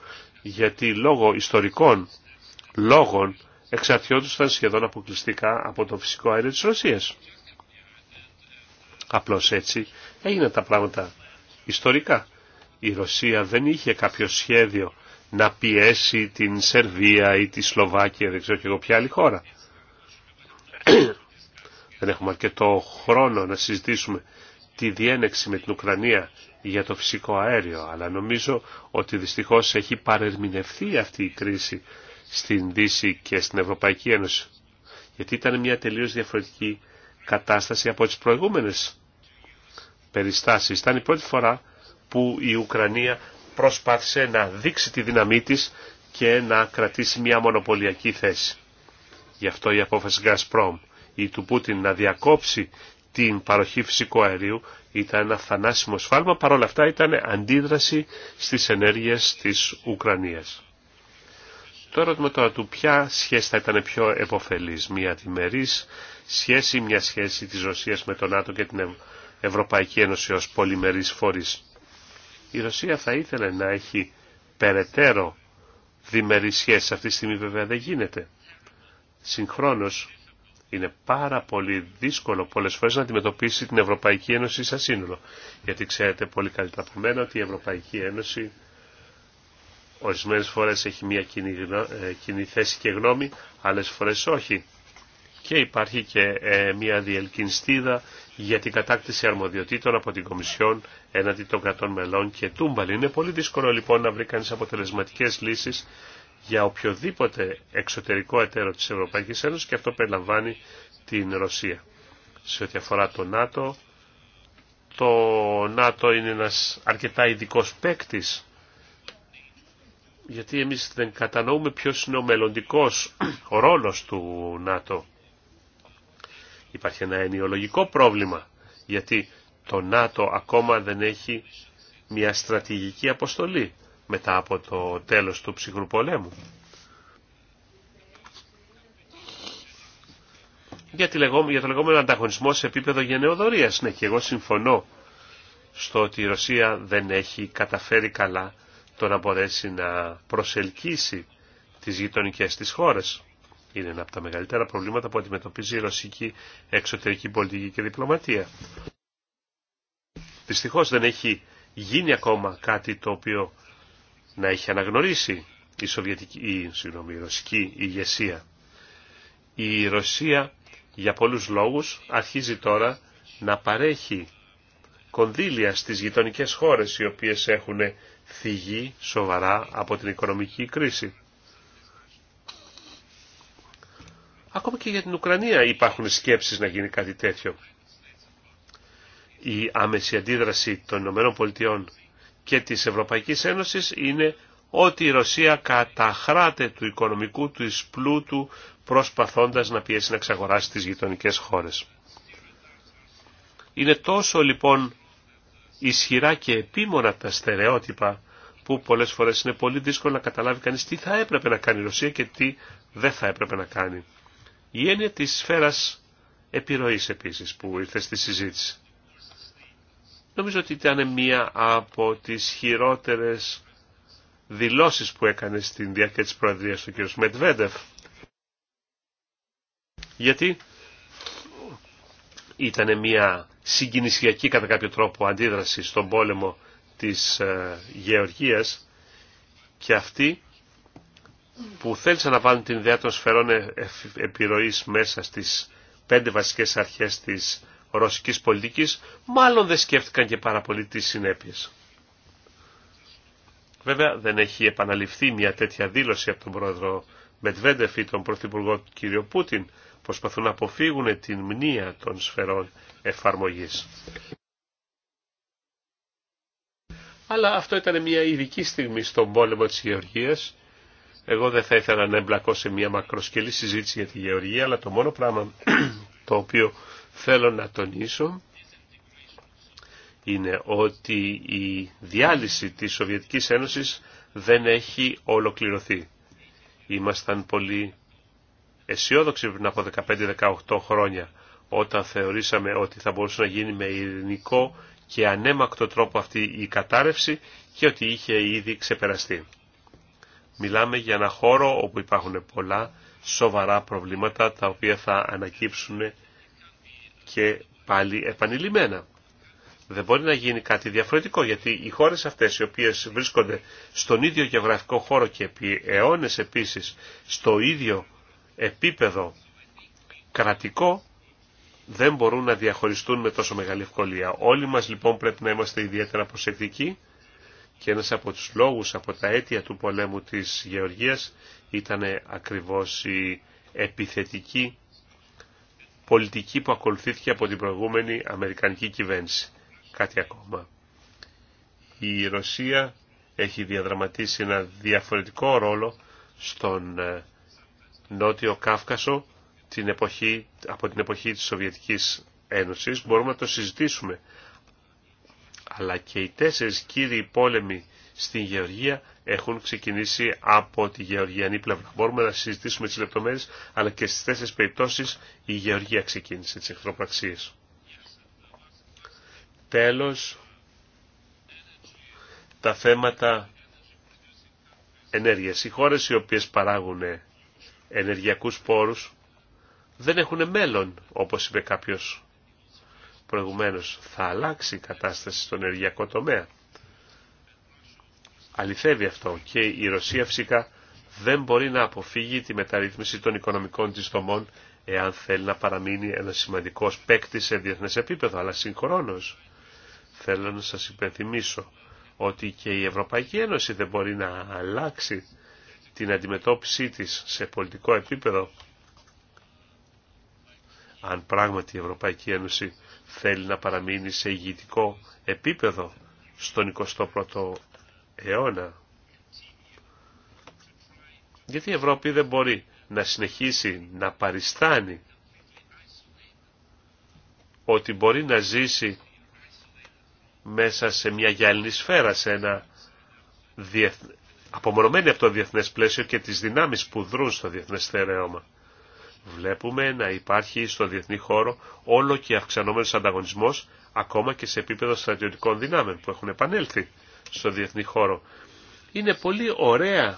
Γιατί λόγω ιστορικών λόγων εξαρτιόντουσαν σχεδόν αποκλειστικά από το φυσικό αέριο της Ρωσίας. Απλώς έτσι έγιναν τα πράγματα ιστορικά. Η Ρωσία δεν είχε κάποιο σχέδιο να πιέσει την Σερβία ή τη Σλοβάκια, δεν ξέρω και εγώ ποια άλλη χώρα. (coughs) δεν έχουμε αρκετό χρόνο να συζητήσουμε τη διένεξη με την Ουκρανία για το φυσικό αέριο, αλλά νομίζω ότι δυστυχώς έχει παρερμηνευθεί αυτή η κρίση στην Δύση και στην Ευρωπαϊκή Ένωση, γιατί ήταν μια τελείως διαφορετική κατάσταση από τις προηγούμενες περιστάσεις. Ήταν η πρώτη φορά που η Ουκρανία προσπάθησε να δείξει τη δύναμή της και να κρατήσει μια μονοπωλιακή θέση. Γι' αυτό η απόφαση Gazprom ή του Πούτιν να διακόψει την παροχή φυσικού αερίου ήταν ένα θανάσιμο σφάλμα, παρόλα αυτά ήταν αντίδραση στις ενέργειες της Ουκρανίας. Το ερώτημα τώρα του ποια σχέση θα ήταν πιο επωφελής, μια διμερής σχέση, μια σχέση της Ρωσίας με τον ΝΑΤΟ και την Ευρωπαϊκή Ένωση ως πολυμερής φορής. Η Ρωσία θα ήθελε να έχει περαιτέρω διμερή σχέση αυτή τη στιγμή βέβαια δεν γίνεται. Συγχρόνως είναι πάρα πολύ δύσκολο πολλές φορές να αντιμετωπίσει την Ευρωπαϊκή Ένωση σαν σύνολο. Γιατί ξέρετε πολύ καλύτερα από μένα ότι η Ευρωπαϊκή Ένωση ορισμένες φορές έχει μια κοινή, ε, θέση και γνώμη, άλλες φορές όχι. Και υπάρχει και ε, μια διελκυνστίδα για την κατάκτηση αρμοδιοτήτων από την Κομισιόν έναντι των κρατών μελών και τούμπαλ. Είναι πολύ δύσκολο λοιπόν να βρει κανείς αποτελεσματικές λύσεις για οποιοδήποτε εξωτερικό εταίρο της Ευρωπαϊκής Ένωσης και αυτό περιλαμβάνει την Ρωσία. Σε ό,τι αφορά το ΝΑΤΟ, το ΝΑΤΟ είναι ένας αρκετά ειδικό παίκτη. γιατί εμείς δεν κατανοούμε ποιος είναι ο μελλοντικός (clears throat) ρόλος του ΝΑΤΟ. Υπάρχει ένα ενοιολογικό πρόβλημα, γιατί το ΝΑΤΟ ακόμα δεν έχει μια στρατηγική αποστολή μετά από το τέλος του ψυχρού πολέμου. Για, για το λεγόμενο ανταγωνισμό σε επίπεδο γενεοδορίας. Ναι, και εγώ συμφωνώ στο ότι η Ρωσία δεν έχει καταφέρει καλά το να μπορέσει να προσελκύσει τις γειτονικές της χώρες. Είναι ένα από τα μεγαλύτερα προβλήματα που αντιμετωπίζει η ρωσική εξωτερική πολιτική και διπλωματία. Δυστυχώς δεν έχει γίνει ακόμα κάτι το οποίο να έχει αναγνωρίσει η, Σοβιετική, η, συγγνώμη, η ρωσική ηγεσία. Η Ρωσία για πολλούς λόγους αρχίζει τώρα να παρέχει κονδύλια στις γειτονικές χώρες οι οποίες έχουν θυγεί σοβαρά από την οικονομική κρίση. Ακόμα και για την Ουκρανία υπάρχουν σκέψεις να γίνει κάτι τέτοιο. Η άμεση αντίδραση των Ηνωμένων Πολιτειών και της Ευρωπαϊκής Ένωσης είναι ότι η Ρωσία καταχράται του οικονομικού του πλούτου προσπαθώντας να πιέσει να εξαγοράσει τις γειτονικές χώρες. Είναι τόσο λοιπόν ισχυρά και επίμονα τα στερεότυπα που πολλές φορές είναι πολύ δύσκολο να καταλάβει κανείς τι θα έπρεπε να κάνει η Ρωσία και τι δεν θα έπρεπε να κάνει. Η έννοια της σφαίρας επιρροής επίσης που ήρθε στη συζήτηση. Νομίζω ότι ήταν μία από τις χειρότερες δηλώσεις που έκανε στην διάρκεια της Προεδρίας του κ. Μετβέντεφ. Γιατί ήταν μία συγκινησιακή κατά κάποιο τρόπο αντίδραση στον πόλεμο της ε, Γεωργίας και αυτοί που θέλησαν να βάλουν την ιδέα των σφαιρών ε, ε, επιρροής μέσα στις πέντε βασικές αρχές της ρωσικής πολιτικής, μάλλον δεν σκέφτηκαν και πάρα πολύ τις συνέπειες. Βέβαια δεν έχει επαναληφθεί μια τέτοια δήλωση από τον πρόεδρο Μετβέντεφ ή τον πρωθυπουργό του κ. Πούτιν, προσπαθούν να αποφύγουν την μνήα των σφαιρών εφαρμογής. Αλλά αυτό ήταν μια ειδική στιγμή στον πόλεμο της Γεωργίας. Εγώ δεν θα ήθελα να εμπλακώ σε μια μακροσκελή συζήτηση για τη Γεωργία, αλλά το μόνο πράγμα το οποίο θέλω να τονίσω είναι ότι η διάλυση της Σοβιετικής Ένωσης δεν έχει ολοκληρωθεί. Ήμασταν πολύ αισιόδοξοι πριν από 15-18 χρόνια όταν θεωρήσαμε ότι θα μπορούσε να γίνει με ειρηνικό και ανέμακτο τρόπο αυτή η κατάρρευση και ότι είχε ήδη ξεπεραστεί. Μιλάμε για ένα χώρο όπου υπάρχουν πολλά σοβαρά προβλήματα τα οποία θα ανακύψουν και πάλι επανειλημμένα. Δεν μπορεί να γίνει κάτι διαφορετικό γιατί οι χώρες αυτές οι οποίες βρίσκονται στον ίδιο γεωγραφικό χώρο και επί αιώνες επίσης στο ίδιο επίπεδο κρατικό δεν μπορούν να διαχωριστούν με τόσο μεγάλη ευκολία. Όλοι μας λοιπόν πρέπει να είμαστε ιδιαίτερα προσεκτικοί και ένας από τους λόγους από τα αίτια του πολέμου της Γεωργίας ήταν ακριβώς η επιθετική πολιτική που ακολουθήθηκε από την προηγούμενη Αμερικανική κυβέρνηση. Κάτι ακόμα. Η Ρωσία έχει διαδραματίσει ένα διαφορετικό ρόλο στον ε, Νότιο Κάυκασο την εποχή, από την εποχή της Σοβιετικής Ένωσης. Μπορούμε να το συζητήσουμε. Αλλά και οι τέσσερις κύριοι πόλεμοι στην Γεωργία έχουν ξεκινήσει από τη γεωργιανή πλευρά. Μπορούμε να συζητήσουμε τις λεπτομέρειες, αλλά και στις τέσσερις περιπτώσεις η γεωργία ξεκίνησε τις εχθροπραξίες. Τέλος, τα θέματα ενέργειας. Οι χώρες οι οποίες παράγουν ενεργειακούς πόρους δεν έχουν μέλλον, όπως είπε κάποιος προηγουμένως. Θα αλλάξει η κατάσταση στον ενεργειακό τομέα. Αληθεύει αυτό και η Ρωσία φυσικά δεν μπορεί να αποφύγει τη μεταρρύθμιση των οικονομικών της δομών εάν θέλει να παραμείνει ένα σημαντικός παίκτη σε διεθνές επίπεδο. Αλλά συγχρόνως θέλω να σας υπενθυμίσω ότι και η Ευρωπαϊκή Ένωση δεν μπορεί να αλλάξει την αντιμετώπιση της σε πολιτικό επίπεδο αν πράγματι η Ευρωπαϊκή Ένωση θέλει να παραμείνει σε ηγητικό επίπεδο στον 21ο αιώνα. Γιατί η Ευρώπη δεν μπορεί να συνεχίσει να παριστάνει ότι μπορεί να ζήσει μέσα σε μια γυάλινη σφαίρα, σε ένα απομονωμένο απομονωμένη από το διεθνές πλαίσιο και τις δυνάμεις που δρούν στο διεθνές θερέωμα. Βλέπουμε να υπάρχει στο διεθνή χώρο όλο και αυξανόμενος ανταγωνισμός ακόμα και σε επίπεδο στρατιωτικών δυνάμεων που έχουν επανέλθει στο διεθνή χώρο. Είναι πολύ ωραία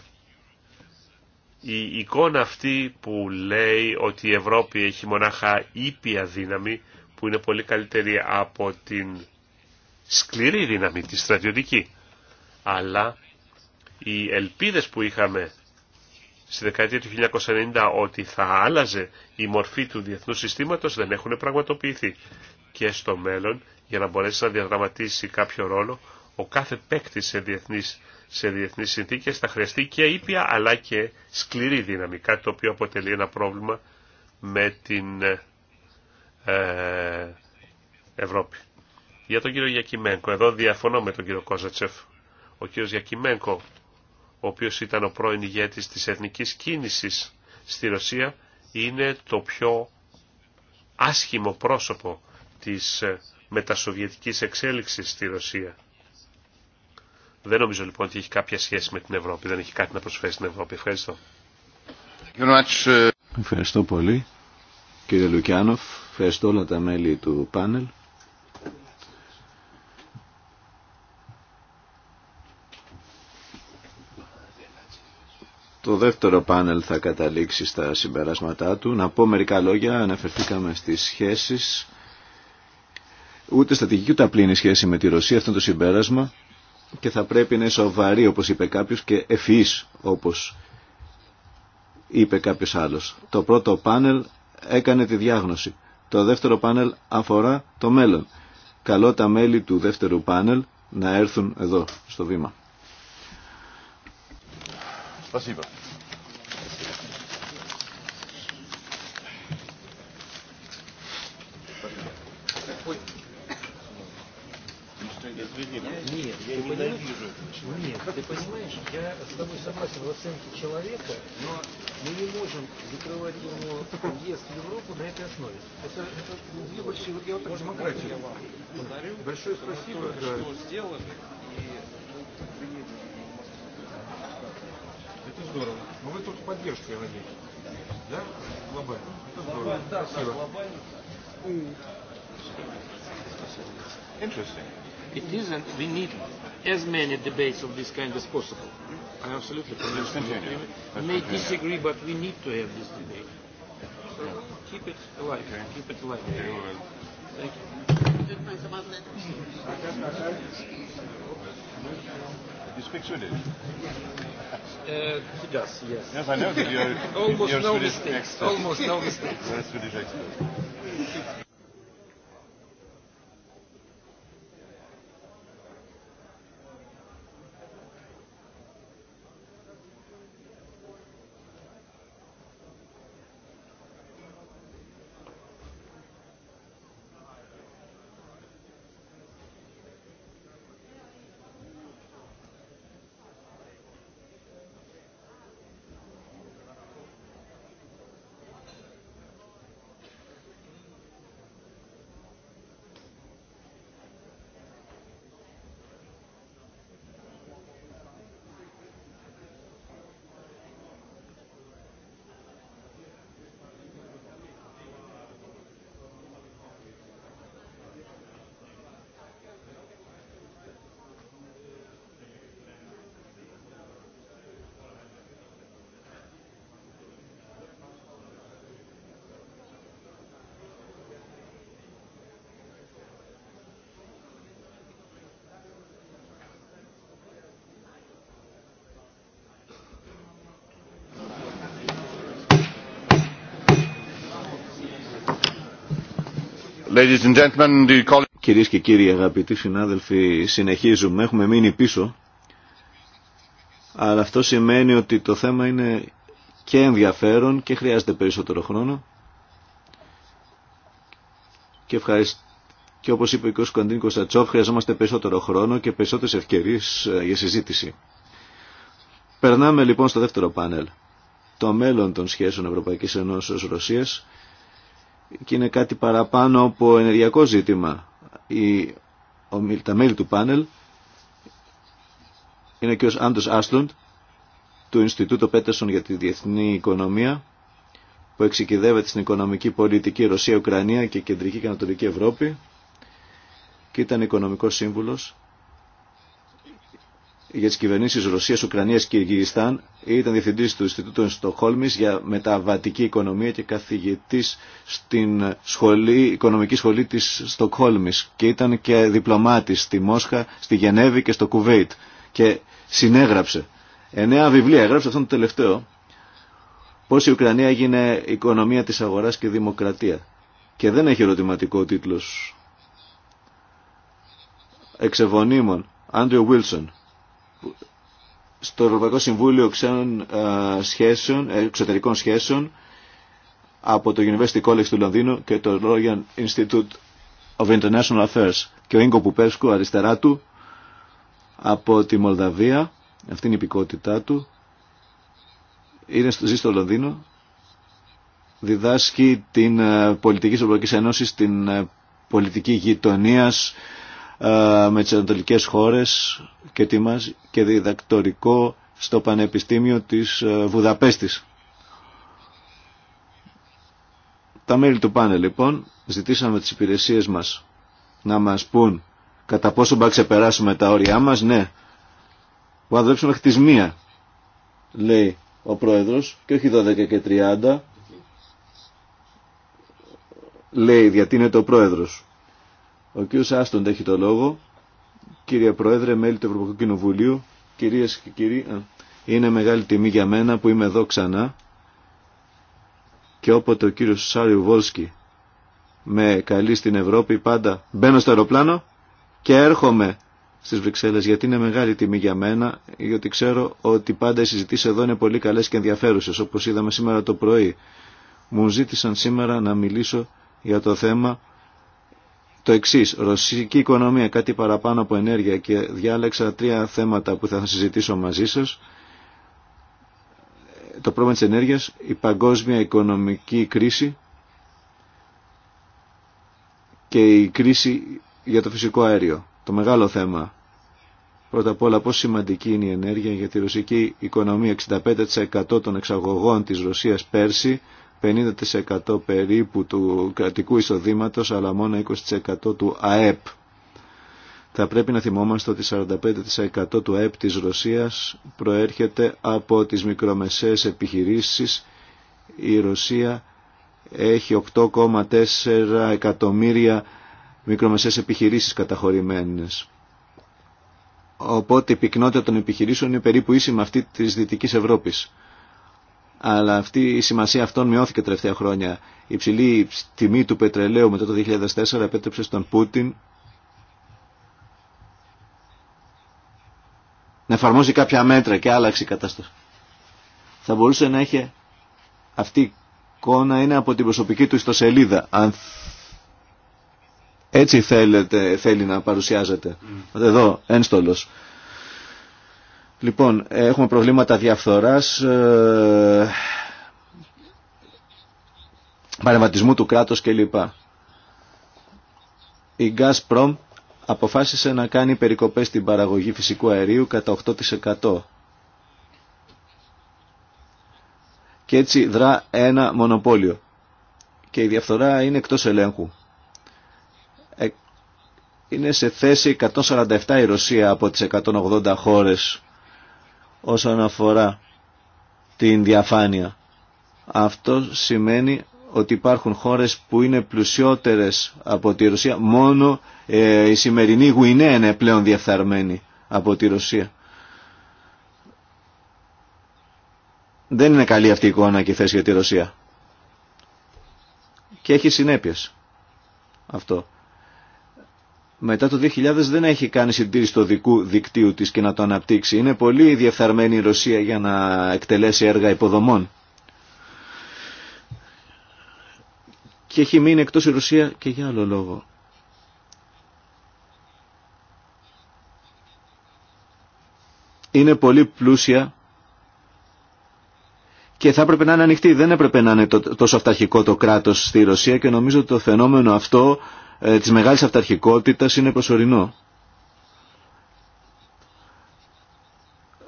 η εικόνα αυτή που λέει ότι η Ευρώπη έχει μονάχα ήπια δύναμη που είναι πολύ καλύτερη από την σκληρή δύναμη, τη στρατιωτική. Αλλά οι ελπίδες που είχαμε στη δεκαετία του 1990 ότι θα άλλαζε η μορφή του διεθνού συστήματος δεν έχουν πραγματοποιηθεί. Και στο μέλλον, για να μπορέσει να διαδραματίσει κάποιο ρόλο, ο κάθε παίκτη σε διεθνείς, σε διεθνείς συνθήκες θα χρειαστεί και ήπια αλλά και σκληρή δύναμη, κάτι το οποίο αποτελεί ένα πρόβλημα με την ε, ε, Ευρώπη. Για τον κύριο Γιακυμένκο, εδώ διαφωνώ με τον κύριο Κόζατσεφ. Ο κύριος Γιακυμένκο, ο οποίος ήταν ο πρώην ηγέτης της εθνικής κίνησης στη Ρωσία, είναι το πιο άσχημο πρόσωπο της ε, μετασοβιετικής εξέλιξης στη Ρωσία. Δεν νομίζω λοιπόν ότι έχει κάποια σχέση με την Ευρώπη, δεν έχει κάτι να προσφέρει στην Ευρώπη. Ευχαριστώ. Uh, ευχαριστώ πολύ κύριε Λουκιάνοφ, ευχαριστώ όλα τα μέλη του πάνελ. Το δεύτερο πάνελ θα καταλήξει στα συμπεράσματά του. Να πω μερικά λόγια, αναφερθήκαμε στις σχέσεις. Ούτε στατική ούτε απλή είναι η σχέση με τη Ρωσία, αυτό το συμπέρασμα και θα πρέπει να είναι σοβαρή όπως είπε κάποιος και ευφυής όπως είπε κάποιος άλλος. Το πρώτο πάνελ έκανε τη διάγνωση. Το δεύτερο πάνελ αφορά το μέλλον. Καλό τα μέλη του δεύτερου πάνελ να έρθουν εδώ στο βήμα. Спасибо. Нет, я ненавижу ненавижу. человека. Нет, ты понимаешь, я с тобой согласен в оценке человека, но мы не можем закрывать ему въезд в Европу на этой основе. Это, это две вот я вот так демократию вам подарю. Большое спасибо. Да. Что сделали, и это здорово. Но вы тут поддержку, я надеюсь. Да? Глобально. Это здорово. Да, да, Глобально. Interesting. It isn't. We need as many debates of this kind as possible. I absolutely may disagree, but we need to have this debate. Keep it alive. Keep it alive. Thank you. You speak Swedish? Uh, he does, yes. Yes, I know. Almost no mistakes. Almost no mistakes. Swedish expert. Κυρίες και κύριοι αγαπητοί συνάδελφοι, συνεχίζουμε, έχουμε μείνει πίσω, αλλά αυτό σημαίνει ότι το θέμα είναι και ενδιαφέρον και χρειάζεται περισσότερο χρόνο. Και, όπω και όπως είπε ο Κωνσταντίνη Κωνστατσόφ, χρειαζόμαστε περισσότερο χρόνο και περισσότερες ευκαιρίες ε, για συζήτηση. Περνάμε λοιπόν στο δεύτερο πάνελ. Το μέλλον των σχέσεων Ευρωπαϊκής Ενώσεως Ρωσίας και είναι κάτι παραπάνω από ενεργειακό ζήτημα. Ο τα μέλη του πάνελ είναι ο κ. Άντος του Ινστιτούτου Πέτερσον για τη Διεθνή Οικονομία που εξοικειδεύεται στην οικονομική πολιτική Ρωσία, Ουκρανία και Κεντρική και Ανατολική Ευρώπη και ήταν οικονομικός σύμβουλος για τι κυβερνήσει Ρωσία, Ουκρανίας και Κυριστάν ήταν διευθυντή του Ινστιτούτου Στοχόλμη για μεταβατική οικονομία και καθηγητή στην σχολή, οικονομική σχολή τη Στοχόλμη. και ήταν και διπλωμάτη στη Μόσχα, στη Γενέβη και στο Κουβέιτ και συνέγραψε εννέα βιβλία, έγραψε αυτόν το τελευταίο πώ η Ουκρανία έγινε οικονομία τη αγορά και δημοκρατία και δεν έχει ερωτηματικό τίτλο. εξεβονίμων Άντριο Βίλσον στο Ευρωπαϊκό Συμβούλιο Ξένων ε, σχέσεων, ε, Εξωτερικών Σχέσεων από το University College του Λονδίνου και το Royal Institute of International Affairs και ο Ίγκο Πουπέσκου αριστερά του από τη Μολδαβία, αυτή είναι η υπηκότητά του, είναι, ζει στο Λονδίνο, διδάσκει την ε, πολιτική της Ευρωπαϊκής Ένωσης, την πολιτική γειτονίας, με τις ανατολικές χώρες και, και διδακτορικό στο Πανεπιστήμιο της ε, Βουδαπέστης. Τα μέλη του ΠΑΝΕ, λοιπόν ζητήσαμε τις υπηρεσίες μας να μας πούν κατά πόσο θα ξεπεράσουμε τα όρια μας, ναι. Θα δουλέψουμε μέχρι μία, λέει ο πρόεδρος, και όχι 12 και 30, λέει διατείνεται ο πρόεδρος. Ο κ. Άστον έχει το λόγο. Κύριε Πρόεδρε, μέλη του Ευρωπαϊκού Κοινοβουλίου, κυρίες και κύριοι, είναι μεγάλη τιμή για μένα που είμαι εδώ ξανά και όποτε ο κύριος Σάριου Βόλσκι με καλεί στην Ευρώπη πάντα μπαίνω στο αεροπλάνο και έρχομαι στις Βρυξέλλες γιατί είναι μεγάλη τιμή για μένα γιατί ξέρω ότι πάντα οι συζητήσεις εδώ είναι πολύ καλές και ενδιαφέρουσες όπως είδαμε σήμερα το πρωί. Μου ζήτησαν σήμερα να μιλήσω για το θέμα το εξή. Ρωσική οικονομία, κάτι παραπάνω από ενέργεια και διάλεξα τρία θέματα που θα συζητήσω μαζί σας. Το πρόβλημα της ενέργειας, η παγκόσμια οικονομική κρίση και η κρίση για το φυσικό αέριο. Το μεγάλο θέμα. Πρώτα απ' όλα πόσο σημαντική είναι η ενέργεια για τη ρωσική οικονομία. 65% των εξαγωγών της Ρωσίας πέρσι 50% περίπου του κρατικού εισοδήματος αλλά μόνο 20% του ΑΕΠ. Θα πρέπει να θυμόμαστε ότι 45% του ΑΕΠ της Ρωσίας προέρχεται από τις μικρομεσαίες επιχειρήσεις. Η Ρωσία έχει 8,4 εκατομμύρια μικρομεσαίες επιχειρήσεις καταχωρημένες. Οπότε η πυκνότητα των επιχειρήσεων είναι περίπου ίση με αυτή της Δυτικής Ευρώπης αλλά αυτή η σημασία αυτών μειώθηκε τελευταία χρόνια. Η υψηλή τιμή του πετρελαίου μετά το 2004 επέτρεψε στον Πούτιν να εφαρμόζει κάποια μέτρα και άλλαξε η κατάσταση. Θα μπορούσε να έχει αυτή η εικόνα είναι από την προσωπική του ιστοσελίδα. Αν έτσι θέλετε, θέλει να παρουσιάζεται. Mm. Εδώ, ένστολος. Λοιπόν, ε, έχουμε προβλήματα διαφθοράς, ε, παρεμβατισμού του κράτους κλπ. Η Gazprom αποφάσισε να κάνει περικοπές στην παραγωγή φυσικού αερίου κατά 8%. Και έτσι δρά ένα μονοπόλιο. Και η διαφθορά είναι εκτός ελέγχου. Ε, είναι σε θέση 147 η Ρωσία από τις 180 χώρες όσον αφορά την διαφάνεια. Αυτό σημαίνει ότι υπάρχουν χώρες που είναι πλουσιότερες από τη Ρωσία. Μόνο ε, η σημερινή Γουινέα είναι πλέον διαφθαρμένη από τη Ρωσία. Δεν είναι καλή αυτή η εικόνα και η θέση για τη Ρωσία. Και έχει συνέπειες αυτό μετά το 2000 δεν έχει κάνει συντήρηση του δικού δικτύου της και να το αναπτύξει. Είναι πολύ διεφθαρμένη η Ρωσία για να εκτελέσει έργα υποδομών. Και έχει μείνει εκτός η Ρωσία και για άλλο λόγο. Είναι πολύ πλούσια και θα έπρεπε να είναι ανοιχτή. Δεν έπρεπε να είναι τόσο αυταρχικό το κράτος στη Ρωσία και νομίζω ότι το φαινόμενο αυτό ε, της μεγάλης αυταρχικότητας είναι προσωρινό.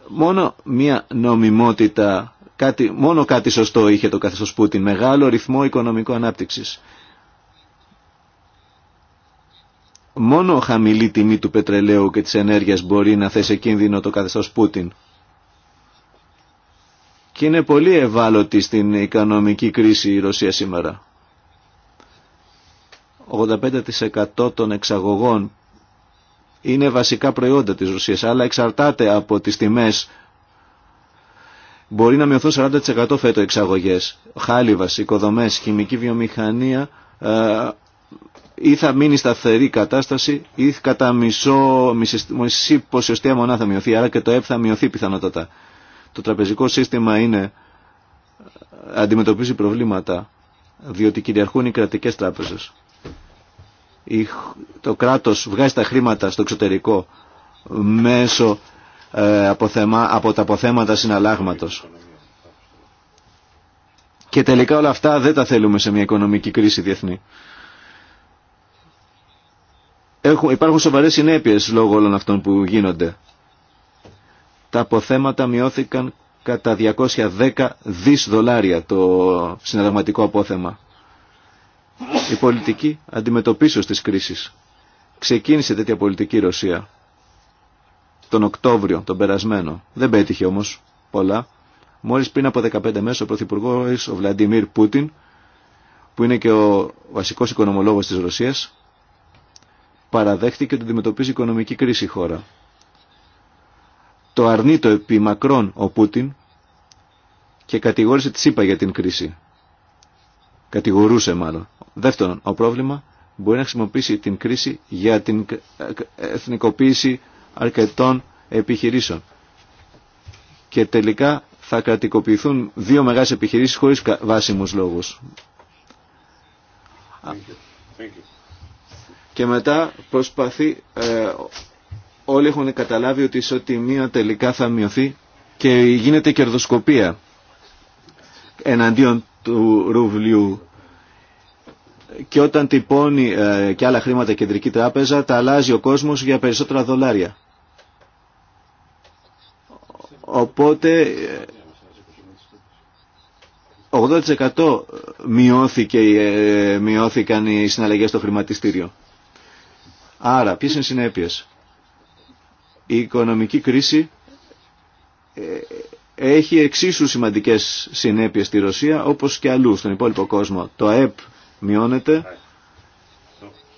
Μόνο μία νομιμότητα, κάτι, μόνο κάτι σωστό είχε το καθεστώς Πούτιν, μεγάλο ρυθμό οικονομικού ανάπτυξης. Μόνο χαμηλή τιμή του πετρελαίου και της ενέργειας μπορεί να θέσει κίνδυνο το καθεστώς Πούτιν. Και είναι πολύ ευάλωτη στην οικονομική κρίση η Ρωσία σήμερα. 85% των εξαγωγών είναι βασικά προϊόντα της Ρωσίας, αλλά εξαρτάται από τις τιμές. Μπορεί να μειωθούν 40% φέτο εξαγωγές, χάλιβας, οικοδομές, χημική βιομηχανία ε, ή θα μείνει σταθερή κατάσταση ή κατά μισό, μισή, μισή ποσοστία μονά θα μειωθεί, άρα και το ΕΠ θα μειωθεί πιθανότατα. Το τραπεζικό σύστημα είναι, ε, αντιμετωπίζει προβλήματα, διότι κυριαρχούν οι κρατικές τράπεζες το κράτος βγάζει τα χρήματα στο εξωτερικό μέσω ε, από τα αποθέματα συναλλάγματος. Και τελικά όλα αυτά δεν τα θέλουμε σε μια οικονομική κρίση διεθνή. Έχουν, υπάρχουν σοβαρές συνέπειες λόγω όλων αυτών που γίνονται. Τα αποθέματα μειώθηκαν κατά 210 δις δολάρια το συναλλαγματικό απόθεμα η πολιτική αντιμετωπίσεως της κρίσης. Ξεκίνησε τέτοια πολιτική η Ρωσία τον Οκτώβριο, τον περασμένο. Δεν πέτυχε όμως πολλά. Μόλις πριν από 15 μέρες ο Πρωθυπουργό ο Βλαντιμίρ Πούτιν που είναι και ο βασικός οικονομολόγος της Ρωσίας παραδέχτηκε ότι αντιμετωπίζει οικονομική κρίση η χώρα. Το αρνεί το επί Μακρόν ο Πούτιν και κατηγόρησε τη ΣΥΠΑ για την κρίση κατηγορούσε μάλλον. Δεύτερον, ο πρόβλημα μπορεί να χρησιμοποιήσει την κρίση για την εθνικοποίηση αρκετών επιχειρήσεων. Και τελικά θα κρατικοποιηθούν δύο μεγάλες επιχειρήσεις χωρίς βάσιμους λόγους. Και μετά προσπαθεί, ε, όλοι έχουν καταλάβει ότι η ισοτιμία τελικά θα μειωθεί και γίνεται κερδοσκοπία εναντίον του ρουβλιού και όταν τυπώνει ε, και άλλα χρήματα η κεντρική τράπεζα τα αλλάζει ο κόσμος για περισσότερα δολάρια. Οπότε 80% ε, μειώθηκε, ε, μειώθηκαν οι συναλλαγές στο χρηματιστήριο. Άρα, ποιες είναι οι συνέπειες. Η οικονομική κρίση ε, έχει εξίσου σημαντικές συνέπειες στη Ρωσία όπως και αλλού στον υπόλοιπο κόσμο. Το ΑΕΠ μειώνεται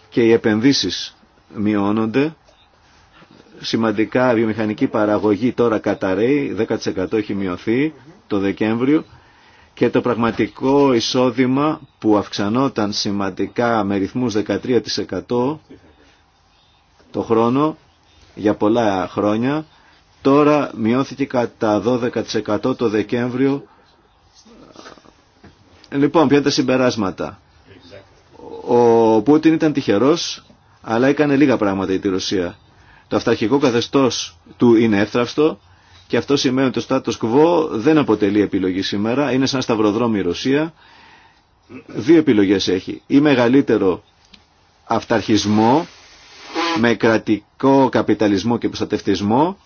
και οι επενδύσεις μειώνονται. Σημαντικά βιομηχανική παραγωγή τώρα καταραίει, 10% έχει μειωθεί το Δεκέμβριο και το πραγματικό εισόδημα που αυξανόταν σημαντικά με ρυθμούς 13% το χρόνο για πολλά χρόνια τώρα μειώθηκε κατά 12% το Δεκέμβριο. Λοιπόν, ποια είναι τα συμπεράσματα. Ο Πούτιν ήταν τυχερός, αλλά έκανε λίγα πράγματα για τη Ρωσία. Το αυταρχικό καθεστώς του είναι εύθραυστο και αυτό σημαίνει ότι το status quo δεν αποτελεί επιλογή σήμερα. Είναι σαν σταυροδρόμι η Ρωσία. Δύο επιλογές έχει. Ή μεγαλύτερο αυταρχισμό με κρατικό καπιταλισμό και προστατευτισμό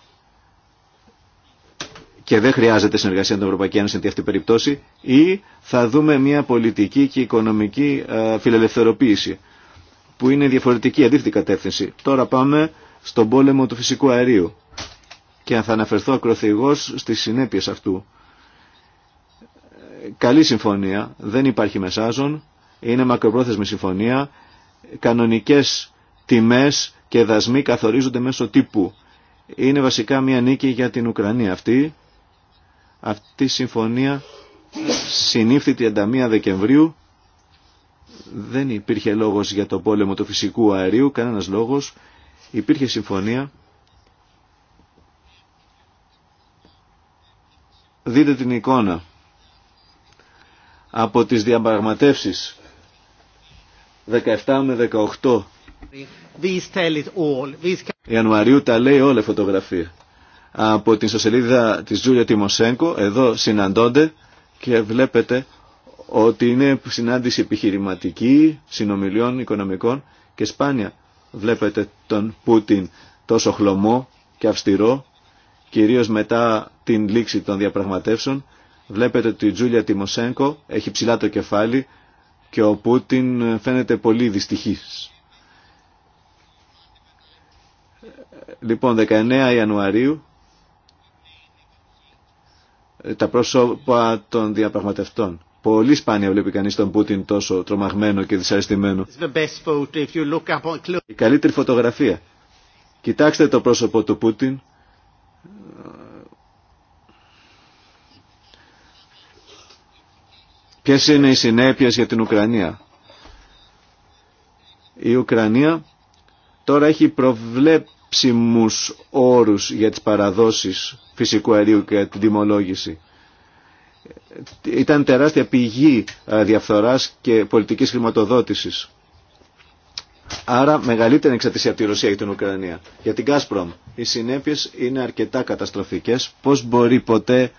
και δεν χρειάζεται συνεργασία με Ευρωπαϊκή Ένωση σε αυτή την περίπτωση ή θα δούμε μια πολιτική και οικονομική ε, φιλελευθεροποίηση που είναι διαφορετική, αντίθετη κατεύθυνση. Τώρα πάμε στον πόλεμο του φυσικού αερίου και θα αναφερθώ ακροθυγώς στις συνέπειες αυτού. Ε, καλή συμφωνία, δεν υπάρχει μεσάζων, είναι μακροπρόθεσμη συμφωνία, κανονικές τιμές και δασμοί καθορίζονται μέσω τύπου. Είναι βασικά μια νίκη για την Ουκρανία αυτή αυτή η συμφωνία συνήφθη 31 Δεκεμβρίου. Δεν υπήρχε λόγος για το πόλεμο του φυσικού αερίου, κανένας λόγος. Υπήρχε συμφωνία. Δείτε την εικόνα από τις διαπραγματεύσεις 17 με 18 Ιανουαρίου τα λέει όλα η φωτογραφία από την σελίδα της Τζούλια Τιμοσέγκο. Εδώ συναντώνται και βλέπετε ότι είναι συνάντηση επιχειρηματική, συνομιλιών οικονομικών και σπάνια βλέπετε τον Πούτιν τόσο χλωμό και αυστηρό, κυρίως μετά την λήξη των διαπραγματεύσεων. Βλέπετε ότι η Τζούλια Τιμοσέγκο έχει ψηλά το κεφάλι και ο Πούτιν φαίνεται πολύ δυστυχής. Λοιπόν, 19 Ιανουαρίου τα πρόσωπα των διαπραγματευτών. Πολύ σπάνια βλέπει κανείς τον Πούτιν τόσο τρομαγμένο και δυσαρεστημένο. Η καλύτερη φωτογραφία. Κοιτάξτε το πρόσωπο του Πούτιν. Ποιες είναι οι συνέπειες για την Ουκρανία. Η Ουκρανία τώρα έχει προβλέψιμους όρους για τις παραδόσεις φυσικού αερίου και την τιμολόγηση. Ήταν τεράστια πηγή ε, διαφθοράς και πολιτικής χρηματοδότησης. Άρα μεγαλύτερη εξαρτησία από τη Ρωσία και την Ουκρανία. Για την Κάσπρομ. οι συνέπειες είναι αρκετά καταστροφικές. Πώς μπορεί ποτέ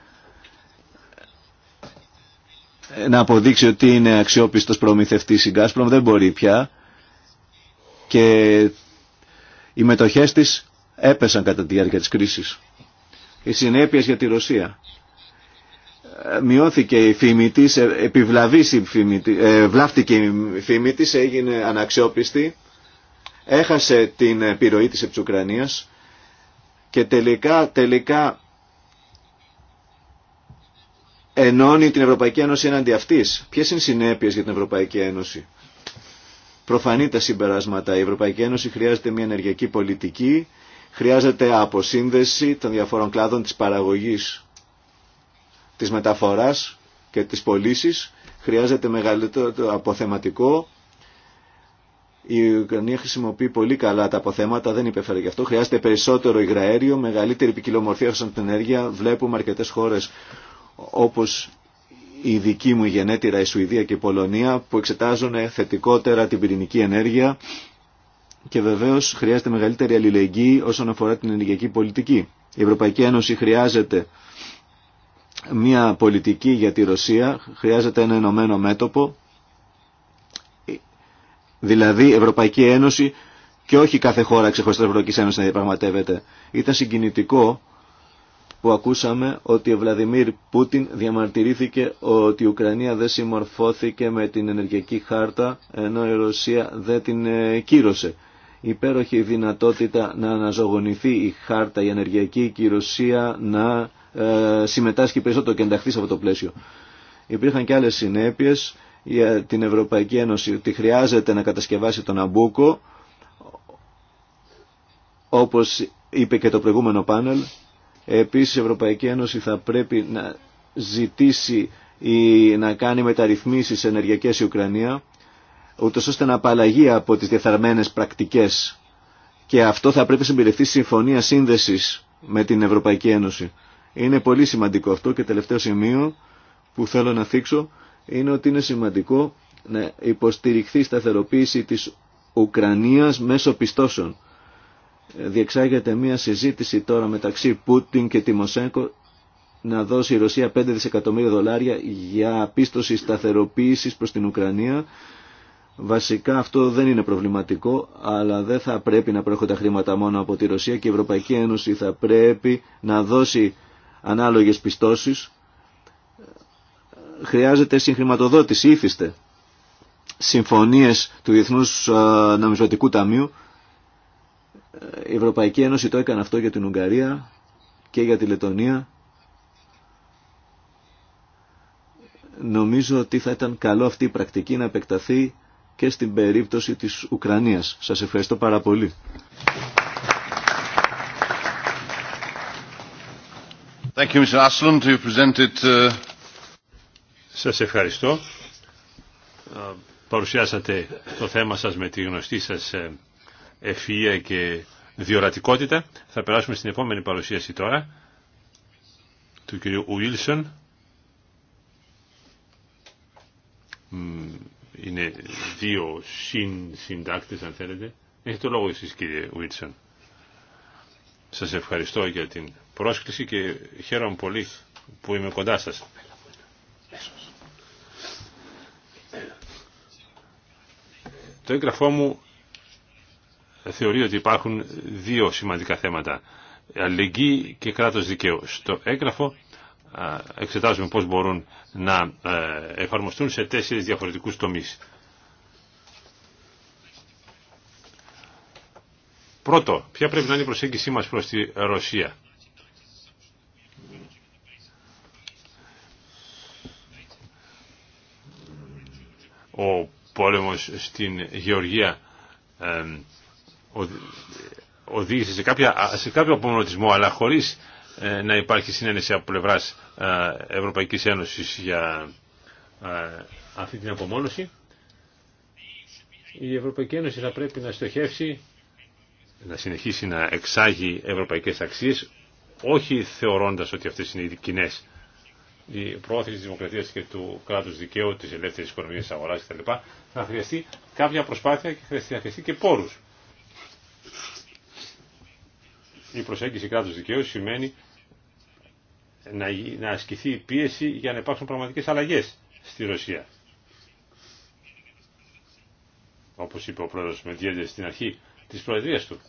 ε, να αποδείξει ότι είναι αξιόπιστος προμηθευτής η Κάσπρομ. δεν μπορεί πια και οι μετοχές της έπεσαν κατά τη διάρκεια της κρίσης. Οι συνέπειες για τη Ρωσία. Ε, μειώθηκε η φήμη της, ε, επιβλαβής η φήμη της, ε, βλάφτηκε η φήμη έγινε αναξιόπιστη, έχασε την επιρροή της επί και τελικά, τελικά ενώνει την Ευρωπαϊκή Ένωση έναντι αυτής. Ποιες είναι οι συνέπειες για την Ευρωπαϊκή Ένωση προφανή τα συμπεράσματα. Η Ευρωπαϊκή Ένωση χρειάζεται μια ενεργειακή πολιτική, χρειάζεται αποσύνδεση των διαφόρων κλάδων της παραγωγής, της μεταφοράς και της πωλήσει, χρειάζεται μεγαλύτερο αποθεματικό. Η Ουκρανία χρησιμοποιεί πολύ καλά τα αποθέματα, δεν υπέφερε γι' αυτό. Χρειάζεται περισσότερο υγραέριο, μεγαλύτερη ποικιλομορφία όσον την ενέργεια. Βλέπουμε αρκετέ χώρε όπως η δική μου γενέτειρα, η Σουηδία και η Πολωνία, που εξετάζουν θετικότερα την πυρηνική ενέργεια και βεβαίω χρειάζεται μεγαλύτερη αλληλεγγύη όσον αφορά την ενεργειακή πολιτική. Η Ευρωπαϊκή Ένωση χρειάζεται μια πολιτική για τη Ρωσία, χρειάζεται ένα ενωμένο μέτωπο, δηλαδή η Ευρωπαϊκή Ένωση και όχι κάθε χώρα ξεχωριστά Ευρωπαϊκή Ένωση να διαπραγματεύεται. Ήταν συγκινητικό που ακούσαμε ότι ο Βλαδιμίρ Πούτιν διαμαρτυρήθηκε ότι η Ουκρανία δεν συμμορφώθηκε με την ενεργειακή χάρτα ενώ η Ρωσία δεν την ε, κύρωσε. Υπέροχη δυνατότητα να αναζωογονηθεί η χάρτα η ενεργειακή και η Ρωσία να ε, συμμετάσχει περισσότερο και ενταχθεί σε αυτό το πλαίσιο. Υπήρχαν και άλλες συνέπειες για την Ευρωπαϊκή Ένωση ότι χρειάζεται να κατασκευάσει τον Αμπούκο όπως είπε και το προηγούμενο πάνελ Επίσης η Ευρωπαϊκή Ένωση θα πρέπει να ζητήσει ή να κάνει μεταρρυθμίσεις ενεργειακές η Ουκρανία, ούτως ώστε να απαλλαγεί από τις διεφθαρμένες πρακτικές. Και αυτό θα πρέπει να απαλλαγει απο τις διαθαρμενες πρακτικες και αυτο θα πρεπει να συμπληρευτει συμφωνία σύνδεσης με την Ευρωπαϊκή Ένωση. Είναι πολύ σημαντικό αυτό και τελευταίο σημείο που θέλω να θίξω είναι ότι είναι σημαντικό να υποστηριχθεί η σταθεροποίηση της Ουκρανίας μέσω πιστώσεων διεξάγεται μια συζήτηση τώρα μεταξύ Πούτιν και Τιμοσέγκο να δώσει η Ρωσία 5 δισεκατομμύρια δολάρια για πίστοση σταθεροποίησης προς την Ουκρανία. Βασικά αυτό δεν είναι προβληματικό, αλλά δεν θα πρέπει να προέρχονται χρήματα μόνο από τη Ρωσία και η Ευρωπαϊκή Ένωση θα πρέπει να δώσει ανάλογες πιστώσεις. Χρειάζεται συγχρηματοδότηση, ήθιστε. Συμφωνίες του Διεθνούς Νομισματικού Ταμείου η Ευρωπαϊκή Ένωση το έκανε αυτό για την Ουγγαρία και για τη Λετωνία. Νομίζω ότι θα ήταν καλό αυτή η πρακτική να επεκταθεί και στην περίπτωση της Ουκρανίας. Σας ευχαριστώ πάρα πολύ. Thank you, Mr. Uh, ευχαριστώ. Ε, παρουσιάσατε το θέμα σας με τη γνωστή σας ε, ευφυΐα και διορατικότητα. Θα περάσουμε στην επόμενη παρουσίαση τώρα του κύριου Ουίλσον. Είναι δύο συν, συντάκτες αν θέλετε. Έχετε το λόγο εσείς κύριε Ουίλσον. Σας ευχαριστώ για την πρόσκληση και χαίρομαι πολύ που είμαι κοντά σας. Το έγγραφό μου θεωρεί ότι υπάρχουν δύο σημαντικά θέματα. Αλληλεγγύη και κράτος δικαίου. Στο έγγραφο εξετάζουμε πώς μπορούν να ε, εφαρμοστούν σε τέσσερις διαφορετικούς τομείς. Πρώτο, ποια πρέπει να είναι η προσέγγιση μας προς τη Ρωσία. Ο πόλεμος στην Γεωργία οδήγησε σε, κάποια, σε κάποιο απομονωτισμό αλλά χωρίς ε, να υπάρχει συνένεση από πλευράς ε, Ευρωπαϊκής Ένωσης για ε, αυτή την απομόνωση. Η Ευρωπαϊκή Ένωση θα πρέπει να στοχεύσει να συνεχίσει να εξάγει ευρωπαϊκές αξίες όχι θεωρώντας ότι αυτές είναι οι κοινέ. Η πρόθεση της δημοκρατίας και του κράτους δικαίου, της ελεύθερης οικονομίας της αγοράς κτλ. θα χρειαστεί κάποια προσπάθεια και θα χρειαστεί και πόρους. Η προσέγγιση κράτους δικαίου σημαίνει να ασκηθεί η πίεση για να υπάρξουν πραγματικές αλλαγές στη Ρωσία. Όπως είπε ο πρόεδρος Μετιέντες στην αρχή της προεδρίας του.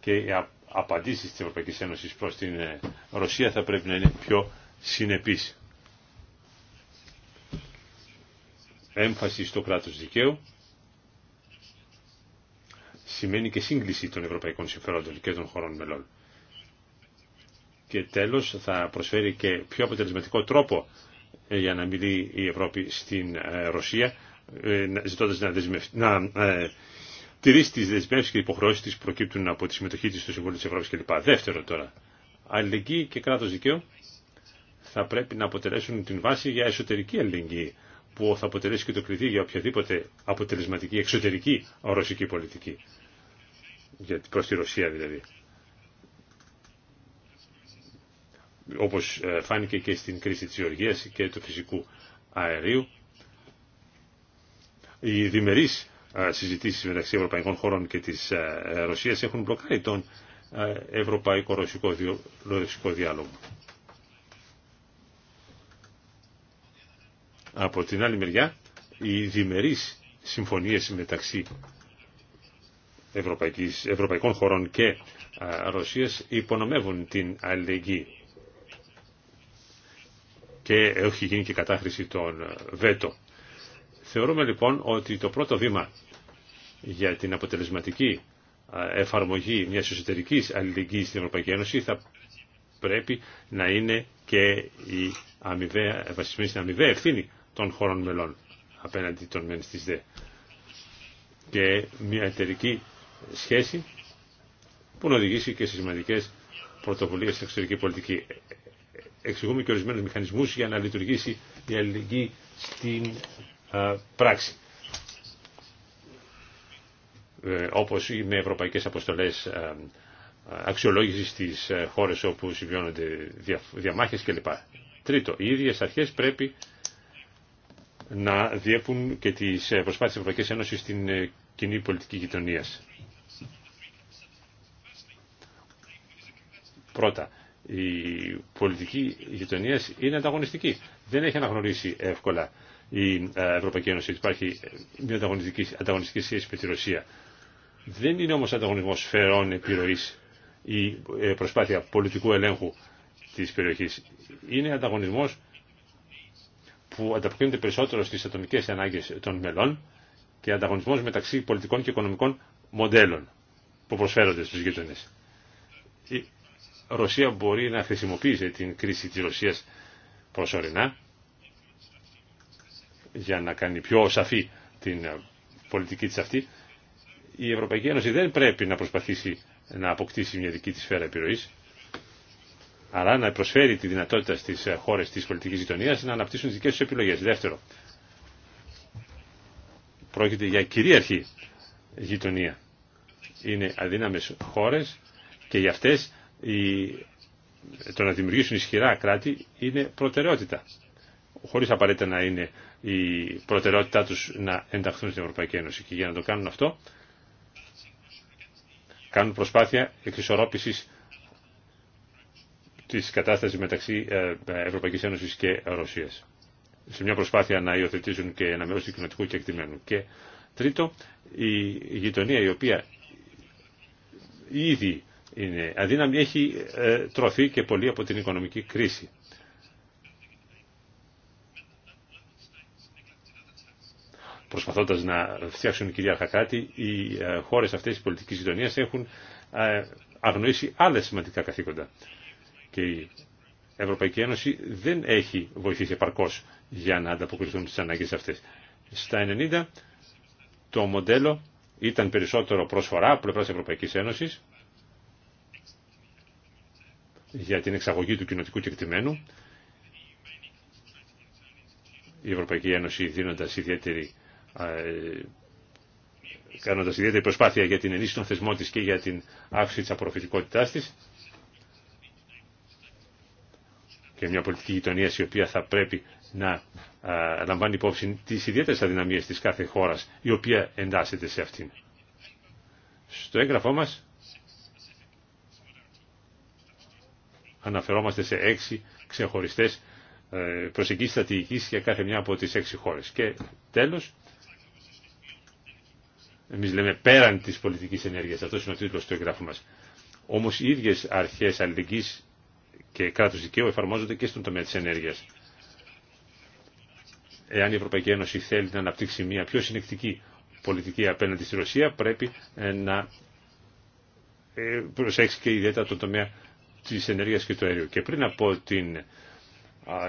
Και οι απαντήσεις της Ευρωπαϊκής Ένωσης προς την ε, Ρωσία θα πρέπει να είναι πιο συνεπείς. Έμφαση στο κράτος δικαίου σημαίνει και σύγκληση των ευρωπαϊκών συμφερόντων και των χωρών μελών. Και τέλος θα προσφέρει και πιο αποτελεσματικό τρόπο ε, για να μιλεί η Ευρώπη στην ε, Ρωσία, ε, ζητώντας να, δεσμευ... να τηρήσει τις δεσμεύσεις και υποχρεώσεις της προκύπτουν από τη συμμετοχή της στο Συμβούλιο της Ευρώπης κλπ. Δεύτερο τώρα, αλληλεγγύη και κράτος δικαίου θα πρέπει να αποτελέσουν την βάση για εσωτερική αλληλεγγύη που θα αποτελέσει και το κριτή για οποιαδήποτε αποτελεσματική εξωτερική ρωσική πολιτική προς τη Ρωσία δηλαδή. Όπως ε, φάνηκε και στην κρίση της Γεωργίας και του φυσικού αερίου, οι διμερείς ε, συζητήσεις μεταξύ ευρωπαϊκών χωρών και της ε, Ρωσίας έχουν μπλοκάρει τον ευρωπαϊκο-ρωσικό διάλογο. Από την άλλη μεριά, οι διμερείς συμφωνίες μεταξύ Ευρωπαϊκής, ευρωπαϊκών χωρών και Ρωσίας υπονομεύουν την αλληλεγγύη και έχει γίνει και κατάχρηση των βέτο. Θεωρούμε λοιπόν ότι το πρώτο βήμα για την αποτελεσματική εφαρμογή μιας εσωτερικής αλληλεγγύης στην Ευρωπαϊκή Ένωση θα πρέπει να είναι και η αμοιβαία, βασισμένη στην αμοιβαία ευθύνη των χωρών μελών απέναντι των μεν δε. Και μια εταιρική σχέση που να οδηγήσει και σε σημαντικέ πρωτοβουλίε στην εξωτερική πολιτική. Εξηγούμε και ορισμένου μηχανισμού για να λειτουργήσει η αλληλεγγύη στην πράξη. Ε, Όπω με ευρωπαϊκέ αποστολέ αξιολόγηση στι ε, χώρε όπου συμβιώνονται διαμάχε κλπ. Τρίτο, οι ίδιε αρχέ πρέπει να διέπουν και τι ε, προσπάθειε τη Ευρωπαϊκή Ένωση στην ε, κοινή πολιτική γειτονία. Πρώτα, η πολιτική γειτονία είναι ανταγωνιστική. Δεν έχει αναγνωρίσει εύκολα η ε, Ευρωπαϊκή Ένωση ότι υπάρχει ε, μια ανταγωνιστική, ανταγωνιστική σχέση με τη Ρωσία. Δεν είναι όμω ανταγωνισμό σφαιρών επιρροή η ε, προσπάθεια πολιτικού ελέγχου τη περιοχή. Είναι ανταγωνισμό που ανταποκρίνεται περισσότερο στι ατομικέ ανάγκε των μελών και ανταγωνισμό μεταξύ πολιτικών και οικονομικών μοντέλων που προσφέρονται στου γείτονε. Ρωσία μπορεί να χρησιμοποιήσει την κρίση της Ρωσίας προσωρινά για να κάνει πιο σαφή την πολιτική της αυτή. Η Ευρωπαϊκή Ένωση δεν πρέπει να προσπαθήσει να αποκτήσει μια δική της σφαίρα επιρροής, αλλά να προσφέρει τη δυνατότητα στις χώρες της πολιτικής γειτονίας να αναπτύσσουν τις δικές τους επιλογές. Δεύτερο, πρόκειται για κυρίαρχη γειτονία. Είναι αδύναμες χώρες και για αυτές το να δημιουργήσουν ισχυρά κράτη είναι προτεραιότητα. Χωρίς απαραίτητα να είναι η προτεραιότητά τους να ενταχθούν στην Ευρωπαϊκή Ένωση. Και για να το κάνουν αυτό, κάνουν προσπάθεια εξισορρόπησης της κατάστασης μεταξύ ε, Ευρωπαϊκής Ένωσης και Ρωσίας. Σε μια προσπάθεια να υιοθετήσουν και ένα μέρος του κοινωτικού και εκτιμένου. Και τρίτο, η γειτονία η οποία ήδη είναι αδύναμη, έχει ε, τρωθεί και πολύ από την οικονομική κρίση. Προσπαθώντας να φτιάξουν κυρίαρχα κάτι, οι ε, χώρες αυτές της πολιτικής γειτονίας έχουν ε, αγνοήσει άλλα σημαντικά καθήκοντα. Και η Ευρωπαϊκή Ένωση δεν έχει βοηθήσει επαρκώς για να ανταποκριθούν στις ανάγκες αυτές. Στα 90 το μοντέλο ήταν περισσότερο προσφορά από πλευράς Ευρωπαϊκής Ένωσης για την εξαγωγή του κοινοτικού κεκτημένου. Η Ευρωπαϊκή Ένωση δίνοντας ιδιαίτερη, ε, κάνοντας ιδιαίτερη προσπάθεια για την ενίσχυση των θεσμών της και για την αύξηση τη απορροφητικότητά τη. και μια πολιτική γειτονία η οποία θα πρέπει να λαμβάνει υπόψη τι ιδιαίτερε αδυναμίε τη κάθε χώρα, η οποία εντάσσεται σε αυτήν. Στο έγγραφό μα. αναφερόμαστε σε έξι ξεχωριστές ε, προσεγγίσεις στρατηγικής για κάθε μια από τις έξι χώρες. Και τέλος, εμείς λέμε πέραν της πολιτικής ενέργειας, αυτό είναι ο τίτλος του εγγράφου μας. Όμως οι ίδιες αρχές αλληλεγγύης και κράτους δικαίου εφαρμόζονται και στον τομέα της ενέργειας. Εάν η Ευρωπαϊκή Ένωση θέλει να αναπτύξει μια πιο συνεκτική πολιτική απέναντι στη Ρωσία, πρέπει ε, να ε, προσέξει και ιδιαίτερα τον τομέα τη ενέργεια και του αερίου. Και πριν από την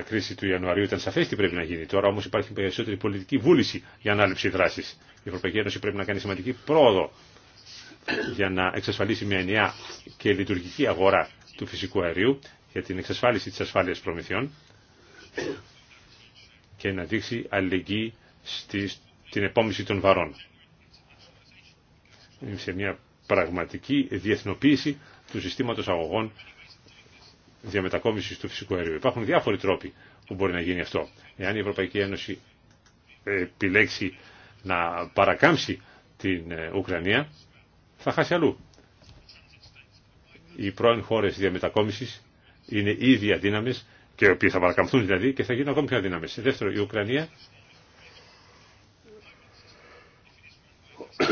κρίση του Ιανουαρίου ήταν σαφέ τι πρέπει να γίνει. Τώρα όμω υπάρχει περισσότερη πολιτική βούληση για ανάληψη δράση. Η Ευρωπαϊκή Ένωση πρέπει να κάνει σημαντική πρόοδο για να εξασφαλίσει μια ενιαία και λειτουργική αγορά του φυσικού αερίου για την εξασφάλιση της ασφάλειας προμηθειών και να δείξει αλληλεγγύη στη, στην επόμιση των βαρών. Είναι σε μια πραγματική διεθνοποίηση του συστήματος αγωγών διαμετακόμισης του φυσικού αερίου. Υπάρχουν διάφοροι τρόποι που μπορεί να γίνει αυτό. Εάν η Ευρωπαϊκή Ένωση επιλέξει να παρακάμψει την ε, Ουκρανία, θα χάσει αλλού. Οι πρώην χώρε διαμετακόμισης είναι ήδη αδύναμε και οι οποίοι θα παρακαμφθούν δηλαδή και θα γίνουν ακόμη πιο αδύναμε. Δεύτερο, η Ουκρανία (coughs)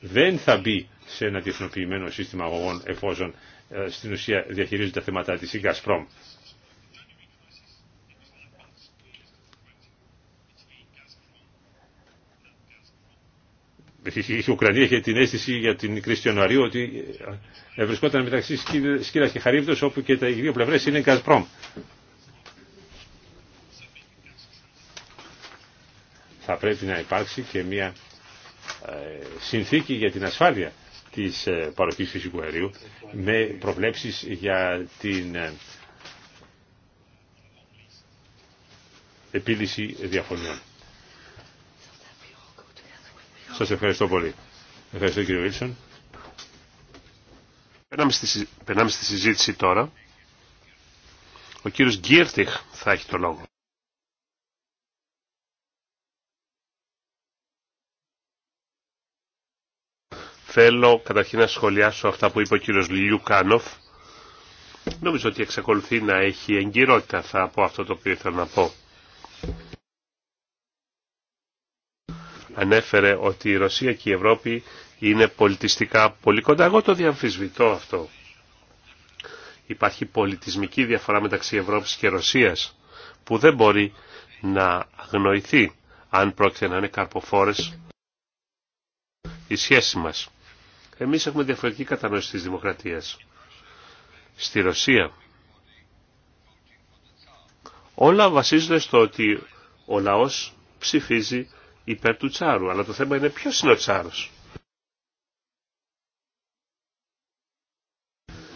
δεν θα μπει σε ένα διεθνοποιημένο σύστημα αγωγών εφόσον ε, στην ουσία διαχειρίζεται τα θέματα της η Gazprom. Η Ουκρανία είχε την αίσθηση για την κρίση του Ιανουαρίου ότι βρισκόταν ε, μεταξύ Σκύρας και Χαρίβδος όπου και τα δύο πλευρές είναι Gazprom. Θα πρέπει να υπάρξει και μια ε, συνθήκη για την ασφάλεια της ε, παροχής φυσικού αερίου με προβλέψεις για την ε, επίλυση διαφωνιών. Σας ευχαριστώ πολύ. Ευχαριστώ κύριε Βίλσον. Περνάμε στη, συζήτηση τώρα. Ο κύριος Γκίρτιχ θα έχει το λόγο. Θέλω καταρχήν να σχολιάσω αυτά που είπε ο κύριος Λιουκάνοφ. Νομίζω ότι εξακολουθεί να έχει εγκυρότητα θα από αυτό το οποίο ήθελα να πω. Ανέφερε ότι η Ρωσία και η Ευρώπη είναι πολιτιστικά πολύ κοντά. Εγώ το διαμφισβητώ αυτό. Υπάρχει πολιτισμική διαφορά μεταξύ Ευρώπης και Ρωσίας που δεν μπορεί να αγνοηθεί αν πρόκειται να είναι καρποφόρες η σχέση μας. Εμείς έχουμε διαφορετική κατανόηση της δημοκρατίας. Στη Ρωσία όλα βασίζονται στο ότι ο λαός ψηφίζει υπέρ του τσάρου. Αλλά το θέμα είναι ποιος είναι ο τσάρος.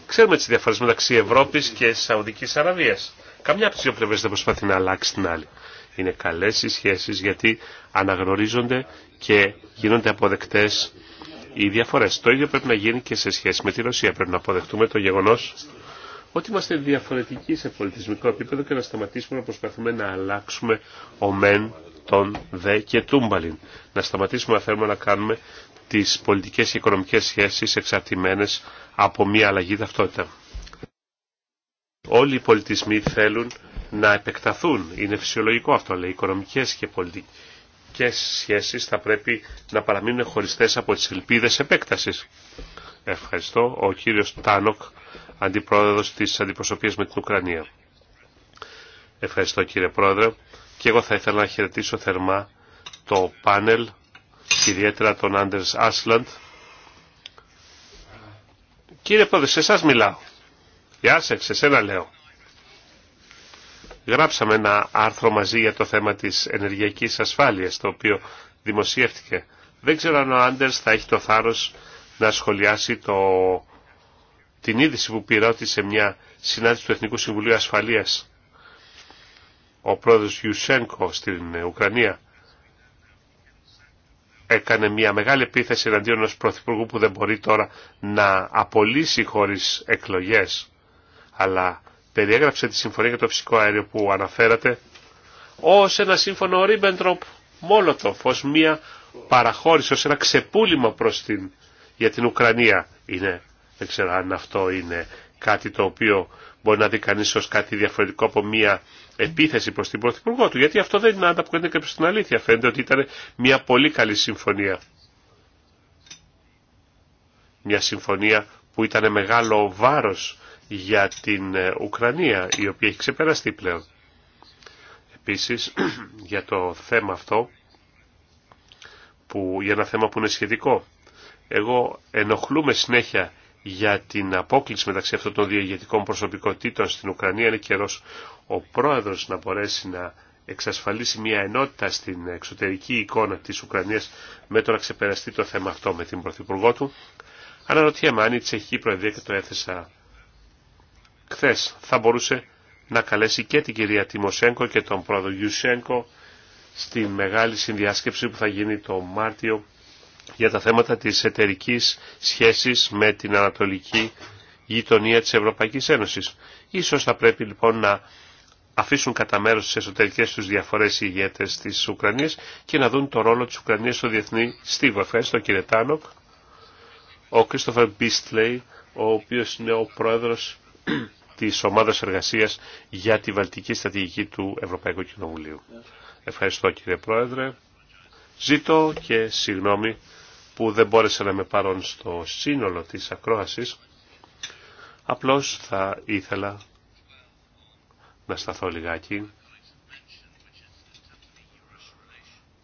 Ξέρουμε τις διαφορές μεταξύ Ευρώπης και Σαουδικής Αραβίας. Καμιά από τις δύο πλευρές δεν προσπαθεί να αλλάξει την άλλη. Είναι καλές οι σχέσεις γιατί αναγνωρίζονται και γίνονται αποδεκτές οι διαφορέ, Το ίδιο πρέπει να γίνει και σε σχέση με τη Ρωσία. Πρέπει να αποδεχτούμε το γεγονός ότι είμαστε διαφορετικοί σε πολιτισμικό επίπεδο και να σταματήσουμε να προσπαθούμε να αλλάξουμε ο μεν, τον δε και τούμπαλιν. Να σταματήσουμε να θέλουμε να κάνουμε τις πολιτικές και οικονομικές σχέσεις εξαρτημένες από μια αλλαγή ταυτότητα. Όλοι οι πολιτισμοί θέλουν να επεκταθούν. Είναι φυσιολογικό αυτό, λέει. και πολιτικέ και σχέσεις θα πρέπει να παραμείνουν χωριστές από τις ελπίδες επέκτασης. Ευχαριστώ. Ο κύριος Τάνοκ, αντιπρόεδρος της αντιπροσωπείας με την Ουκρανία. Ευχαριστώ κύριε Πρόεδρε. Και εγώ θα ήθελα να χαιρετήσω θερμά το πάνελ, ιδιαίτερα τον Άντερς Άσλαντ. Κύριε Πρόεδρε, σε εσάς μιλάω. Γεια σε εσένα λέω γράψαμε ένα άρθρο μαζί για το θέμα της ενεργειακής ασφάλειας, το οποίο δημοσιεύτηκε. Δεν ξέρω αν ο Άντερς θα έχει το θάρρος να σχολιάσει το... την είδηση που πήρα σε μια συνάντηση του Εθνικού Συμβουλίου Ασφαλείας ο πρόεδρος Ιουσένκο στην Ουκρανία έκανε μια μεγάλη επίθεση εναντίον ενός πρωθυπουργού που δεν μπορεί τώρα να απολύσει χωρίς εκλογές αλλά περιέγραψε τη συμφωνία για το φυσικό αέριο που αναφέρατε ως ένα σύμφωνο Ρίμπεντροπ Μόλοτοφ, ως μια παραχώρηση, ως ένα ξεπούλημα προς την, για την Ουκρανία. Είναι, δεν ξέρω αν αυτό είναι κάτι το οποίο μπορεί να δει κανεί ω κάτι διαφορετικό από μια επίθεση προς την Πρωθυπουργό του, γιατί αυτό δεν είναι ανταποκρίνεται και προς την αλήθεια. Φαίνεται ότι ήταν μια πολύ καλή συμφωνία. Μια συμφωνία που ήταν μεγάλο βάρος για την ε, Ουκρανία, η οποία έχει ξεπεραστεί πλέον. Επίσης, (clears throat) για το θέμα αυτό, που, για ένα θέμα που είναι σχετικό. Εγώ ενοχλούμε συνέχεια για την απόκληση μεταξύ αυτών των δύο ηγετικών προσωπικότητων στην Ουκρανία. Είναι καιρός ο πρόεδρος να μπορέσει να εξασφαλίσει μια ενότητα στην εξωτερική εικόνα της Ουκρανίας με το να ξεπεραστεί το θέμα αυτό με την Πρωθυπουργό του. Αναρωτιέμαι αν η Τσεχική Προεδρία, και το έθεσα Χθε θα μπορούσε να καλέσει και την κυρία Τιμοσέγκο και τον πρόεδρο Γιουσέγκο στη μεγάλη συνδιάσκεψη που θα γίνει το Μάρτιο για τα θέματα της εταιρική σχέσης με την Ανατολική γειτονία της Ευρωπαϊκής Ένωσης. Ίσως θα πρέπει λοιπόν να αφήσουν κατά μέρος τις εσωτερικές τους διαφορές οι ηγέτες της Ουκρανίας και να δουν το ρόλο της Ουκρανίας στο διεθνή στίβο. Ευχαριστώ κύριε Τάνοκ. Ο Κρίστοφερ Μπίστλεϊ, ο οποίος είναι ο πρόεδρος της Ομάδας Εργασίας για τη Βαλτική Στρατηγική του Ευρωπαϊκού Κοινοβουλίου. Ευχαριστώ κύριε Πρόεδρε. Ζήτω και συγγνώμη που δεν μπόρεσα να με πάρουν στο σύνολο της ακρόασης. Απλώς θα ήθελα να σταθώ λιγάκι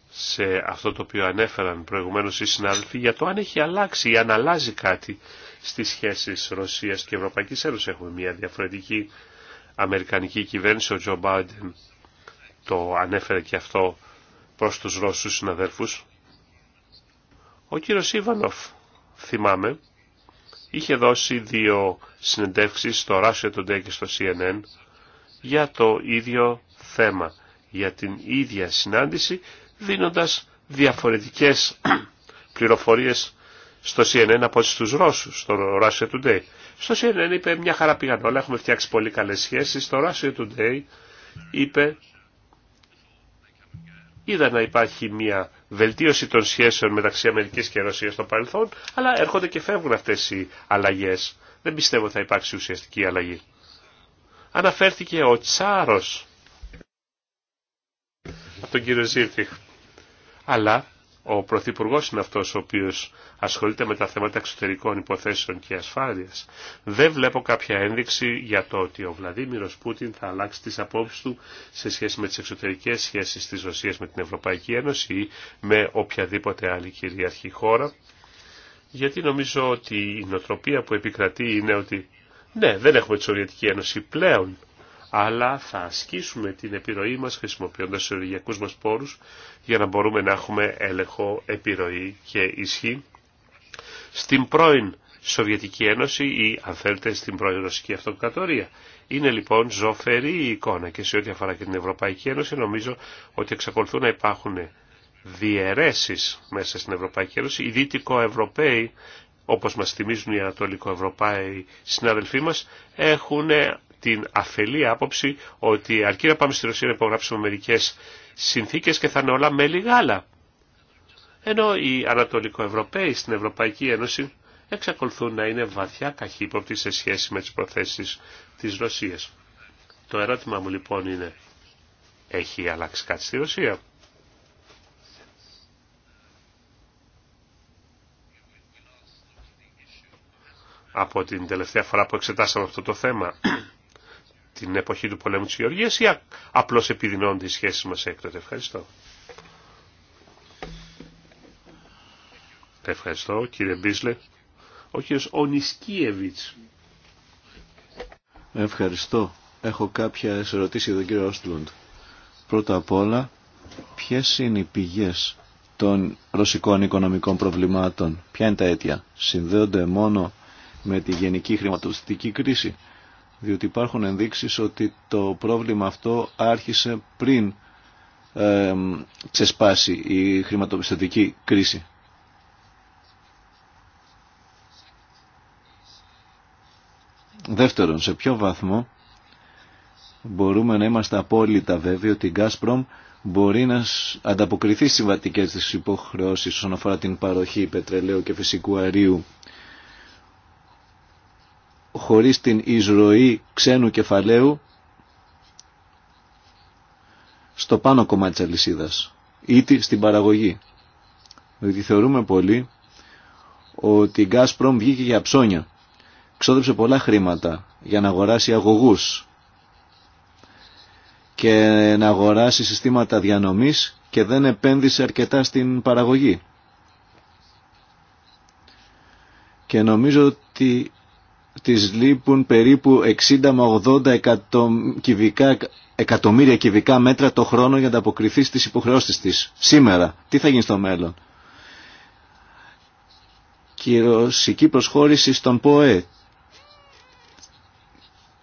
σε αυτό το οποίο ανέφεραν προηγουμένως οι συνάδελφοι για το αν έχει αλλάξει ή αν αλλάζει κάτι στις σχέσεις Ρωσίας και Ευρωπαϊκής Ένωσης. Έχουμε μια διαφορετική αμερικανική κυβέρνηση, ο Τζο Μπάιντεν το ανέφερε και αυτό προς τους Ρώσους συναδέλφους. Ο κύριος Ιβανοφ, θυμάμαι, είχε δώσει δύο συνεντεύξεις στο Russia Today και στο CNN για το ίδιο θέμα, για την ίδια συνάντηση, δίνοντας διαφορετικές (clears throat) πληροφορίες στο CNN από στους Ρώσους, στο Russia Today. Στο CNN είπε μια χαρά πήγαν όλα, έχουμε φτιάξει πολύ καλές σχέσεις. Στο Russia Today είπε είδα να υπάρχει μια βελτίωση των σχέσεων μεταξύ Αμερικής και Ρωσίας στο παρελθόν, αλλά έρχονται και φεύγουν αυτές οι αλλαγές. Δεν πιστεύω θα υπάρξει ουσιαστική αλλαγή. Αναφέρθηκε ο Τσάρος από τον κύριο Ζήρτη. Αλλά ο Πρωθυπουργό είναι αυτός ο οποίος ασχολείται με τα θέματα εξωτερικών υποθέσεων και ασφάλειας. Δεν βλέπω κάποια ένδειξη για το ότι ο Βλαντίμιρ Πούτιν θα αλλάξει τις απόψει του σε σχέση με τις εξωτερικές σχέσεις της Ρωσίας με την Ευρωπαϊκή Ένωση ή με οποιαδήποτε άλλη κυριαρχή χώρα. Γιατί νομίζω ότι η με οποιαδηποτε αλλη κυριαρχη χωρα γιατι νομιζω οτι η νοτροπια που επικρατεί είναι ότι ναι, δεν έχουμε τη Σοβιετική Ένωση πλέον, αλλά θα ασκήσουμε την επιρροή μας χρησιμοποιώντας τους ενεργειακούς μας πόρους για να μπορούμε να έχουμε έλεγχο, επιρροή και ισχύ στην πρώην Σοβιετική Ένωση ή αν θέλετε στην πρώην Ρωσική Αυτοκρατορία. Είναι λοιπόν ζωφερή η εικόνα και σε ό,τι αφορά και την Ευρωπαϊκή Ένωση νομίζω ότι εξακολουθούν να υπάρχουν διαιρέσεις μέσα στην Ευρωπαϊκή Ένωση. Οι δυτικοευρωπαίοι, όπως μας θυμίζουν οι ανατολικοευρωπαίοι συναδελφοί μας, έχουν την αφελή άποψη ότι αρκεί να πάμε στη Ρωσία να υπογράψουμε μερικέ συνθήκε και θα είναι όλα με λιγάλα. Ενώ οι Ανατολικοευρωπαίοι στην Ευρωπαϊκή Ένωση εξακολουθούν να είναι βαθιά καχύποπτοι σε σχέση με τι προθέσεις της Ρωσία. Το ερώτημα μου λοιπόν είναι, έχει αλλάξει κάτι στη Ρωσία. Από την τελευταία φορά που εξετάσαμε αυτό το θέμα την εποχή του πολέμου της Γεωργίας ή απλώς επιδεινώνται οι σχέσεις μας έκτοτε. Ευχαριστώ. Ευχαριστώ κύριε Μπίσλε. Ο κύριος Ονισκίεβιτς. Ευχαριστώ. Έχω κάποια ερωτήσει για τον κύριο Όστλουντ. Πρώτα απ' όλα, ποιες είναι οι πηγές των ρωσικών οικονομικών προβλημάτων, ποια είναι τα αίτια, συνδέονται μόνο με τη γενική χρηματοπιστική κρίση διότι υπάρχουν ενδείξεις ότι το πρόβλημα αυτό άρχισε πριν ξεσπάσει η χρηματοπιστωτική κρίση. Δεύτερον, σε ποιο βαθμό μπορούμε να είμαστε απόλυτα βέβαιοι ότι η Gazprom μπορεί να ανταποκριθεί στις συμβατικές της υποχρεώσεις όσον αφορά την παροχή πετρελαίου και φυσικού αερίου χωρίς την εισρωή ξένου κεφαλαίου στο πάνω κομμάτι της αλυσίδας ή στην παραγωγή. Διότι θεωρούμε πολύ ότι η Gazprom βγήκε για ψώνια. Ξόδεψε πολλά χρήματα για να αγοράσει αγωγούς και να αγοράσει συστήματα διανομής και δεν επένδυσε αρκετά στην παραγωγή. Και νομίζω ότι της λείπουν περίπου 60 με 80 κυβικά... εκατομμύρια κυβικά μέτρα το χρόνο για να αποκριθεί στις υποχρεώσεις της. Σήμερα. Τι θα γίνει στο μέλλον. Και η προσχώρηση στον ΠΟΕ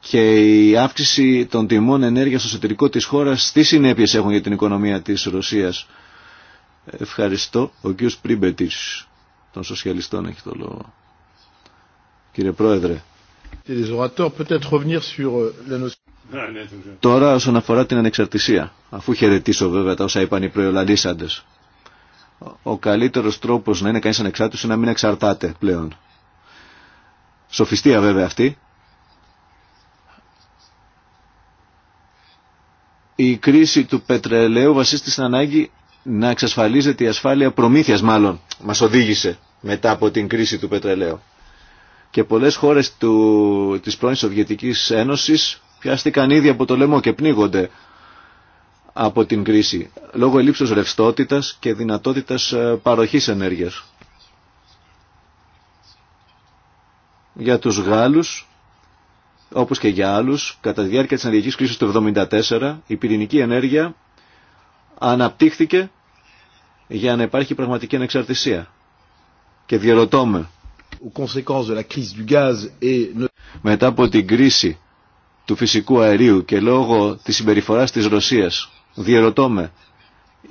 και η αύξηση των τιμών ενέργειας στο εσωτερικό της χώρας τι συνέπειες έχουν για την οικονομία της Ρωσίας. Ευχαριστώ. Ο κ. Πρίμπετης των Σοσιαλιστών έχει το λόγο κύριε Πρόεδρε. Euh, ναι, ναι, ναι, Τώρα όσον αφορά την ανεξαρτησία, αφού χαιρετήσω βέβαια τα όσα είπαν οι προϊολαλήσαντες, ο καλύτερος τρόπος να είναι κανείς ανεξάρτητος είναι να μην εξαρτάται πλέον. Σοφιστία βέβαια αυτή. Η κρίση του πετρελαίου βασίστηκε στην ανάγκη να εξασφαλίζεται η ασφάλεια προμήθειας μάλλον. Μας οδήγησε μετά από την κρίση του πετρελαίου και πολλές χώρες του, της πρώην Σοβιετικής Ένωσης πιάστηκαν ήδη από το λαιμό και πνίγονται από την κρίση λόγω ελλείψεως ρευστότητα και δυνατότητας ε, παροχής ενέργειας. Για τους Γάλλους, όπως και για άλλους, κατά τη διάρκεια της ενεργειακής κρίσης του 1974, η πυρηνική ενέργεια αναπτύχθηκε για να υπάρχει πραγματική ανεξαρτησία. Και διαρωτώ μετά από την κρίση του φυσικού αερίου και λόγω της συμπεριφοράς της Ρωσίας, διερωτώ με,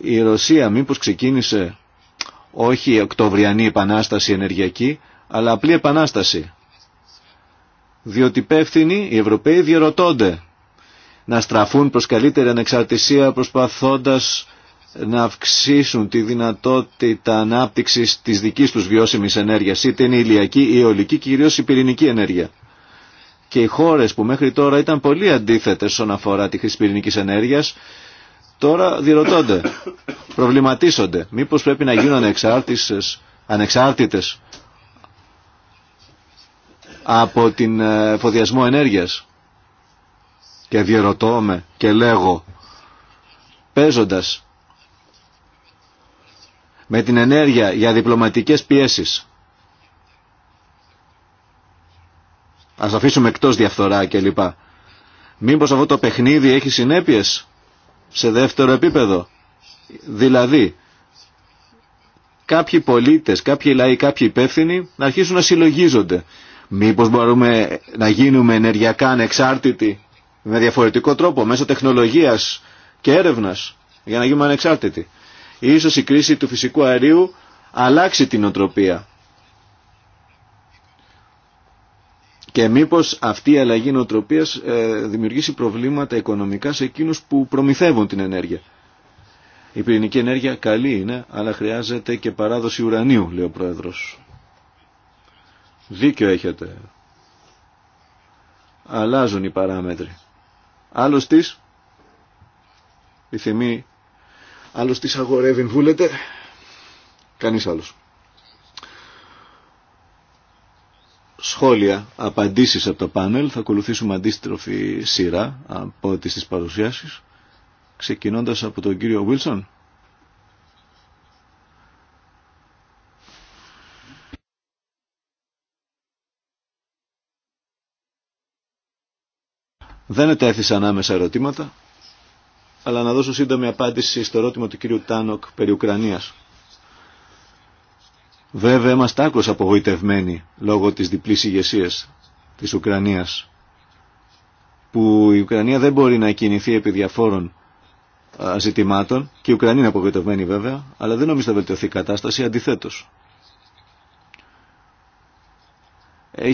η Ρωσία μήπως ξεκίνησε όχι οκτωβριανή επανάσταση ενεργειακή, αλλά απλή επανάσταση. Διότι υπεύθυνοι οι Ευρωπαίοι διερωτώνται να στραφούν προς καλύτερη ανεξαρτησία προσπαθώντας να αυξήσουν τη δυνατότητα ανάπτυξης της δικής τους βιώσιμης ενέργειας, είτε είναι ηλιακή ή η ολική, κυρίως πυρηνική ενέργεια. Και οι χώρες που μέχρι τώρα ήταν πολύ αντίθετες όσον αφορά τη χρήση πυρηνικής ενέργειας, τώρα διρωτώνται, προβληματίσονται. Μήπως πρέπει να γίνουν ανεξάρτητες, ανεξάρτητες από την ε, εφοδιασμό ενέργειας. Και διερωτώ και λέγω, παίζοντας με την ενέργεια για διπλωματικές πιέσεις. Ας αφήσουμε εκτός διαφθορά κλπ. Μήπως αυτό το παιχνίδι έχει συνέπειες σε δεύτερο επίπεδο. Δηλαδή, κάποιοι πολίτες, κάποιοι λαοί, κάποιοι υπεύθυνοι να αρχίσουν να συλλογίζονται. Μήπως μπορούμε να γίνουμε ενεργειακά ανεξάρτητοι με διαφορετικό τρόπο, μέσω τεχνολογίας και έρευνας, για να γίνουμε ανεξάρτητοι. Ίσως η κρίση του φυσικού αερίου αλλάξει την οτροπία. Και μήπως αυτή η αλλαγή νοοτροπίας ε, δημιουργήσει προβλήματα οικονομικά σε εκείνους που προμηθεύουν την ενέργεια. Η πυρηνική ενέργεια καλή είναι, αλλά χρειάζεται και παράδοση ουρανίου, λέει ο Πρόεδρος. Δίκιο έχετε. Αλλάζουν οι παράμετροι. Άλλωστε η θυμή Άλλος τις αγορεύει, βούλετε. Κανείς άλλος. Σχόλια, απαντήσεις από το πάνελ. Θα ακολουθήσουμε αντίστροφη σειρά από τις τις παρουσιάσεις. Ξεκινώντας από τον κύριο Βίλσον. Δεν ετέθησαν άμεσα ερωτήματα αλλά να δώσω σύντομη απάντηση στο ερώτημα του κύριου Τάνοκ περί Ουκρανίας. Βέβαια είμαστε άκρως απογοητευμένοι λόγω της διπλής ηγεσία της Ουκρανίας που η Ουκρανία δεν μπορεί να κινηθεί επί διαφόρων ζητημάτων και η Ουκρανία είναι απογοητευμένη βέβαια αλλά δεν νομίζω θα βελτιωθεί η κατάσταση αντιθέτως.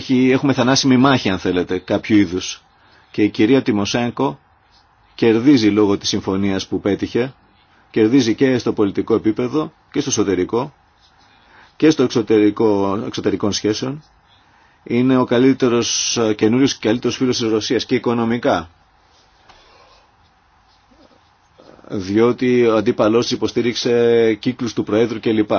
έχουμε θανάσιμη μάχη αν θέλετε κάποιου είδους και η κυρία Τιμοσέγκο κερδίζει λόγω της συμφωνίας που πέτυχε, κερδίζει και στο πολιτικό επίπεδο και στο εσωτερικό και στο εξωτερικό, εξωτερικών σχέσεων. Είναι ο καλύτερος καινούριος και καλύτερος φίλος της Ρωσίας και οικονομικά. Διότι ο αντίπαλός υποστήριξε κύκλους του Προέδρου κλπ.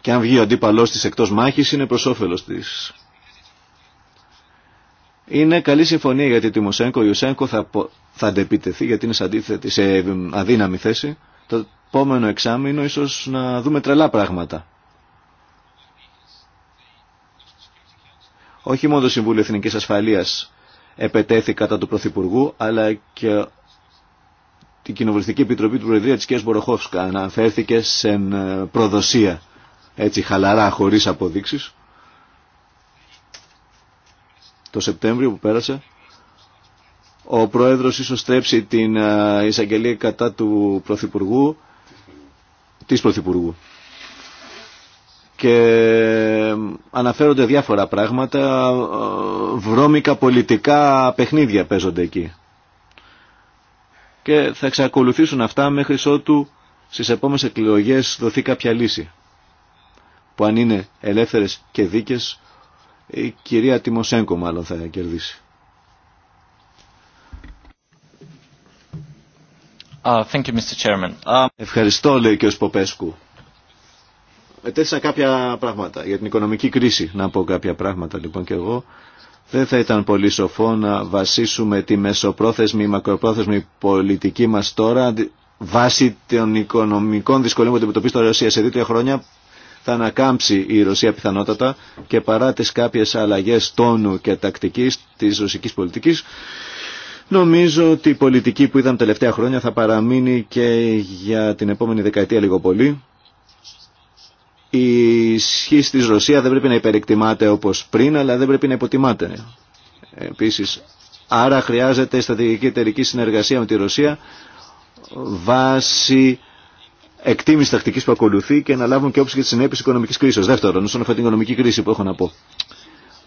Και αν βγει ο αντίπαλός της εκτός μάχης είναι προς όφελος της. Είναι καλή συμφωνία γιατί Τιμοσέγκο, η Ιουσέγκο θα, θα αντεπιτεθεί γιατί είναι σε, αντίθετη, σε αδύναμη θέση. Το επόμενο εξάμεινο ίσως να δούμε τρελά πράγματα. Όχι μόνο το Συμβούλιο Εθνικής Ασφαλείας επετέθη κατά του Πρωθυπουργού, αλλά και η Κοινοβουλευτική Επιτροπή του Προεδρία της κ. Μποροχόφσκα αναφέρθηκε σε ε, προδοσία, έτσι χαλαρά, χωρίς αποδείξεις το Σεπτέμβριο που πέρασε, ο Πρόεδρος ίσως στρέψει την ε, εισαγγελία κατά του Πρωθυπουργού, της Πρωθυπουργού. Και αναφέρονται διάφορα πράγματα, ε, βρώμικα πολιτικά παιχνίδια παίζονται εκεί. Και θα εξακολουθήσουν αυτά μέχρι ότου στις επόμενες εκλογές δοθεί κάποια λύση. Που αν είναι ελεύθερες και δίκες η κυρία Τιμοσέγκο μάλλον θα κερδίσει. thank you, Mr. Chairman. Ευχαριστώ, λέει και ο Σποπέσκου. Ετέθησα κάποια πράγματα για την οικονομική κρίση. Να πω κάποια πράγματα λοιπόν και εγώ. Δεν θα ήταν πολύ σοφό να βασίσουμε τη μεσοπρόθεσμη ή μακροπρόθεσμη πολιτική μας τώρα βάσει των οικονομικών δυσκολίων που αντιμετωπίζει η Ρωσία σε δύο χρόνια θα ανακάμψει η Ρωσία πιθανότατα και παρά τις κάποιες αλλαγές τόνου και τακτικής της ρωσικής πολιτικής νομίζω ότι η πολιτική που είδαμε τελευταία χρόνια θα παραμείνει και για την επόμενη δεκαετία λίγο πολύ. Η ισχύ της Ρωσία δεν πρέπει να υπερεκτιμάται όπως πριν αλλά δεν πρέπει να υποτιμάται. Επίσης, άρα χρειάζεται στρατηγική εταιρική συνεργασία με τη Ρωσία βάσει εκτίμηση τακτική που ακολουθεί και να λάβουν και όψη για τι συνέπειε οικονομική κρίση. Δεύτερον, όσον αφορά την οικονομική κρίση που έχω να πω.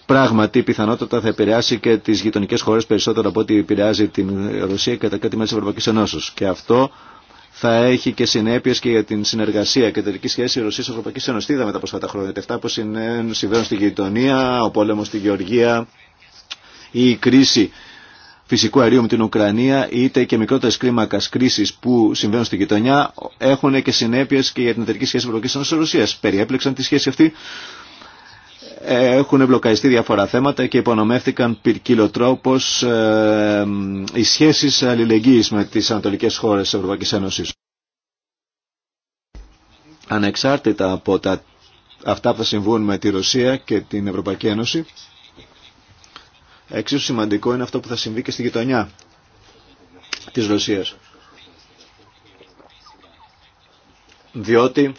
Πράγματι, πιθανότατα θα επηρεάσει και τι γειτονικέ χώρε περισσότερο από ό,τι επηρεάζει την Ρωσία κατά κάτι μέρο τη Ευρωπαϊκή Ενώσεω. Και αυτό θα έχει και συνέπειε και για την συνεργασία και τελικη σχεση σχέση Ρωσία-Ευρωπαϊκή Ένωση. Τι είδαμε τα προσφατά χρόνια. Αυτά που συμβαίνουν στη γειτονία, ο πόλεμο στη Γεωργία, η κρίση φυσικού αερίου με την Ουκρανία, είτε και μικρότερε κλίμακα κρίση που συμβαίνουν στη γειτονιά, έχουν και συνέπειε και για την εταιρική σχέση Ευρωπαϊκή Ένωση Ρωσία. Περιέπλεξαν τη σχέση αυτή. Έχουν εμπλοκαριστεί διάφορα θέματα και υπονομεύτηκαν πυρκύλο τρόπο ε, οι σχέσει αλληλεγγύη με τι ανατολικέ χώρε τη Ευρωπαϊκή Ένωση. Ανεξάρτητα από τα, αυτά που θα συμβούν με τη Ρωσία και την Ευρωπαϊκή Ένωση, Εξίσου σημαντικό είναι αυτό που θα συμβεί και στη γειτονιά της Ρωσίας. Διότι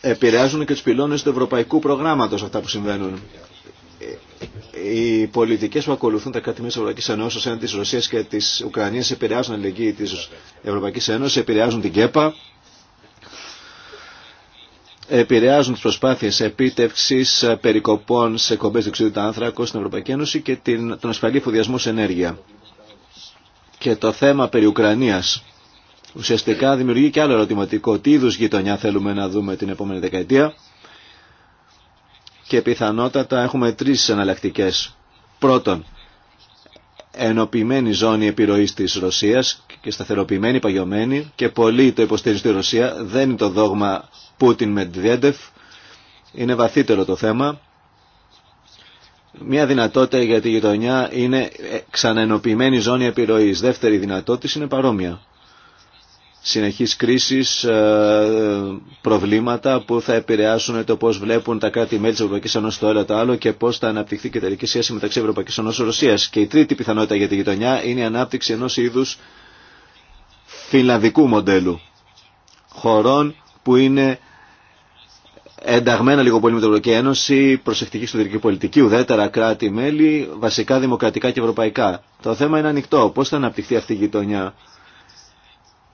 επηρεάζουν και τους πυλώνες του ευρωπαϊκού προγράμματος αυτά που συμβαίνουν. Οι πολιτικές που ακολουθούν τα κράτη της Ευρωπαϊκής Ένωσης σαν της Ρωσίας και της Ουκρανίας επηρεάζουν την της Ευρωπαϊκής Ένωσης, επηρεάζουν την ΚΕΠΑ, επηρεάζουν τις προσπάθειες επίτευξης ε, περικοπών σε κομπές διοξιδίου του άνθρακο στην Ευρωπαϊκή Ένωση και την, τον ασφαλή φουδιασμό σε ενέργεια. Και το θέμα περί Ουκρανίας ουσιαστικά δημιουργεί και άλλο ερωτηματικό. Τι είδους γειτονιά θέλουμε να δούμε την επόμενη δεκαετία και πιθανότατα έχουμε τρεις εναλλακτικέ. Πρώτον, ενοποιημένη ζώνη επιρροής της Ρωσίας και σταθεροποιημένη, παγιωμένη και πολύ το υποστήριζουν στη Ρωσία. Δεν είναι το δόγμα Πούτιν με Τβιέντεφ Είναι βαθύτερο το θέμα. Μια δυνατότητα για τη γειτονιά είναι ε, ξαναενοποιημένη ζώνη επιρροής. Δεύτερη δυνατότητα είναι παρόμοια συνεχής κρίσης, ε, προβλήματα που θα επηρεάσουν το πώς βλέπουν τα κράτη-μέλη της Ευρωπαϊκής Ένωσης το ένα το άλλο και πώς θα αναπτυχθεί και τελική σχέση μεταξύ Ευρωπαϊκής Ένωσης και Ρωσίας. Και η τρίτη πιθανότητα για τη γειτονιά είναι η ανάπτυξη ενός είδους φιλανδικού μοντέλου χωρών που είναι ενταγμένα λίγο πολύ με την Ευρωπαϊκή Ένωση, προσεκτική εσωτερική πολιτική, ουδέτερα κράτη-μέλη, βασικά δημοκρατικά και ευρωπαϊκά. Το θέμα είναι ανοιχτό. Πώς θα αναπτυχθεί αυτή η γειτονιά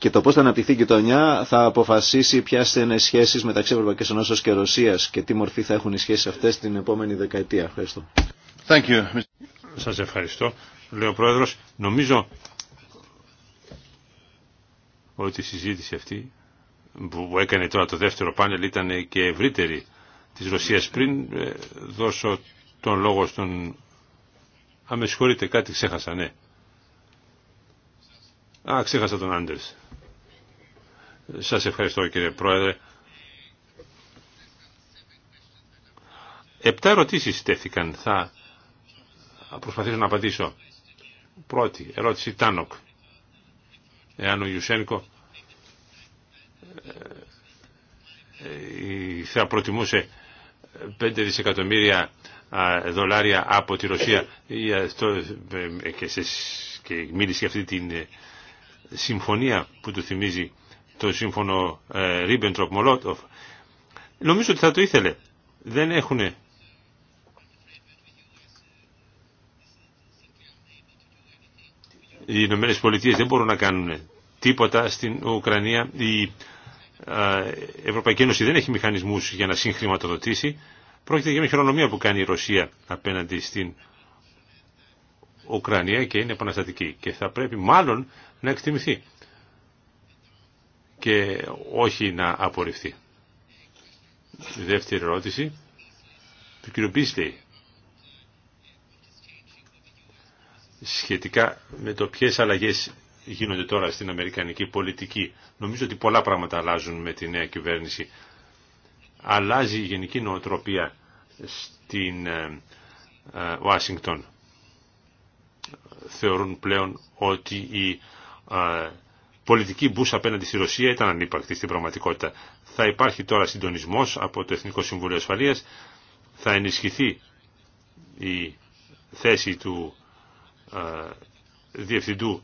και το πώ θα αναπτυχθεί η γειτονιά θα αποφασίσει ποια θα είναι σχέσει μεταξύ Ευρωπαϊκή Ένωση και Ρωσία και τι μορφή θα έχουν οι σχέσει αυτέ την επόμενη δεκαετία. Ευχαριστώ. Σα Σας ευχαριστώ. Λέω Πρόεδρος, νομίζω ότι η συζήτηση αυτή που έκανε τώρα το δεύτερο πάνελ ήταν και ευρύτερη της Ρωσίας. Πριν ε, δώσω τον λόγο στον... Α, με συγχωρείτε, κάτι ξέχασα, ναι. Α, ξέχασα τον Άντερς. Σας ευχαριστώ κύριε Πρόεδρε. Επτά ερωτήσεις τέθηκαν. Θα προσπαθήσω να απαντήσω. Πρώτη ερώτηση Τάνοκ. Εάν ο Ιουσένικο ε, ε, θα προτιμούσε 5 δισεκατομμύρια δολάρια από τη Ρωσία ε, και μίλησε για αυτή την συμφωνία που του θυμίζει το σύμφωνο ριμπεντροπ Ρίμπεντροπ-Μολότοφ. Νομίζω ότι θα το ήθελε. Δεν έχουν οι Ηνωμένε πολιτείε δεν μπορούν να κάνουν τίποτα στην Ουκρανία. Η ε, Ευρωπαϊκή Ένωση δεν έχει μηχανισμού για να συγχρηματοδοτήσει. Πρόκειται για μια χειρονομία που κάνει η Ρωσία απέναντι στην Ουκρανία και είναι επαναστατική και θα πρέπει μάλλον να εκτιμηθεί και όχι να απορριφθεί. δεύτερη ερώτηση του κ. Μπίσλεϊ σχετικά με το ποιες αλλαγές γίνονται τώρα στην Αμερικανική πολιτική. Νομίζω ότι πολλά πράγματα αλλάζουν με τη νέα κυβέρνηση. Αλλάζει η γενική νοοτροπία στην ε, ε, Ουάσιγκτον. Θεωρούν πλέον ότι η ε, πολιτική μπούς απέναντι στη Ρωσία ήταν ανύπαρκτη στην πραγματικότητα. Θα υπάρχει τώρα συντονισμός από το Εθνικό Συμβούλιο Ασφαλείας, θα ενισχυθεί η θέση του ε, Διευθυντού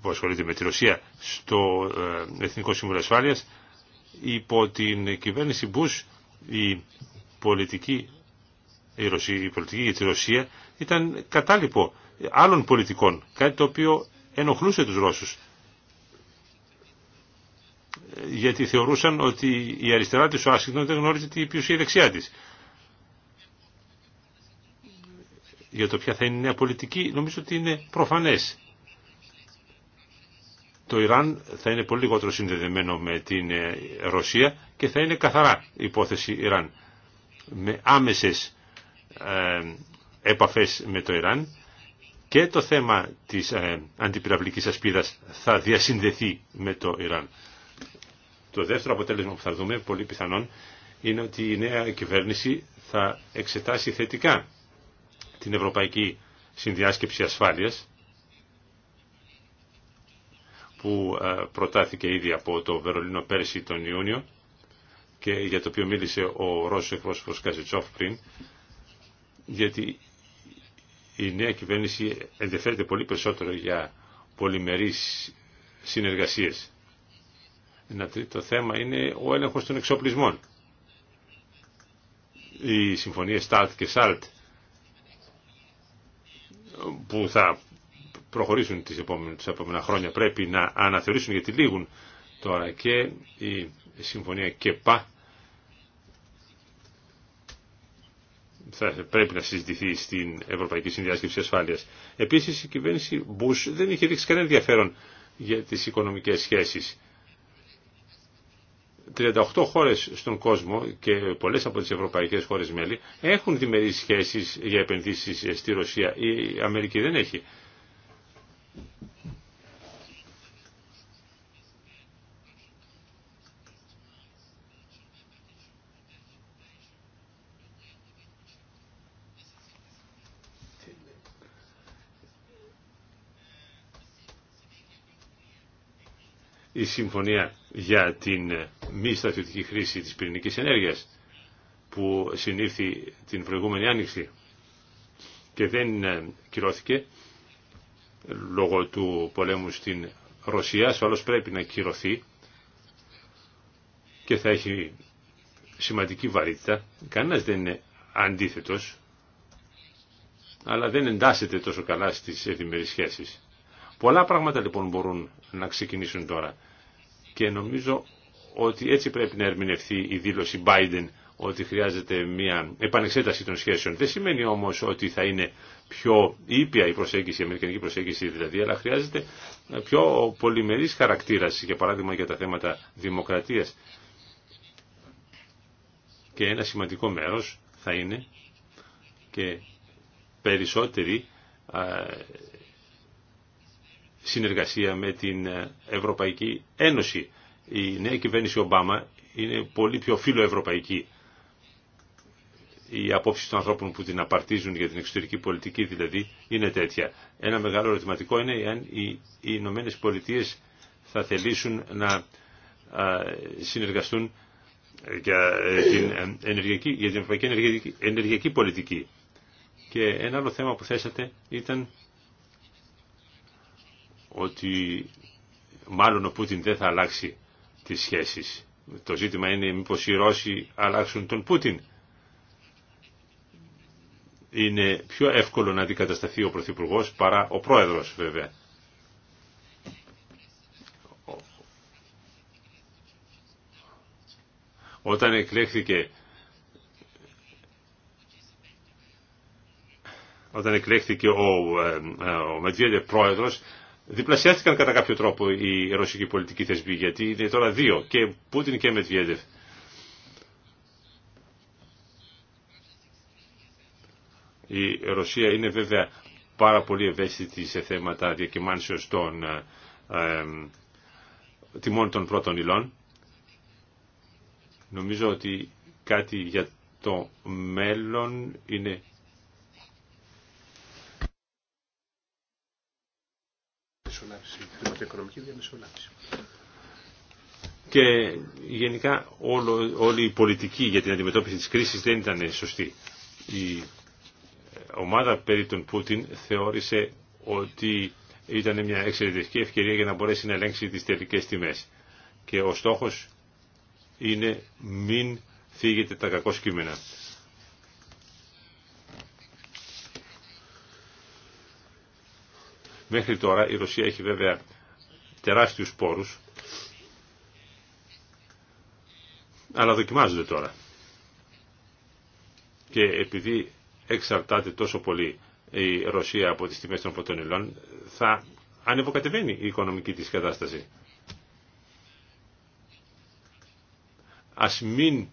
που ασχολείται με τη Ρωσία στο ε, Εθνικό Συμβούλιο Ασφάλειας. Υπό την κυβέρνηση Μπούς η πολιτική, Ρωσία, η πολιτική για τη Ρωσία ήταν κατάλοιπο άλλων πολιτικών, κάτι το οποίο ενοχλούσε τους Ρώσους γιατί θεωρούσαν ότι η αριστερά της Ουάσιγκτον δεν γνώριζε τι ποιος η δεξιά της. Για το ποια θα είναι η νέα πολιτική νομίζω ότι είναι προφανές. Το Ιράν θα είναι πολύ λιγότερο συνδεδεμένο με την ε, Ρωσία και θα είναι καθαρά υπόθεση Ιράν. Με άμεσες ε, επαφές με το Ιράν και το θέμα της ε, αντιπυραυλικής ασπίδας θα διασυνδεθεί με το Ιράν. Το δεύτερο αποτέλεσμα που θα δούμε, πολύ πιθανόν, είναι ότι η νέα κυβέρνηση θα εξετάσει θετικά την Ευρωπαϊκή Συνδιάσκεψη Ασφάλειας που ε, προτάθηκε ήδη από το Βερολίνο πέρσι τον Ιούνιο και για το οποίο μίλησε ο Ρώσος εκπρόσωπος Καζετσόφ πριν, γιατί η νέα κυβέρνηση ενδιαφέρεται πολύ περισσότερο για πολυμερείς συνεργασίες. Ένα τρίτο θέμα είναι ο έλεγχος των εξοπλισμών. Οι συμφωνίες START και ΣΑΛΤ που θα προχωρήσουν τις επόμενες, επόμενα χρόνια πρέπει να αναθεωρήσουν γιατί λήγουν τώρα και η συμφωνία ΚΕΠΑ θα πρέπει να συζητηθεί στην Ευρωπαϊκή Συνδιάσκεψη Ασφάλειας. Επίσης η κυβέρνηση Bush δεν είχε δείξει κανένα ενδιαφέρον για τις οικονομικές σχέσεις 38 χώρες στον κόσμο και πολλές από τις ευρωπαϊκές χώρες μέλη έχουν διμερείς σχέσεις για επενδύσεις στη Ρωσία. Η Αμερική δεν έχει. η συμφωνία για την μη στρατιωτική χρήση της πυρηνικής ενέργειας που συνήρθη την προηγούμενη άνοιξη και δεν ε, κυρώθηκε λόγω του πολέμου στην Ρωσία, όλο πρέπει να κυρωθεί και θα έχει σημαντική βαρύτητα. Κανένας δεν είναι αντίθετος, αλλά δεν εντάσσεται τόσο καλά στις ευημερείς Πολλά πράγματα λοιπόν μπορούν να ξεκινήσουν τώρα. Και νομίζω ότι έτσι πρέπει να ερμηνευθεί η δήλωση Biden ότι χρειάζεται μια επανεξέταση των σχέσεων. Δεν σημαίνει όμως ότι θα είναι πιο ήπια η προσέγγιση, η αμερικανική προσέγγιση δηλαδή, αλλά χρειάζεται πιο πολυμερής χαρακτήρας, για παράδειγμα για τα θέματα δημοκρατίας. Και ένα σημαντικό μέρος θα είναι και περισσότεροι συνεργασία με την ε, Ευρωπαϊκή Ένωση. Η νέα κυβέρνηση Ομπάμα είναι πολύ πιο φιλοευρωπαϊκή. Οι απόψει των ανθρώπων που την απαρτίζουν για την εξωτερική πολιτική δηλαδή είναι τέτοια. Ένα μεγάλο ερωτηματικό είναι αν οι Ηνωμένε Πολιτείε θα θελήσουν να ε, συνεργαστούν για ε, την, ενεργειακή, για την ευρωπαϊκή ενεργειακή πολιτική. Και ένα άλλο θέμα που θέσατε ήταν ότι μάλλον ο Πούτιν δεν θα αλλάξει τις σχέσεις. Το ζήτημα είναι μήπως οι Ρώσοι αλλάξουν τον Πούτιν. Είναι πιο εύκολο να αντικατασταθεί ο Πρωθυπουργό παρά ο Πρόεδρος βέβαια. Όταν εκλέχθηκε όταν εκλέχθηκε ο, ε, ε, ο πρόεδρος διπλασιάστηκαν κατά κάποιο τρόπο οι ρωσικοί πολιτικοί θεσμοί, γιατί είναι τώρα δύο, και Πούτιν και Μετβιέντεφ. Η Ρωσία είναι βέβαια πάρα πολύ ευαίσθητη σε θέματα διακυμάνσεως των ε, ε, τιμών των πρώτων υλών. Νομίζω ότι κάτι για το μέλλον είναι διαμεσολάβηση. Και γενικά όλο, όλη η πολιτική για την αντιμετώπιση της κρίσης δεν ήταν σωστή. Η ομάδα περί των Πούτιν θεώρησε ότι ήταν μια εξαιρετική ευκαιρία για να μπορέσει να ελέγξει τις τελικές τιμές. Και ο στόχος είναι μην φύγετε τα κακό κείμενα. Μέχρι τώρα η Ρωσία έχει βέβαια τεράστιους πόρους, αλλά δοκιμάζονται τώρα. Και επειδή εξαρτάται τόσο πολύ η Ρωσία από τις τιμές των ποτών θα ανεβοκατεβαίνει η οικονομική της κατάσταση. Ας μην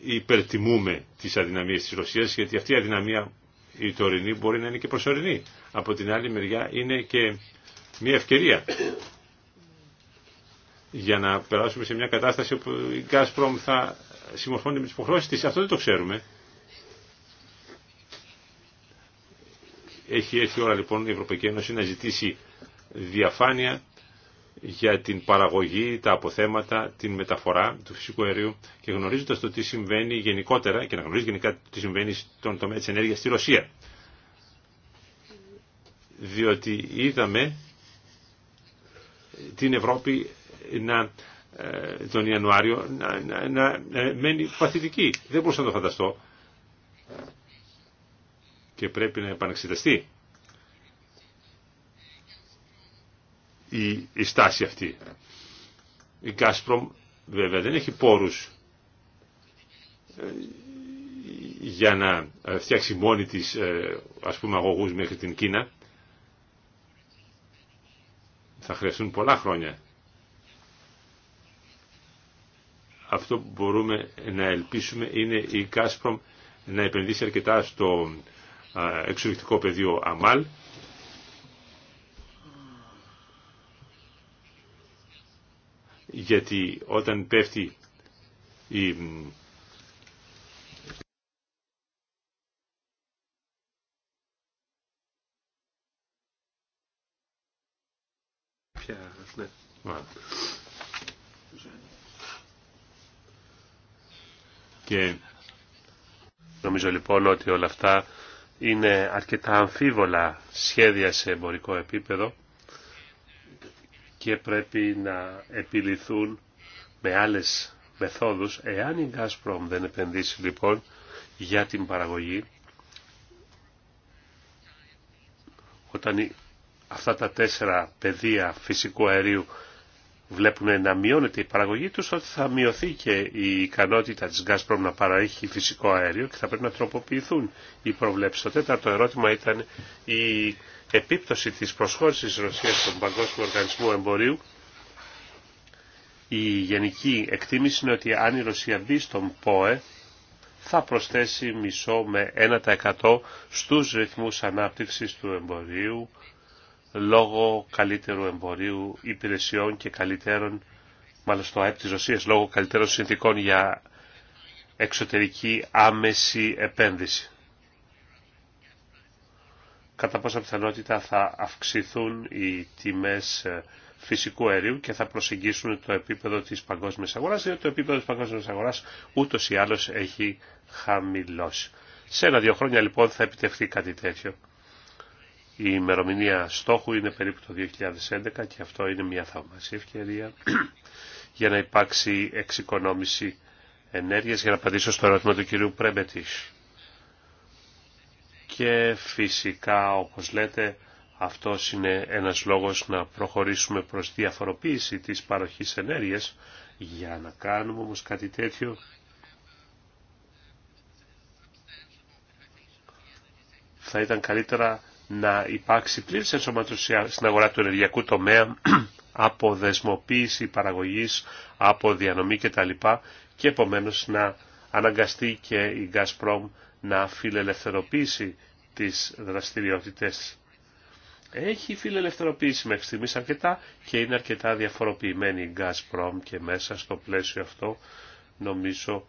υπερτιμούμε τις αδυναμίες της Ρωσίας, γιατί αυτή η αδυναμία η τωρινή μπορεί να είναι και προσωρινή. Από την άλλη μεριά είναι και μια ευκαιρία για να περάσουμε σε μια κατάσταση όπου η Gazprom θα συμμορφώνεται με τις υποχρώσεις της. Αυτό δεν το ξέρουμε. Έχει έρθει η ώρα λοιπόν η Ευρωπαϊκή Ένωση να ζητήσει διαφάνεια για την παραγωγή, τα αποθέματα, την μεταφορά του φυσικού αερίου και γνωρίζοντα το τι συμβαίνει γενικότερα και να γνωρίζει γενικά τι συμβαίνει στον τομέα τη ενέργεια στη Ρωσία. Διότι είδαμε την Ευρώπη να, ε, τον Ιανουάριο να, να, να μένει παθητική. Δεν μπορούσα να το φανταστώ. Και πρέπει να επαναξεταστεί η, στάση αυτή. Η Κάσπρομ, βέβαια δεν έχει πόρους ε, για να ε, φτιάξει μόνη της ε, ας πούμε αγωγούς μέχρι την Κίνα θα χρειαστούν πολλά χρόνια αυτό που μπορούμε να ελπίσουμε είναι η Κάσπρομ να επενδύσει αρκετά στο εξορυκτικό πεδίο Αμάλ γιατί όταν πέφτει η ναι. Και νομίζω λοιπόν ότι όλα αυτά είναι αρκετά αμφίβολα σχέδια σε εμπορικό επίπεδο και πρέπει να επιληθούν με άλλες μεθόδους. Εάν η Gazprom δεν επενδύσει λοιπόν για την παραγωγή, όταν αυτά τα τέσσερα πεδία φυσικού αερίου βλέπουν να μειώνεται η παραγωγή τους, ότι θα μειωθεί και η ικανότητα της Gazprom να παραέχει φυσικό αέριο και θα πρέπει να τροποποιηθούν οι προβλέψεις. Το τέταρτο ερώτημα ήταν η επίπτωση της προσχώρησης της Ρωσίας στον Παγκόσμιο Οργανισμό Εμπορίου, η γενική εκτίμηση είναι ότι αν η Ρωσία μπει στον ΠΟΕ, θα προσθέσει μισό με 1% στους ρυθμούς ανάπτυξης του εμπορίου, λόγω καλύτερου εμπορίου υπηρεσιών και καλύτερων, μάλλον στο ΑΕΠ της Ρωσίας, λόγω καλύτερων συνθήκων για εξωτερική άμεση επένδυση κατά πόσα πιθανότητα θα αυξηθούν οι τιμές ε, φυσικού αερίου και θα προσεγγίσουν το επίπεδο της παγκόσμιας αγοράς, διότι το επίπεδο της παγκόσμιας αγοράς ούτως ή άλλως έχει χαμηλώσει. Σε ένα-δύο χρόνια λοιπόν θα επιτευχθεί κάτι τέτοιο. Η ημερομηνία στόχου είναι περίπου το 2011 και αυτό είναι μια θαυμασία ευκαιρία (clears throat) για να υπάρξει εξοικονόμηση ενέργειας για να απαντήσω στο ερώτημα του κυρίου Πρέμπετης και φυσικά όπως λέτε αυτό είναι ένας λόγος να προχωρήσουμε προς διαφοροποίηση της παροχής ενέργειας για να κάνουμε όμως κάτι τέτοιο θα ήταν καλύτερα να υπάρξει πλήρης ενσωματωσία στην αγορά του ενεργειακού τομέα (clears throat) από δεσμοποίηση παραγωγής, από διανομή κτλ. και επομένως να αναγκαστεί και η Gazprom να φιλελευθερωπήσει τις δραστηριότητες. Έχει φιλελευθερωποιήσει μέχρι στιγμής αρκετά και είναι αρκετά διαφοροποιημένη η Gazprom και μέσα στο πλαίσιο αυτό νομίζω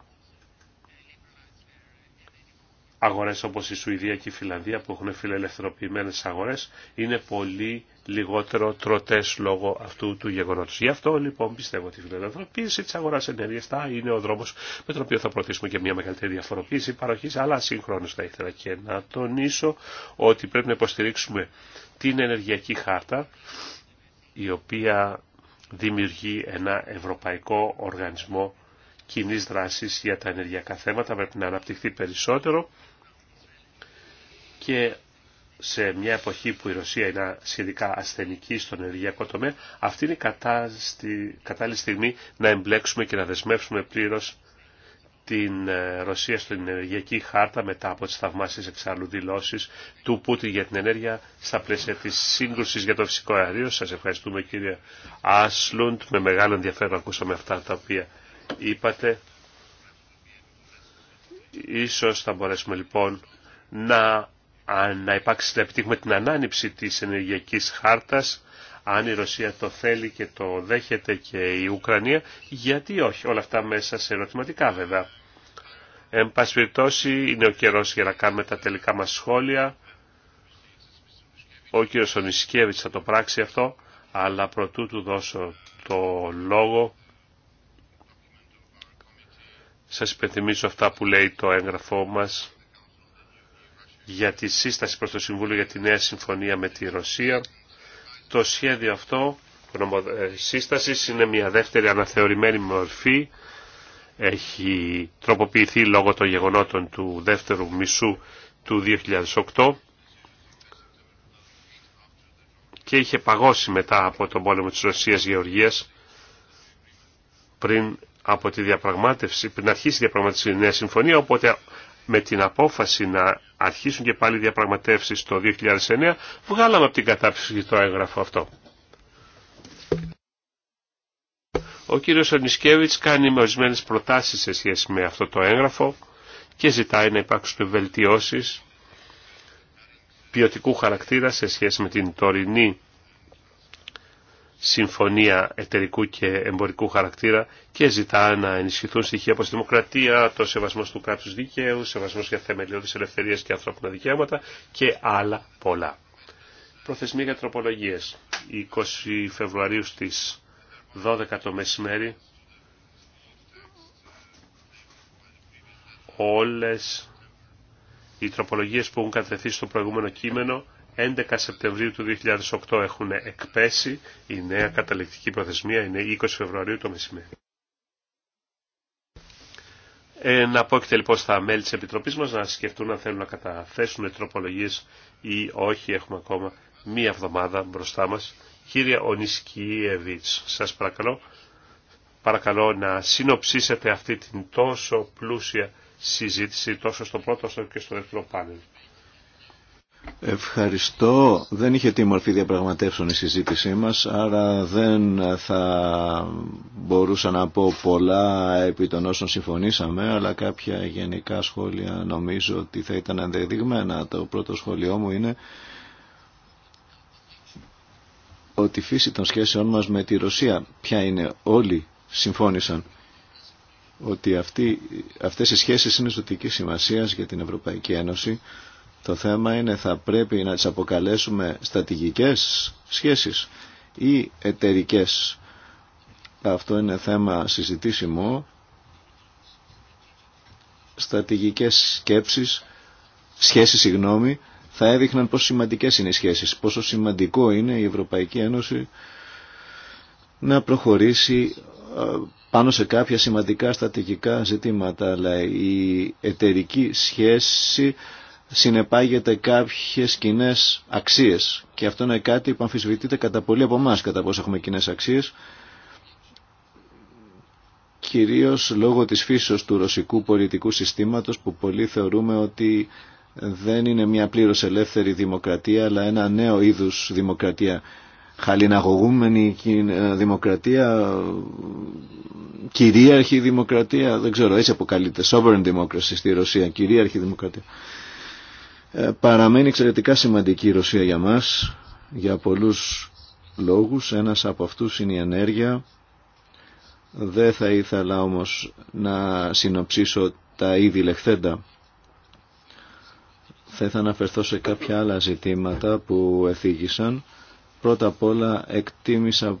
αγορές όπως η Σουηδία και η Φιλανδία που έχουν φιλελευθερωποιημένες αγορές είναι πολύ λιγότερο τροτές λόγω αυτού του γεγονότος. Γι' αυτό λοιπόν πιστεύω ότι η φιλελευθερωποίηση της αγοράς ενέργειας θα είναι ο δρόμος με τον οποίο θα προωθήσουμε και μια μεγαλύτερη διαφοροποίηση παροχής, αλλά συγχρόνως θα ήθελα και να τονίσω ότι πρέπει να υποστηρίξουμε την ενεργειακή χάρτα η οποία δημιουργεί ένα ευρωπαϊκό οργανισμό κοινή δράση για τα ενεργειακά θέματα πρέπει να αναπτυχθεί περισσότερο και σε μια εποχή που η Ρωσία είναι σχετικά ασθενική στον ενεργειακό τομέα, αυτή είναι η κατάλληλη στιγμή να εμπλέξουμε και να δεσμεύσουμε πλήρως την ε, Ρωσία στην ενεργειακή χάρτα μετά από τις θαυμάσεις εξάλλου δηλώσεις του Πούτιν για την ενέργεια στα πλαίσια της σύγκρουσης για το φυσικό αερίο. Σας ευχαριστούμε κύριε Άσλουντ. Με μεγάλο ενδιαφέρον ακούσαμε αυτά τα οποία είπατε. Ίσως θα μπορέσουμε λοιπόν να αν να υπάρξει να επιτύχουμε την ανάνυψη της ενεργειακής χάρτας, αν η Ρωσία το θέλει και το δέχεται και η Ουκρανία, γιατί όχι, όλα αυτά μέσα σε ερωτηματικά βέβαια. Εν πάση περιπτώσει είναι ο καιρό για να κάνουμε τα τελικά μας σχόλια. Ο κ. Σονισκέβης θα το πράξει αυτό, αλλά προτού του δώσω το λόγο. Σας υπενθυμίζω αυτά που λέει το έγγραφό μας για τη σύσταση προς το Συμβούλιο για τη νέα συμφωνία με τη Ρωσία. Το σχέδιο αυτό ε, σύσταση, είναι μια δεύτερη αναθεωρημένη μορφή. Έχει τροποποιηθεί λόγω των γεγονότων του δεύτερου μισού του 2008 και είχε παγώσει μετά από τον πόλεμο της Ρωσίας-Γεωργίας πριν από τη διαπραγμάτευση, πριν αρχίσει η διαπραγμάτευση τη νέα συμφωνία, οπότε με την απόφαση να αρχίσουν και πάλι διαπραγματεύσεις το 2009, βγάλαμε από την κατάψυξη το έγγραφο αυτό. Ο κύριος Ονισκέβιτς κάνει με ορισμένε προτάσεις σε σχέση με αυτό το έγγραφο και ζητάει να υπάρξουν βελτιώσεις ποιοτικού χαρακτήρα σε σχέση με την τωρινή συμφωνία εταιρικού και εμπορικού χαρακτήρα και ζητά να ενισχυθούν στοιχεία όπως δημοκρατία, το σεβασμό του κράτους δικαίου, σεβασμός για θεμελιώδεις ελευθερίες και ανθρώπινα δικαιώματα και άλλα πολλά. Προθεσμία για τροπολογίες. 20 Φεβρουαρίου στις 12 το μεσημέρι όλες οι τροπολογίες που έχουν κατεθεί στο προηγούμενο κείμενο 11 Σεπτεμβρίου του 2008 έχουν εκπέσει. Η νέα καταληκτική προθεσμία είναι 20 Φεβρουαρίου το μεσημέρι. Ε, να και λοιπόν στα μέλη της Επιτροπής μας να σκεφτούν αν θέλουν να καταθέσουν τροπολογίες ή όχι. Έχουμε ακόμα μία εβδομάδα μπροστά μας. Κύριε Ονισκιεβίτς, σας παρακαλώ, παρακαλώ να συνοψίσετε αυτή την τόσο πλούσια συζήτηση τόσο στο πρώτο όσο και στο δεύτερο πάνελ. Ευχαριστώ. Δεν είχε τη μορφή διαπραγματεύσεων η συζήτησή μας, άρα δεν θα μπορούσα να πω πολλά επί των όσων συμφωνήσαμε, αλλά κάποια γενικά σχόλια νομίζω ότι θα ήταν ενδεδειγμένα. Το πρώτο σχόλιο μου είναι ότι η φύση των σχέσεών μας με τη Ρωσία, πια είναι, όλοι συμφώνησαν ότι αυτοί, αυτές οι σχέσεις είναι ζωτική σημασίας για την Ευρωπαϊκή Ένωση το θέμα είναι θα πρέπει να τις αποκαλέσουμε στατηγικές σχέσεις ή εταιρικέ. Αυτό είναι θέμα συζητήσιμο. Στατηγικές σκέψεις, σχέσεις συγγνώμη, θα έδειχναν πόσο σημαντικές είναι οι σχέσεις, πόσο σημαντικό είναι η Ευρωπαϊκή Ένωση να προχωρήσει ε, πάνω σε κάποια σημαντικά στατηγικά ζητήματα, αλλά η εταιρική σχέση συνεπάγεται κάποιε κοινέ αξίε και αυτό είναι κάτι που αμφισβητείται κατά πολύ από εμά κατά πόσο έχουμε κοινέ αξίε. Κυρίω λόγω τη φύσεως του ρωσικού πολιτικού συστήματο που πολλοί θεωρούμε ότι δεν είναι μια πλήρω ελεύθερη δημοκρατία αλλά ένα νέο είδους δημοκρατία χαλιναγωγούμενη δημοκρατία κυρίαρχη δημοκρατία δεν ξέρω έτσι αποκαλείται sovereign democracy στη Ρωσία κυρίαρχη δημοκρατία ε, παραμένει εξαιρετικά σημαντική η Ρωσία για μας, για πολλούς λόγους. Ένας από αυτούς είναι η ενέργεια. Δεν θα ήθελα όμως να συνοψίσω τα ήδη λεχθέντα. Θα ήθελα να αφαιρθώ σε κάποια άλλα ζητήματα που εθίγησαν. Πρώτα απ' όλα εκτίμησα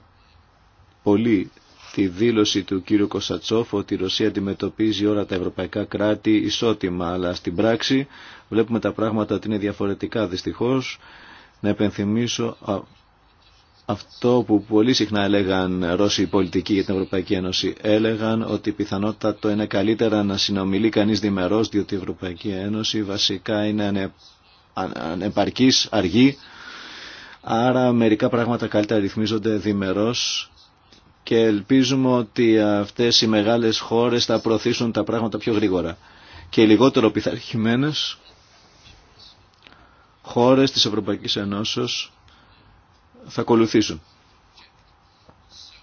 πολύ τη δήλωση του κύριου Κοσατσόφ ότι η Ρωσία αντιμετωπίζει όλα τα ευρωπαϊκά κράτη ισότιμα, αλλά στην πράξη βλέπουμε τα πράγματα ότι είναι διαφορετικά. Δυστυχώς να επενθυμίσω αυτό που πολύ συχνά έλεγαν Ρώσοι πολιτικοί για την Ευρωπαϊκή Ένωση. Έλεγαν ότι το είναι καλύτερα να συνομιλεί κανείς διμερός διότι η Ευρωπαϊκή Ένωση βασικά είναι ανε, αργή. Άρα μερικά πράγματα καλύτερα ρυθμίζονται διμερός και ελπίζουμε ότι αυτές οι μεγάλες χώρες θα προωθήσουν τα πράγματα πιο γρήγορα και λιγότερο πειθαρχημένες χώρες της Ευρωπαϊκής Ενώσεως θα ακολουθήσουν.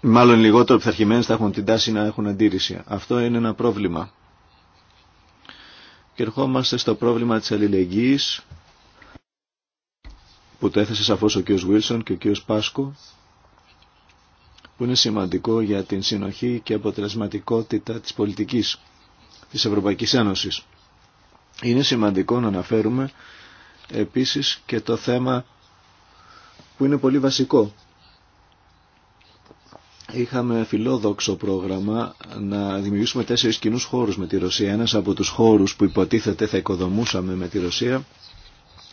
Μάλλον λιγότερο πειθαρχημένες θα έχουν την τάση να έχουν αντίρρηση. Αυτό είναι ένα πρόβλημα. Και ερχόμαστε στο πρόβλημα της αλληλεγγύης που το έθεσε σαφώς ο κ. Βίλσον και ο κ. Πάσκο που είναι σημαντικό για την συνοχή και αποτελεσματικότητα της πολιτικής της Ευρωπαϊκής Ένωσης. Είναι σημαντικό να αναφέρουμε επίσης και το θέμα που είναι πολύ βασικό. Είχαμε φιλόδοξο πρόγραμμα να δημιουργήσουμε τέσσερις κοινούς χώρους με τη Ρωσία. Ένας από τους χώρους που υποτίθεται θα οικοδομούσαμε με τη Ρωσία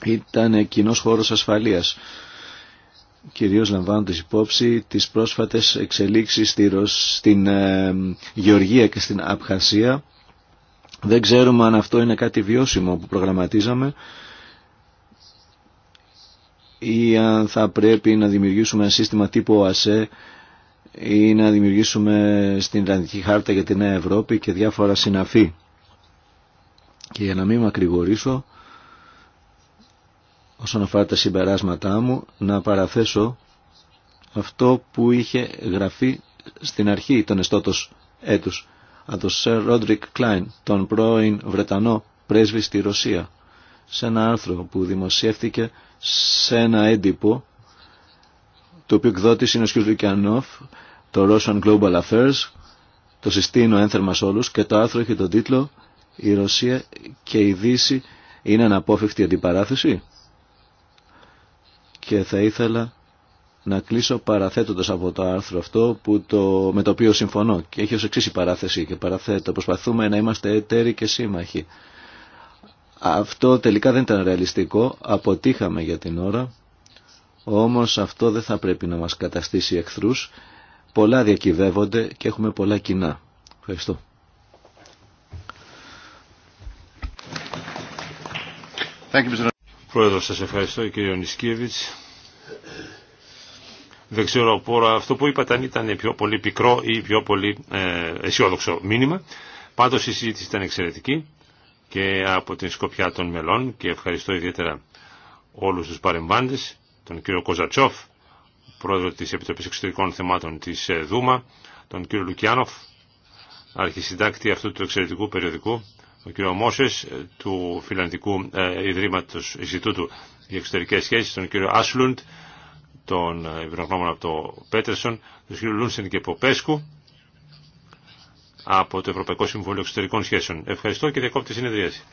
ήταν κοινό χώρος ασφαλείας. Κυρίως λαμβάνοντας υπόψη τις πρόσφατες εξελίξεις στη στην ε, Γεωργία και στην Απχασία. Δεν ξέρουμε αν αυτό είναι κάτι βιώσιμο που προγραμματίζαμε ή αν θα πρέπει να δημιουργήσουμε ένα σύστημα τύπου ΟΑΣΕ ή να δημιουργήσουμε στην Ιρλανδική Χάρτα για τη Νέα Ευρώπη και διάφορα συναφή. Και για να μην μακρηγορήσω, όσον αφορά τα συμπεράσματά μου, να παραθέσω αυτό που είχε γραφεί στην αρχή των εστώτος έτους από τον Σερ Ρόντρικ Κλάιν, τον πρώην Βρετανό πρέσβη στη Ρωσία, σε ένα άρθρο που δημοσιεύτηκε σε ένα έντυπο το οποίο εκδότης είναι ο Σκιούς Λουκιανόφ, το Russian Global Affairs, το συστήνω ένθερμα σε όλους και το άρθρο έχει τον τίτλο «Η Ρωσία και η Δύση είναι αναπόφευκτη αντιπαράθεση» και θα ήθελα να κλείσω παραθέτοντας από το άρθρο αυτό που το, με το οποίο συμφωνώ και έχει ως εξής η παράθεση και παραθέτω προσπαθούμε να είμαστε εταίροι και σύμμαχοι αυτό τελικά δεν ήταν ρεαλιστικό, αποτύχαμε για την ώρα, όμως αυτό δεν θα πρέπει να μας καταστήσει εχθρούς. Πολλά διακυβεύονται και έχουμε πολλά κοινά. Ευχαριστώ. Πρόεδρος, σας ευχαριστώ κύριε Νισκίεβιτς. Δεν ξέρω πόρα αυτό που είπατε αν ήταν πιο πολύ πικρό ή πιο πολύ ε, αισιόδοξο μήνυμα. Πάντως η πιο πολυ αισιοδοξο ήταν εξαιρετική και από την σκοπιά των μελών και ευχαριστώ ιδιαίτερα όλους τους παρεμβάντες, τον κύριο Κοζατσόφ, πρόεδρο της Επιτροπής Εξωτερικών Θεμάτων της ε, Δούμα, τον κύριο Λουκιάνοφ, αρχισυντάκτη αυτού του εξαιρετικού περιοδικού, τον κύριο Μόσες ε, του Φιλανδικού ε, Ιδρύματος Ινστιτούτου για Εξωτερικές Σχέσεις, τον κύριο Άσλουντ, τον εμπειρογνώμονα από το Πέτερσον, τον κύριο Λούνσεν και Ποπέσκου, από το Ευρωπαϊκό Συμβούλιο Εξωτερικών Σχέσεων. Ευχαριστώ και διακόπτη συνεδρίαση.